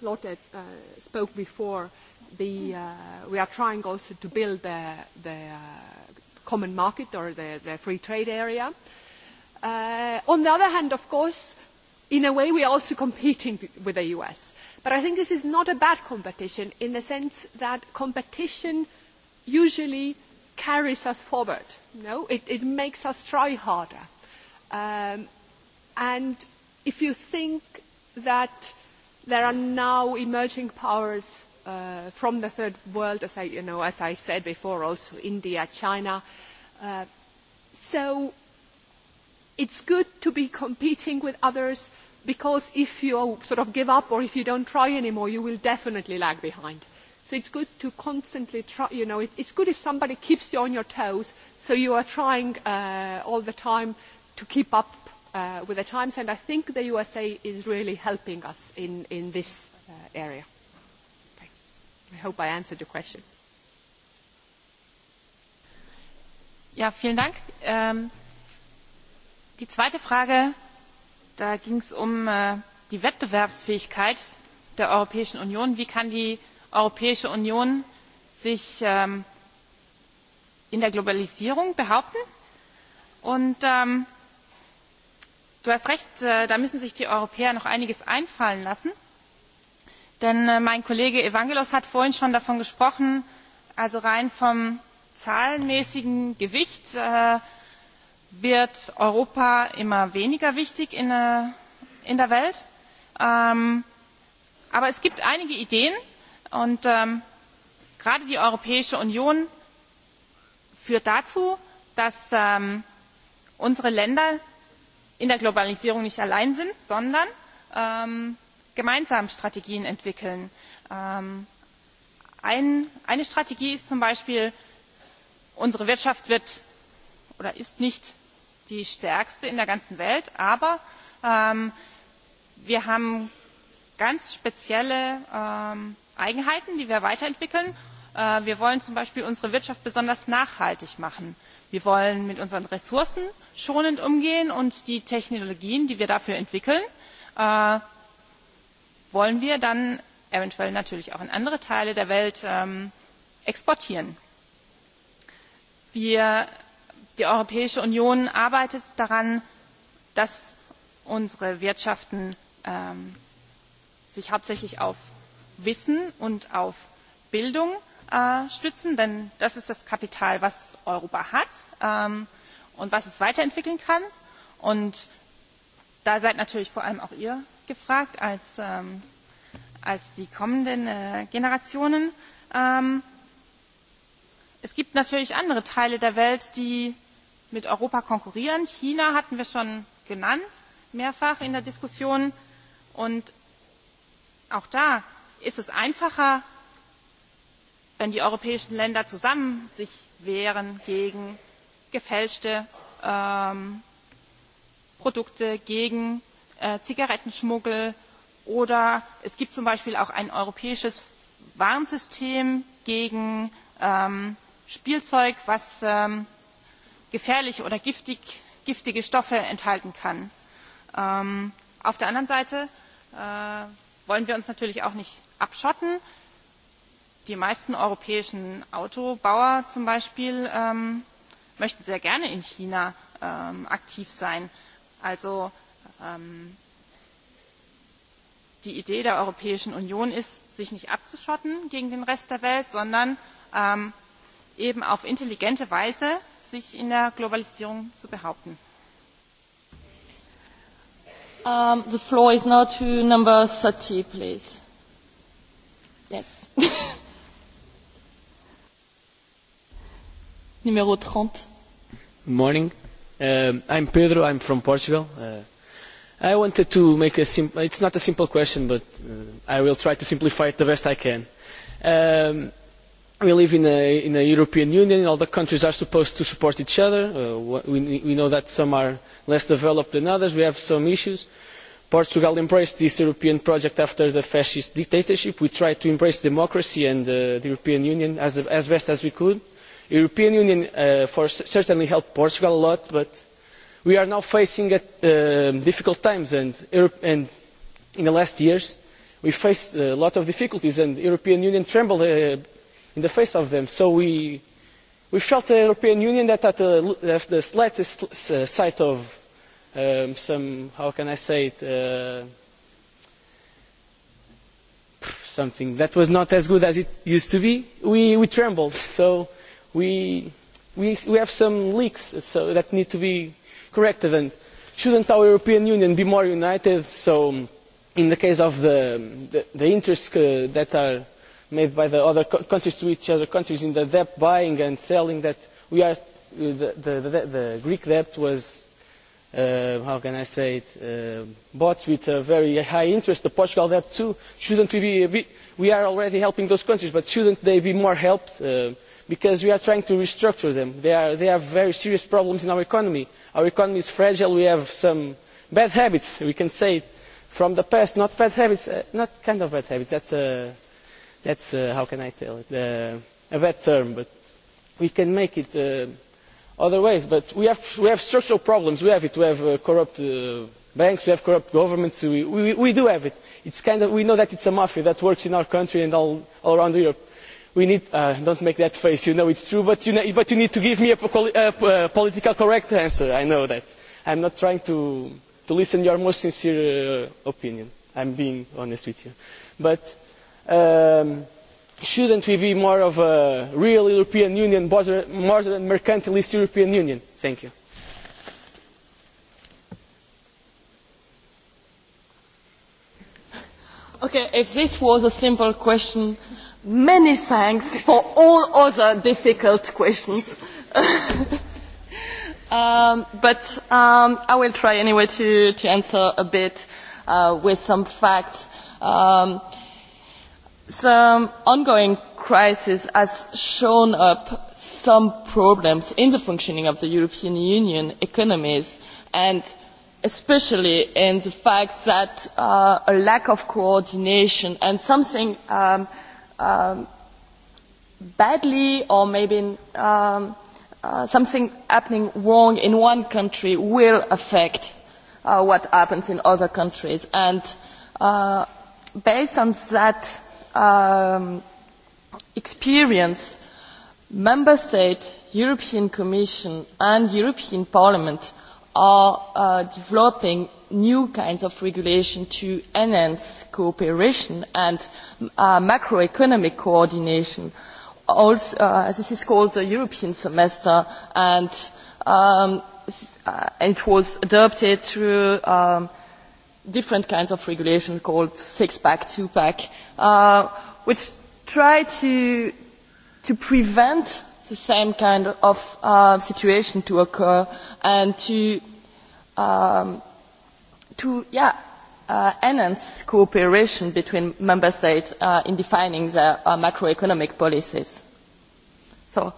Lotte uh, spoke before, the, uh, we are trying also to build the, the uh, common market or the, the free trade area. Uh, on the other hand, of course, in a way we are also competing with the US. But I think this is not a bad competition in the sense that competition usually carries us forward. It, it makes us try harder. Um, and if you think that there are now emerging powers uh, from the third world, as I, you know, as I said before, also India, China, uh, so it is good to be competing with others because if you sort of give up or if you do not try anymore, you will definitely lag behind. So it's good to constantly try, you know, it, it's good if somebody keeps you on your toes so you are trying uh, all the time to keep up uh, with the times. And I think the USA is really helping us in, in this uh, area. Okay. I hope I answered your question. vielen Dank. Um die zweite frage da ging es um äh, die wettbewerbsfähigkeit der europäischen union wie kann die europäische union sich ähm, in der globalisierung behaupten? und ähm, du hast recht äh, da müssen sich die europäer noch einiges einfallen lassen denn äh, mein kollege evangelos hat vorhin schon davon gesprochen also rein vom zahlenmäßigen gewicht äh, wird Europa immer weniger wichtig in der, in der Welt. Ähm, aber es gibt einige Ideen und ähm, gerade die Europäische Union führt dazu, dass ähm, unsere Länder in der Globalisierung nicht allein sind, sondern ähm, gemeinsam Strategien entwickeln. Ähm, ein, eine Strategie ist zum Beispiel, unsere Wirtschaft wird oder ist nicht die stärkste in der ganzen welt aber ähm, wir haben ganz spezielle ähm, eigenheiten die wir weiterentwickeln. Äh, wir wollen zum beispiel unsere wirtschaft besonders nachhaltig machen. wir wollen mit unseren ressourcen schonend umgehen und die technologien die wir dafür entwickeln äh, wollen wir dann eventuell natürlich auch in andere teile der welt ähm, exportieren. wir die europäische union arbeitet daran dass unsere wirtschaften ähm, sich hauptsächlich auf wissen und auf bildung äh, stützen denn das ist das kapital das europa hat ähm, und was es weiterentwickeln kann. und da seid natürlich vor allem auch ihr gefragt als, ähm, die kommenden äh, generationen. es gibt natürlich andere teile der welt die mit europa konkurrieren. china hatten wir schon genannt mehrfach in der diskussion und auch da ist es einfacher wenn die europäischen länder zusammen sich wehren gegen gefälschte ähm, produkte gegen äh, zigarettenschmuggel oder es gibt zum beispiel auch ein europäisches warnsystem gegen ähm, spielzeug das ähm, gefährliche oder giftige Stoffe enthalten kann. Ähm, auf der anderen Seite äh, wollen wir uns natürlich auch nicht abschotten. Die meisten europäischen Autobauer zum Beispiel ähm, möchten sehr gerne in China ähm, aktiv sein. Also die Idee der Europäischen Union ist, sich nicht abzuschotten gegen den Rest der Welt, sondern eben auf intelligente Weise sich in der Globalisierung zu behaupten. Um, the floor is now to number 30, please. Yes. Numero 30. Good morning. Um, I'm Pedro. I'm from Portugal. Uh, I wanted to make a simple, it's not a simple question, but uh, I will try to simplify it the best I can. Um, we live in a, in a European Union, all the countries are supposed to support each other. Uh, we, we know that some are less developed than others, we have some issues. Portugal embraced this European project after the fascist dictatorship. We tried to embrace democracy and uh, the European Union as, as best as we could. The European Union uh, for, certainly helped Portugal a lot, but we are now facing a uh, difficult times, and, Europe, and in the last years we faced a lot of difficulties, and the European Union trembled uh, in the face of them. So we, we felt a European Union that at the, at the slightest uh, sight of um, some, how can I say it, uh, something that was not as good as it used to be, we, we trembled. So we, we, we have some leaks so that need to be corrected. And shouldn't our European Union be more united? So in the case of the, the, the interests uh, that are made by the other co countries to each other countries in the debt buying and selling that we are the, the, the, the Greek debt was uh, how can I say it uh, bought with a very high interest the Portugal debt too shouldn't we be a bit, we are already helping those countries but shouldn't they be more helped uh, because we are trying to restructure them they are they have very serious problems in our economy our economy is fragile we have some bad habits we can say it from the past not bad habits uh, not kind of bad habits that's a that's uh, how can I tell it uh, a bad term, but we can make it uh, other ways. But we have we have structural problems. We have it. We have uh, corrupt uh, banks. We have corrupt governments. We, we we do have it. It's kind of we know that it's a mafia that works in our country and all all around Europe. We need uh, don't make that face. You know it's true, but you know, but you need to give me a, poli a, a political correct answer. I know that. I'm not trying to to listen to your most sincere uh, opinion. I'm being honest with you, but um, shouldn't we be more of a real European Union more than a mercantilist European Union? Thank you. Okay, if this was a simple question, many thanks for all other difficult questions. um, but um, I will try anyway to, to answer a bit uh, with some facts. Um, The ongoing crisis has shown up some problems in the functioning of the European Union economies and especially in the fact that uh, a lack of coordination and something um, um, badly or maybe um, uh, something happening wrong in one country will affect uh, what happens in other countries. And uh, based on that um, experience member state european commission and european parliament are uh, developing new kinds of regulation to enhance cooperation and uh, macroeconomic coordination. Also, uh, this is called the European semester and um, uh, it was adopted through um, different kinds of regulation called six-pack, two-pack, uh, which try to, to prevent the same kind of uh, situation from occurring and to, um, to yeah, uh, enhance cooperation between member states uh, in defining their uh, macroeconomic policies. So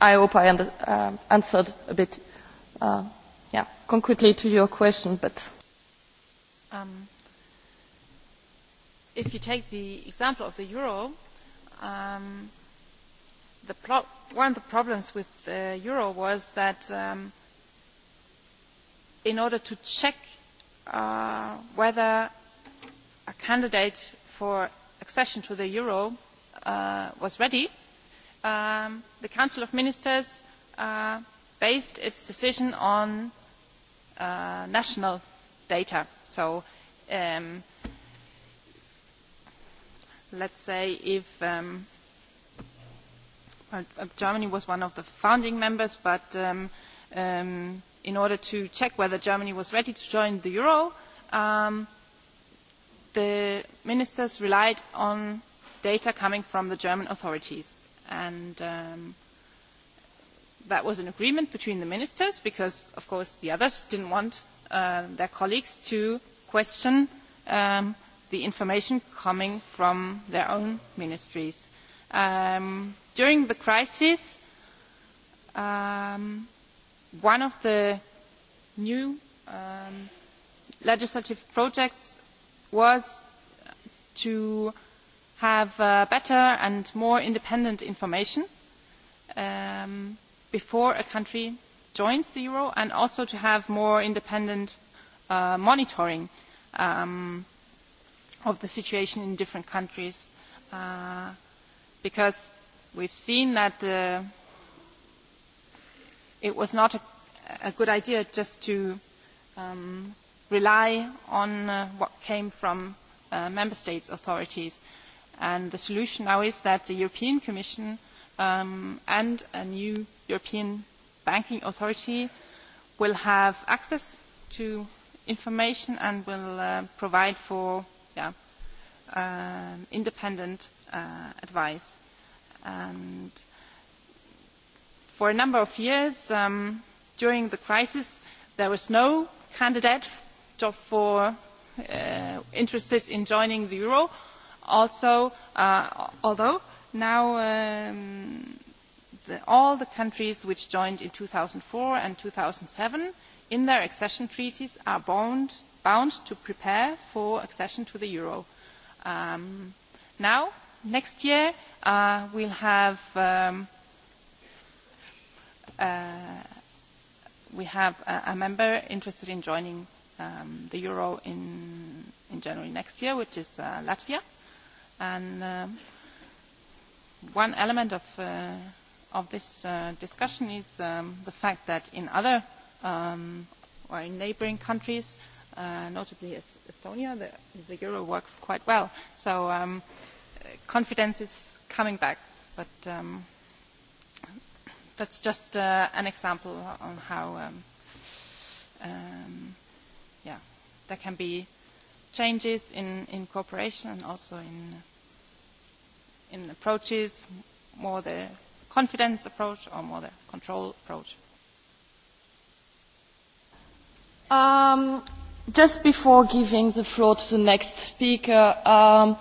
I hope I under, uh, answered a bit uh, yeah, concretely to your question, but... Um, if you take the example of the euro, um, the pro- one of the problems with the euro was that um, in order to check uh, whether a candidate for accession to the euro uh, was ready, um, the Council of Ministers uh, based its decision on uh, national data. So um, let's say if um, uh, Germany was one of the founding members, but um, um, in order to check whether Germany was ready to join the euro, um, the ministers relied on data coming from the German authorities. And um, that was an agreement between the ministers because, of course, the others didn't want uh, their colleagues to question um, the information coming from their own ministries. Um, during the crisis, um, one of the new um, legislative projects was to have uh, better and more independent information um, before a country joins the euro and also to have more independent uh, monitoring um, of the situation in different countries uh, because we've seen that uh, it was not a, a good idea just to um, rely on uh, what came from uh, member states authorities and the solution now is that the European Commission um, and a new European banking authority will have access to information and will uh, provide for yeah, um, independent uh, advice. And for a number of years um, during the crisis, there was no candidate for uh, interested in joining the euro. Also, uh, although now um, the, all the countries which joined in two thousand four and two thousand seven in their accession treaties are bound bound to prepare for accession to the euro. Um, now, next year, uh, we'll have um, uh, we have a, a member interested in joining um, the euro in, in January next year, which is uh, Latvia. And um, one element of, uh, of this uh, discussion is um, the fact that in other um, or in neighboring countries, uh, notably Estonia, the, the euro works quite well. So um, confidence is coming back, but um, that's just uh, an example on how um, um, yeah, there can be changes in, in cooperation and also in, in approaches, more the confidence approach or more the control approach. Um, Just before giving the floor to the next speaker, um,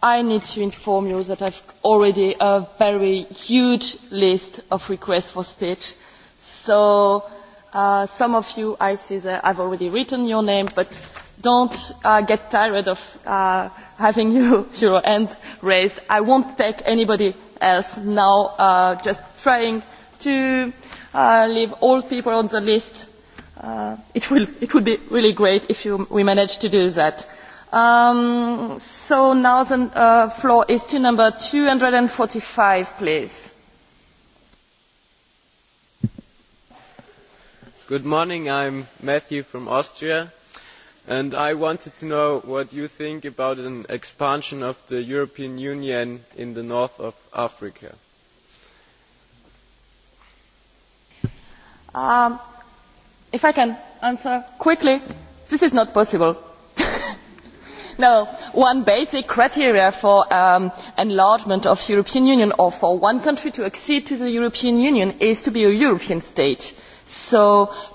I need to inform you that I've already a very huge list of requests for speech. So uh, some of you, I see that I've already written your name, but don't uh, get tired of uh, having you, your hand raised. I won't take anybody else now, uh, just trying to uh, leave all people on the list Uh, it, it would be really great if you, we managed to do that. Um, so now the uh, floor is to number 245, please. Good morning, I'm Matthew from Austria, and I wanted to know what you think about an expansion of the European Union in the north of Africa. Um, if i can answer quickly this is not possible. no one basic criterion for um, enlargement of the european union or for one country to accede to the european union is to be a european state. so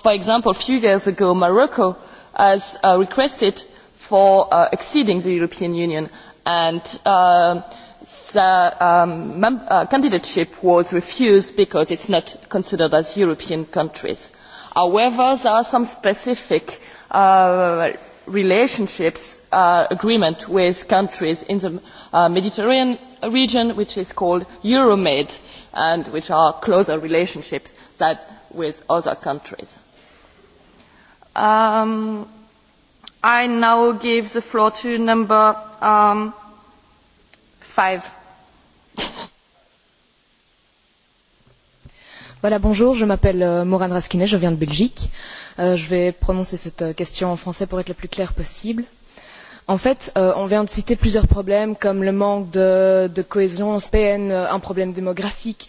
for example a few years ago morocco uh, requested for accede uh, acceding to the european union and um, um, uh, the candidateship was refused because it is not considered as european countries however there are some specific uh, relationships uh, agreements with countries in the uh, mediterranean region which is called euromed and which are closer relationships than with other countries. Um, i now give the floor to number um, five. Voilà, bonjour, je m'appelle euh, Morane Raskinet, je viens de Belgique. Euh, je vais prononcer cette euh, question en français pour être le plus clair possible. En fait, euh, on vient de citer plusieurs problèmes comme le manque de, de cohésion européenne, euh, un problème démographique,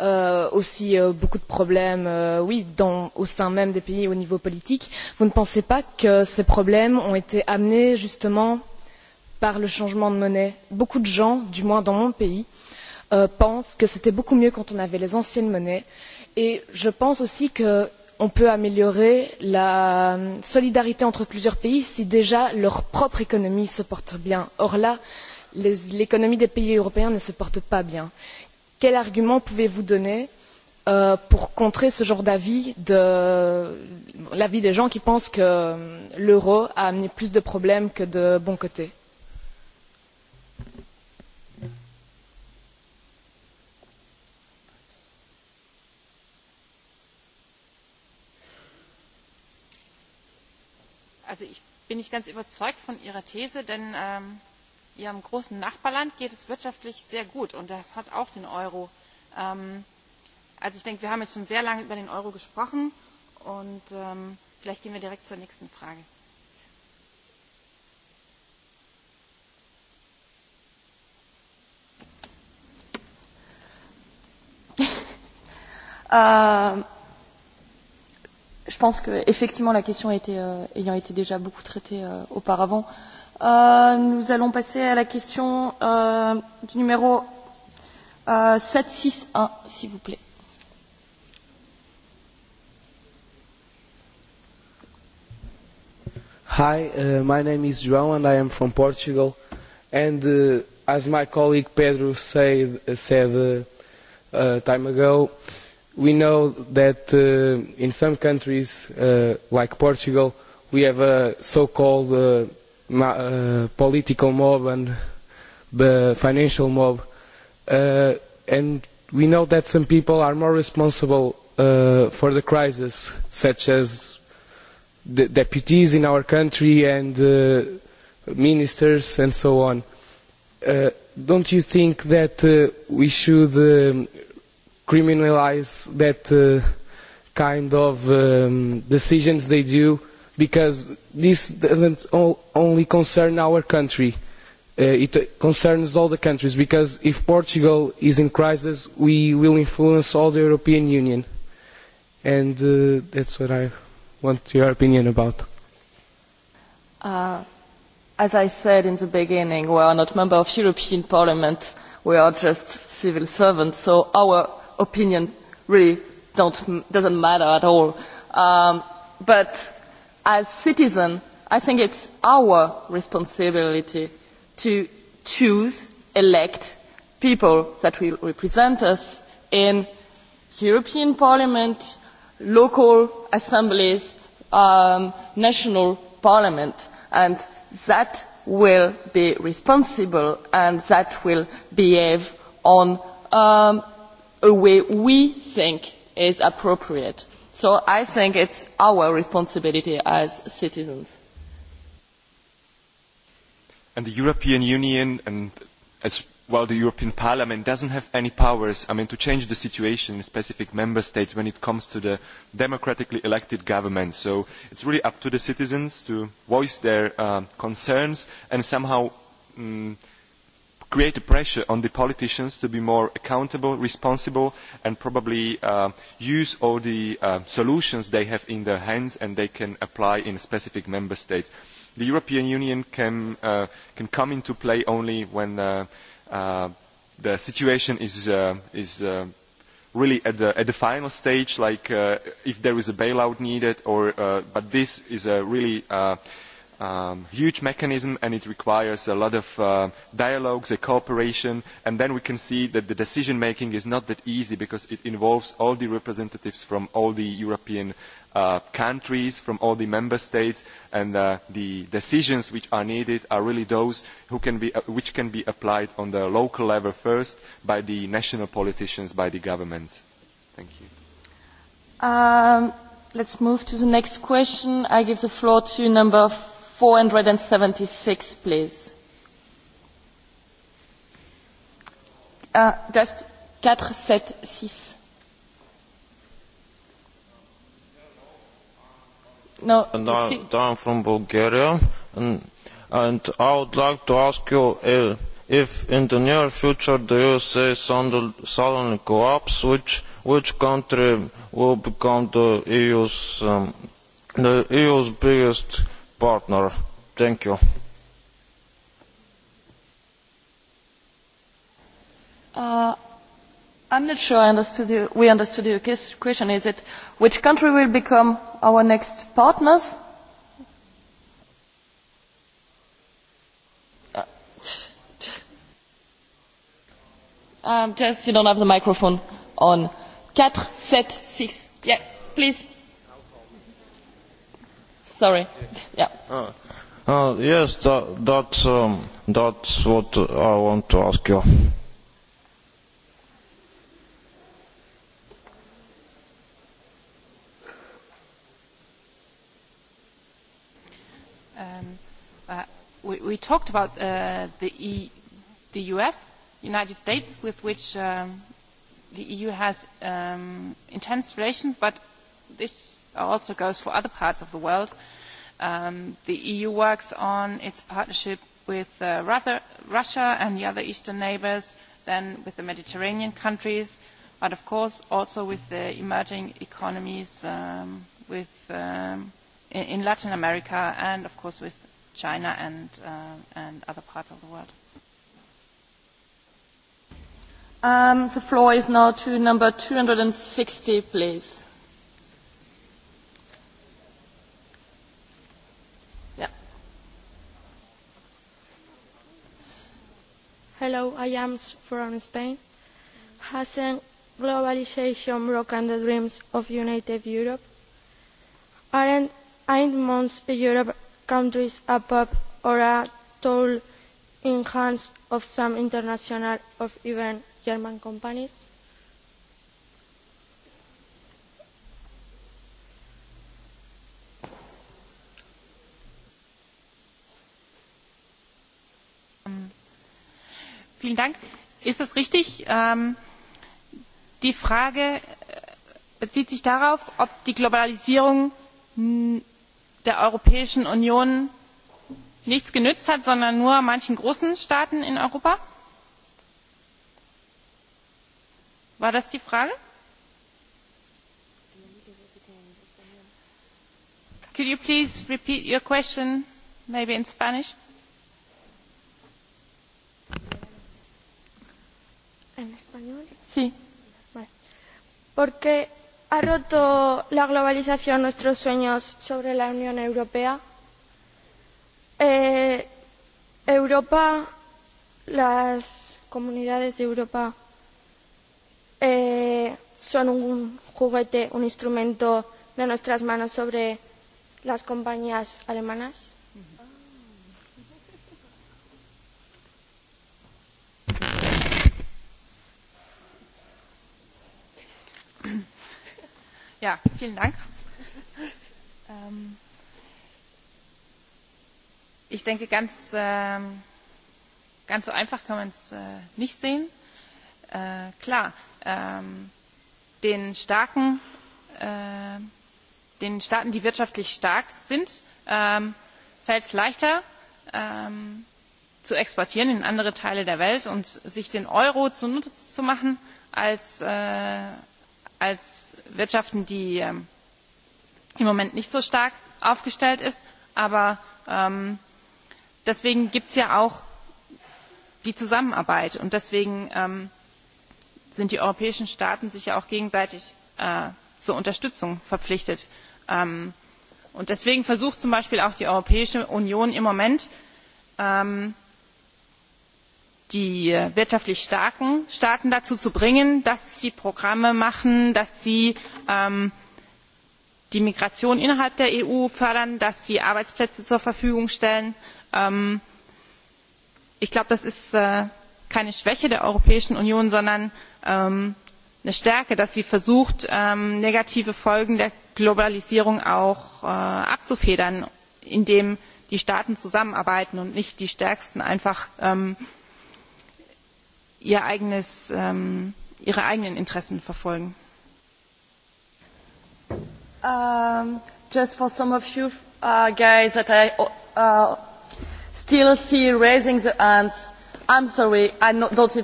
euh, aussi euh, beaucoup de problèmes euh, oui, dans, au sein même des pays au niveau politique. Vous ne pensez pas que ces problèmes ont été amenés justement par le changement de monnaie Beaucoup de gens, du moins dans mon pays, Euh, pensent que c'était beaucoup mieux quand on avait les anciennes monnaies et je pense aussi qu'on peut améliorer la euh, solidarité entre plusieurs pays si déjà leur propre économie se porte bien. or là l'économie des pays européens ne se porte pas bien. quel argument pouvez vous donner euh, pour contrer ce genre d'avis de l'avis des gens qui pensent que l'euro a amené plus de problèmes que de bons côtés? also ich bin nicht ganz überzeugt von Ihrer These, denn ähm, Ihrem großen Nachbarland geht es wirtschaftlich sehr gut und das hat auch den Euro. Ähm, also ich denke, wir haben jetzt schon sehr lange über den Euro gesprochen und ähm, vielleicht gehen wir direkt zur nächsten Frage. je pense que effectivement la question a été, euh, ayant été déjà beaucoup traitée euh, auparavant, euh, nous allons passer à la question euh, du numéro euh, 761, s'il vous plaît. Hi, uh, my name is João and I am from Portugal. And uh, as my colleague Pedro said, said uh, uh, time ago, uh, we know that uh, in some countries, uh, like Portugal, we have a so-called uh, ma- uh, political mob and the financial mob, uh, and we know that some people are more responsible uh, for the crisis, such as the deputies in our country and uh, ministers and so on. Uh, don't you think that uh, we should um, criminalise that uh, kind of um, decisions they do because this doesn't only concern our country. Uh, it concerns all the countries because if Portugal is in crisis, we will influence all the European Union. And uh, that's what I want your opinion about. Uh, as I said in the beginning, we are not members of European Parliament. We are just civil servants. So our opinion really does not matter at all. Um, but as citizens, I think it is our responsibility to choose, elect people that will represent us in European Parliament, local assemblies, um, national parliament, and that will be responsible and that will behave on um, a way we think is appropriate. So I think it's our responsibility as citizens. And the European Union and as well the European Parliament doesn't have any powers I mean, to change the situation in specific member states when it comes to the democratically elected government. So it's really up to the citizens to voice their uh, concerns and somehow um, create a pressure on the politicians to be more accountable, responsible, and probably uh, use all the uh, solutions they have in their hands and they can apply in specific member states. The European Union can, uh, can come into play only when uh, uh, the situation is, uh, is really at the, at the, final stage, like if there is a bailout needed, or, but this is a really um, huge mechanism and it requires a lot of uh, dialogues and cooperation and then we can see that the decision making is not that easy because it involves all the representatives from all the European uh, countries, from all the member states and uh, the decisions which are needed are really those who can be, uh, which can be applied on the local level first by the national politicians, by the governments. Thank you. Um, let's move to the next question. I give the floor to number 476, please. Uh, just 476. No, no I'm from Bulgaria, and, and I would like to ask you uh, if in the near future the USA suddenly collapse, which, which country will become the EU's, um, the EU's biggest partner. Thank you. Uh, I'm not sure I understood you. we understood your question. Is it which country will become our next partners? Uh, um, just you don't have the microphone on. 4, 7, 6. Yeah, please sorry. Yeah. Uh, uh, yes, that's, um, that's what I want to ask you. Um, uh, we, we talked about uh, the, e, the U.S., United States, with which um, the EU has um, intense relations, but this also goes for other parts of the world. Um, the EU works on its partnership with uh, rather Russia and the other eastern neighbours, then with the Mediterranean countries, but of course also with the emerging economies um, with, um, in Latin America and of course with China and, uh, and other parts of the world. Um, the floor is now to number 260, please. Hello, I am from Spain. Hasn't globalization broken the dreams of united Europe? Aren't, aren't most Europe countries a pub or a toll in hands of some international or even German companies? Vielen Dank. Ist es richtig? Ähm, die Frage äh, bezieht sich darauf, ob die Globalisierung der Europäischen Union nichts genützt hat, sondern nur manchen großen Staaten in Europa? War das die Frage? Could you please repeat your question, maybe in Spanish? ¿En español? Sí. Vale. ¿Por qué ha roto la globalización nuestros sueños sobre la Unión Europea? Eh, Europa, las comunidades de Europa eh, son un juguete, un instrumento de nuestras manos sobre las compañías alemanas. Ja, vielen Dank. Ähm, ich denke, ganz, äh, ganz so einfach kann man es äh, nicht sehen. Äh, klar, ähm, den starken, äh, den Staaten, die wirtschaftlich stark sind, ähm, fällt es leichter, ähm, zu exportieren in andere Teile der Welt und sich den Euro zunutze zu machen als, äh, als wirtschaften die ähm, im moment nicht so stark aufgestellt ist aber ähm, deswegen gibt es ja auch die zusammenarbeit und deswegen ähm, sind die europäischen staaten sich ja auch gegenseitig äh, zur unterstützung verpflichtet. und deswegen versucht zum beispiel auch die europäische union im moment die wirtschaftlich starken staaten dazu zu bringen dass sie programme machen dass sie ähm, die migration innerhalb der eu fördern dass sie arbeitsplätze zur verfügung stellen. Ähm, ich glaube das ist äh, keine schwäche der europäischen union sondern ähm, eine stärke dass sie versucht negative folgen der globalisierung auch äh, abzufedern indem die staaten zusammenarbeiten und nicht die stärksten einfach ihr eigenes, ähm, ihre eigenen Interessen verfolgen. Um, just for some of you uh, guys that I uh, still see raising the hands, I'm sorry, I no, don't,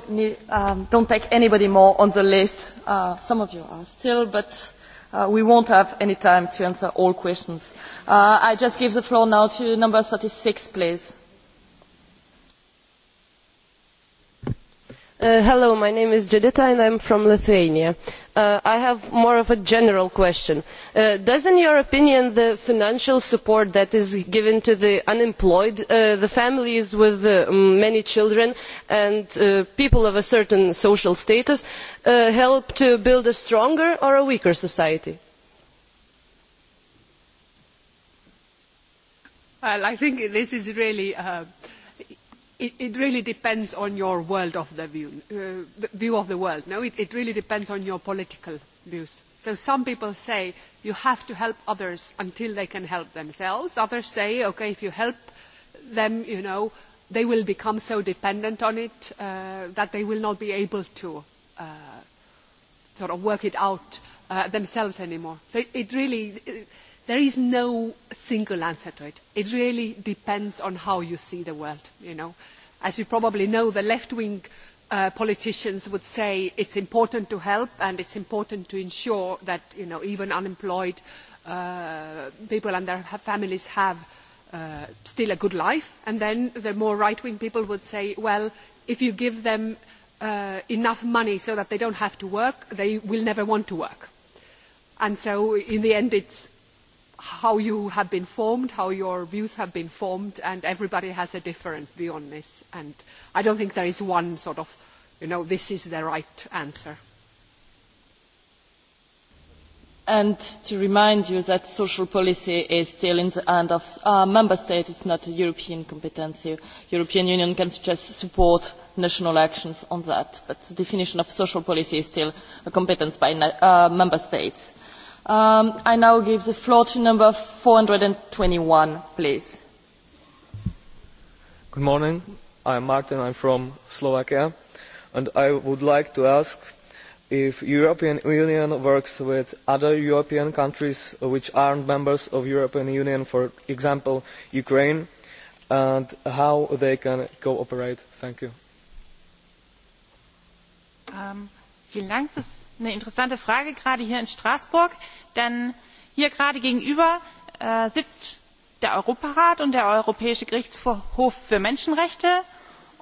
um, don't take anybody more on the list. Uh, some of you are still, but uh, we won't have any time to answer all questions. Uh, I just give the floor now to number thirty six, please. Uh, hello my name is judita and i am from lithuania. Uh, i have more of a general question uh, does in your opinion the financial support that is given to the unemployed uh, the families with many children and people of a certain social status help to build a stronger or a weaker society? Well, i think this is really it, it really depends on your world of the view, uh, the view of the world. No, it, it really depends on your political views. So some people say you have to help others until they can help themselves. Others say, okay, if you help them, you know, they will become so dependent on it uh, that they will not be able to uh, sort of work it out uh, themselves anymore. So it, it really. It, there is no single answer to it. It really depends on how you see the world. You know? As you probably know, the left-wing uh, politicians would say it is important to help and it is important to ensure that you know, even unemployed uh, people and their families have uh, still a good life. And then the more right-wing people would say, well, if you give them uh, enough money so that they don't have to work, they will never want to work. And so in the end, it's how you have been formed, how your views have been formed, and everybody has a different view on this. And I don't think there is one sort of, you know, this is the right answer. And to remind you that social policy is still in the hand of a uh, member States, it's not a European competence. The European Union can just support national actions on that, but the definition of social policy is still a competence by uh, member states Um, I now give the floor to number 421, please. Good morning. I'm Martin. I'm from Slovakia. And I would like to ask if the European Union works with other European countries which aren't members of the European Union, for example, Ukraine, and how they can cooperate. Thank you. Um, vielen Dank. Das eine interessante frage gerade hier in straßburg denn hier gerade gegenüber äh, sitzt der europarat und der europäische gerichtshof für menschenrechte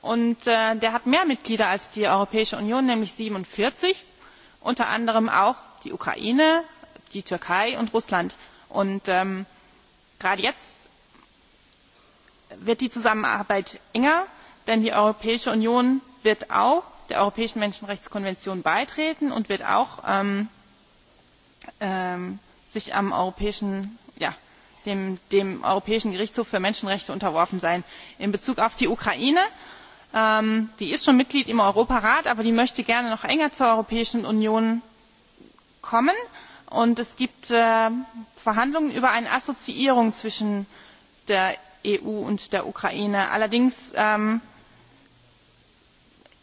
und äh, der hat mehr mitglieder als die europäische union nämlich siebenundvierzig unter anderem auch die ukraine die türkei und russland. und ähm, gerade jetzt wird die zusammenarbeit enger denn die europäische union wird auch der Europäischen Menschenrechtskonvention beitreten und wird auch ähm, ähm sich am europäischen, dem, dem Europäischen Gerichtshof für Menschenrechte unterworfen sein. In Bezug auf die Ukraine, ähm, die ist schon Mitglied im Europarat, aber die möchte gerne noch enger zur Europäischen Union kommen. Und es gibt äh, Verhandlungen über eine Assoziierung zwischen der EU und der Ukraine. Allerdings ähm,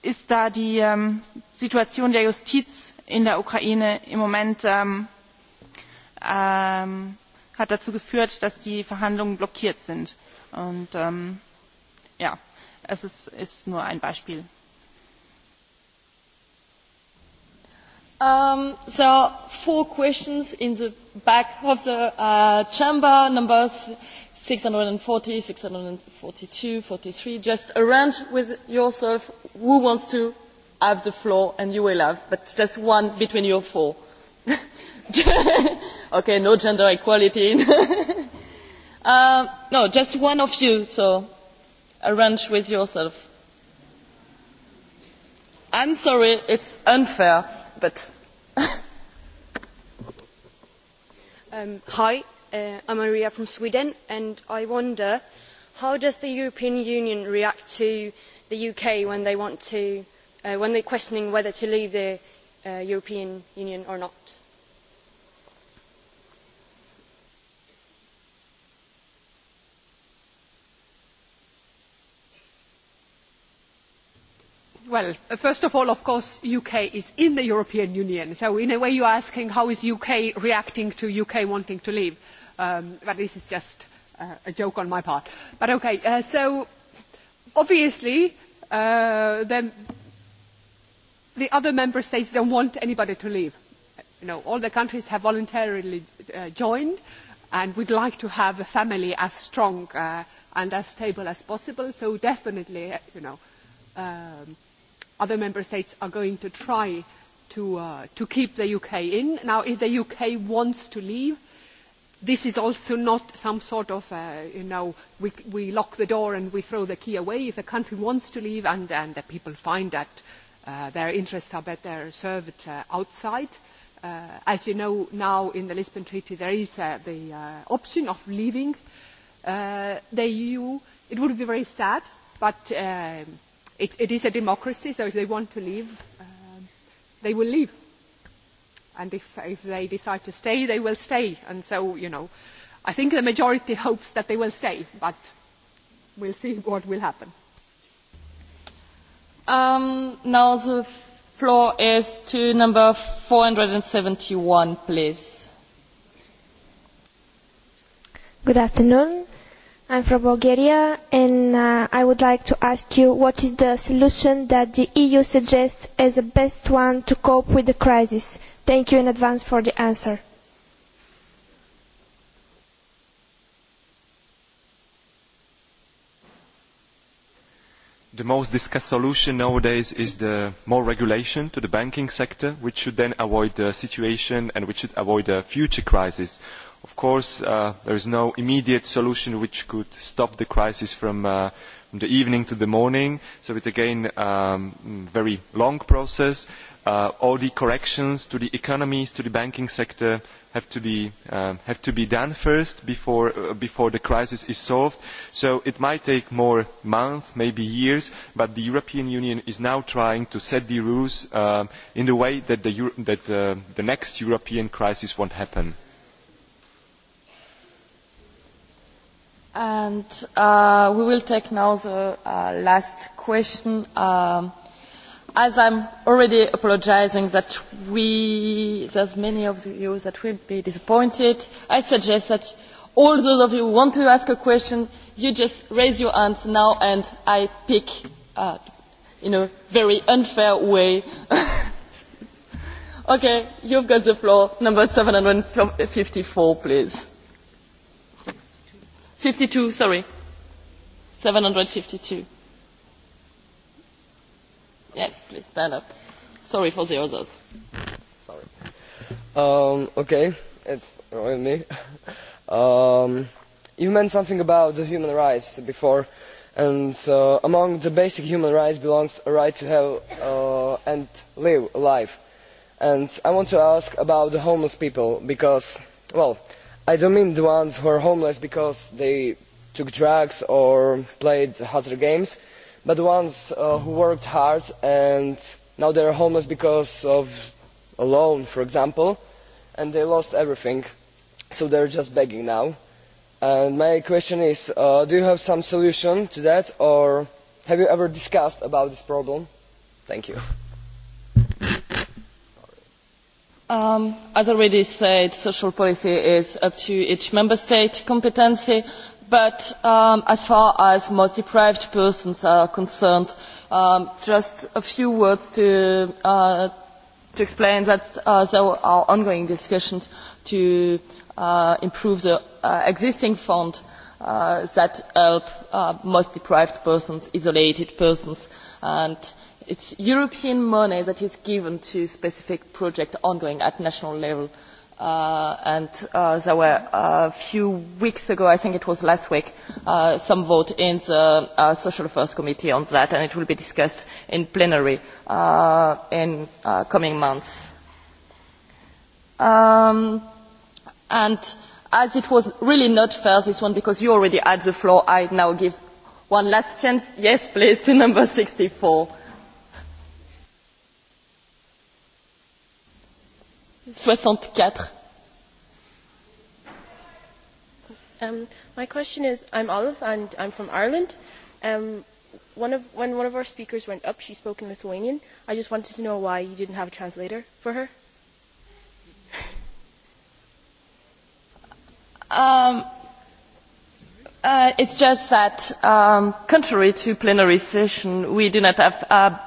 ist da die ähm, Situation der Justiz in der Ukraine im Moment ähm, ähm, hat dazu geführt, dass die Verhandlungen blockiert sind. Und ähm, ja, es ist, ist nur ein Beispiel. Um, four questions in the back of the uh, chamber, numbers six hundred and forty six hundred and forty two forty three just arrange with yourself who wants to have the floor and you will have but just one between you four okay no gender equality uh, no just one of you so arrange with yourself i'm sorry it's unfair but um, hi Uh, I'm Maria from Sweden, and I wonder how does the European Union react to the UK when they want to, uh, when they're questioning whether to leave the uh, European Union or not? well uh, first of all of course the uk is in the european union so in a way you are asking how is the uk reacting to the uk wanting to leave? Um, but this is just uh, a joke on my part. But okay, uh, so obviously uh, the, the other member states don't want anybody to leave. You know, all the countries have voluntarily uh, joined and would like to have a family as strong uh, and as stable as possible. So definitely, uh, you know, um, other member states are going to try to, uh, to keep the UK in. Now, if the UK wants to leave, uh, this is also not some sort of, uh, you know, we, we lock the door and we throw the key away. If a country wants to leave and, and the people find that uh, their interests are better served uh, outside, uh, as you know now in the Lisbon Treaty there is uh, the uh, option of leaving uh, the EU. It would be very sad, but uh, it, it is a democracy, so if they want to leave, uh, they will leave and if, if they decide to stay, they will stay. And so, you know, I think the majority hopes that they will stay, but we'll see what will happen. Um, now the floor is to number 471, please. Good afternoon. I'm from Bulgaria, and uh, I would like to ask you what is the solution that the EU suggests as the best one to cope with the crisis? Thank you in advance for the answer. The most discussed solution nowadays is the more regulation to the banking sector, which should then avoid the situation and which should avoid a future crisis Of course, uh, there is no immediate solution which could stop the crisis from, uh, the evening to the morning. So it's again a um, very long process. Uh, all the corrections to the economies, to the banking sector have to be, um, have to be done first before, uh, before the crisis is solved. So it might take more months, maybe years, but the European Union is now trying to set the rules um, in the way that, the, Euro that uh, the next European crisis won't happen. And uh, we will take now the uh, last question. Um, as I'm already apologizing that we, there's many of you that will be disappointed, I suggest that all those of you who want to ask a question, you just raise your hands now and I pick uh, in a very unfair way. okay, you've got the floor, number 754, please fifty two sorry seven hundred and fifty two yes please stand up sorry for the others sorry um okay it's me um you meant something about the human rights before and uh, among the basic human rights belongs a right to have uh, and live a life and i want to ask about the homeless people because well i don't mean the ones who are homeless because they took drugs or played hazard games, but the ones uh, who worked hard and now they are homeless because of a loan, for example, and they lost everything, so they are just begging now. And my question is, uh, do you have some solution to that, or have you ever discussed about this problem? Thank you. Um, as already said, social policy is up to each member state competence, but um, as far as most deprived persons are concerned, um, just a few words to, uh, explain that uh, there are ongoing discussions to uh, improve the existing fund that help most deprived persons, isolated persons, and It is European money that is given to specific projects ongoing at national level. Uh, and uh, there were a uh, few weeks ago, I think it was last week, some vote in the Social Affairs Committee on that, and it will be discussed in plenary in the coming months. Um, and as it was really not fair, this one, because you already had the floor, I now give one last chance, yes please, to number four. soixante quatre. Um, my question is, I'm Olive and I'm from Ireland. Um, one of, when one of our speakers went up, she spoke in Lithuanian. I just wanted to know why you didn't have a translator for her. Um, uh, it's just that, um, contrary to plenary session, we do not have uh,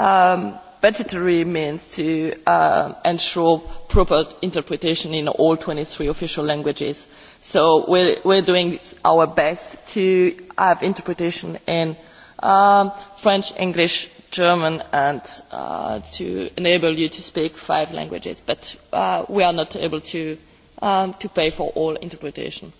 um, budgetary means to uh, ensure proper interpretation in all twenty three official languages. So we're, we're doing our best to have interpretation in um, French, English, German, and uh, to enable you to speak five languages. But uh, we are not able to, um, to pay for all interpretation.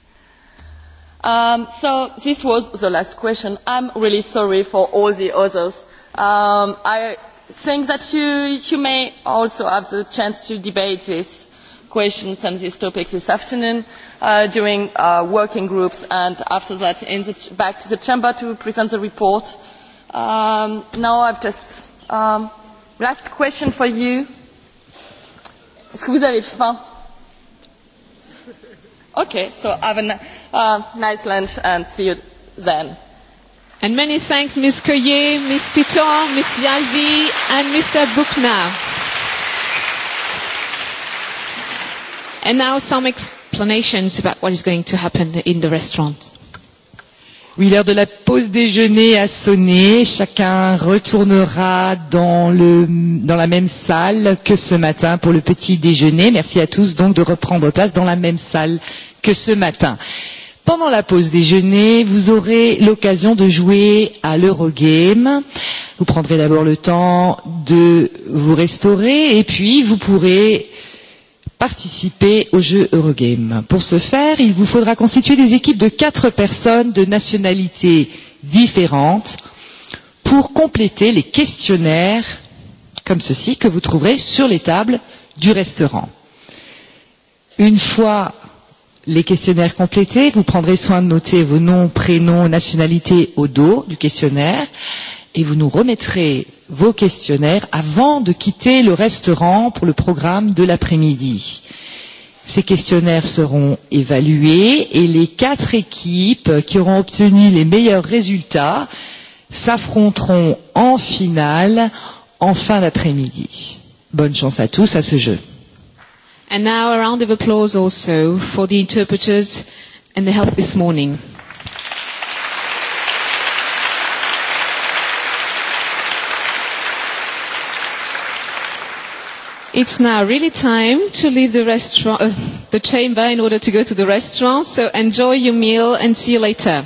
um, so this was the last question. I'm really sorry for all the others Um, I think that you, you may also have the chance to debate these questions and these topics this afternoon uh, during uh, working groups and after that in the, back to the chamber to present the report. Um, now I've just... Um, last question for you. Est-ce que vous avez faim? Okay, so have a uh, nice lunch and see you then. And many thanks, Ms. Coyer, Ms. Titor, Ms. Yalvi, and Mr. Buchner. And now some explanations about what is going to happen in the restaurant. Oui, l'heure de la pause déjeuner a sonné. Chacun retournera dans, le, dans la même salle que ce matin pour le petit déjeuner. Merci à tous donc de reprendre place dans la même salle que ce matin. Pendant la pause déjeuner, vous aurez l'occasion de jouer à l'Eurogame. Vous prendrez d'abord le temps de vous restaurer et puis vous pourrez participer au jeu Eurogame. Pour ce faire, il vous faudra constituer des équipes de quatre personnes de nationalités différentes pour compléter les questionnaires comme ceci que vous trouverez sur les tables du restaurant. Une fois les questionnaires complétés. Vous prendrez soin de noter vos noms, prénoms, nationalités au dos du questionnaire et vous nous remettrez vos questionnaires avant de quitter le restaurant pour le programme de l'après-midi. Ces questionnaires seront évalués et les quatre équipes qui auront obtenu les meilleurs résultats s'affronteront en finale en fin d'après-midi. Bonne chance à tous à ce jeu. And now a round of applause also for the interpreters and the help this morning. It's now really time to leave the restaurant, uh, the chamber in order to go to the restaurant. So enjoy your meal and see you later.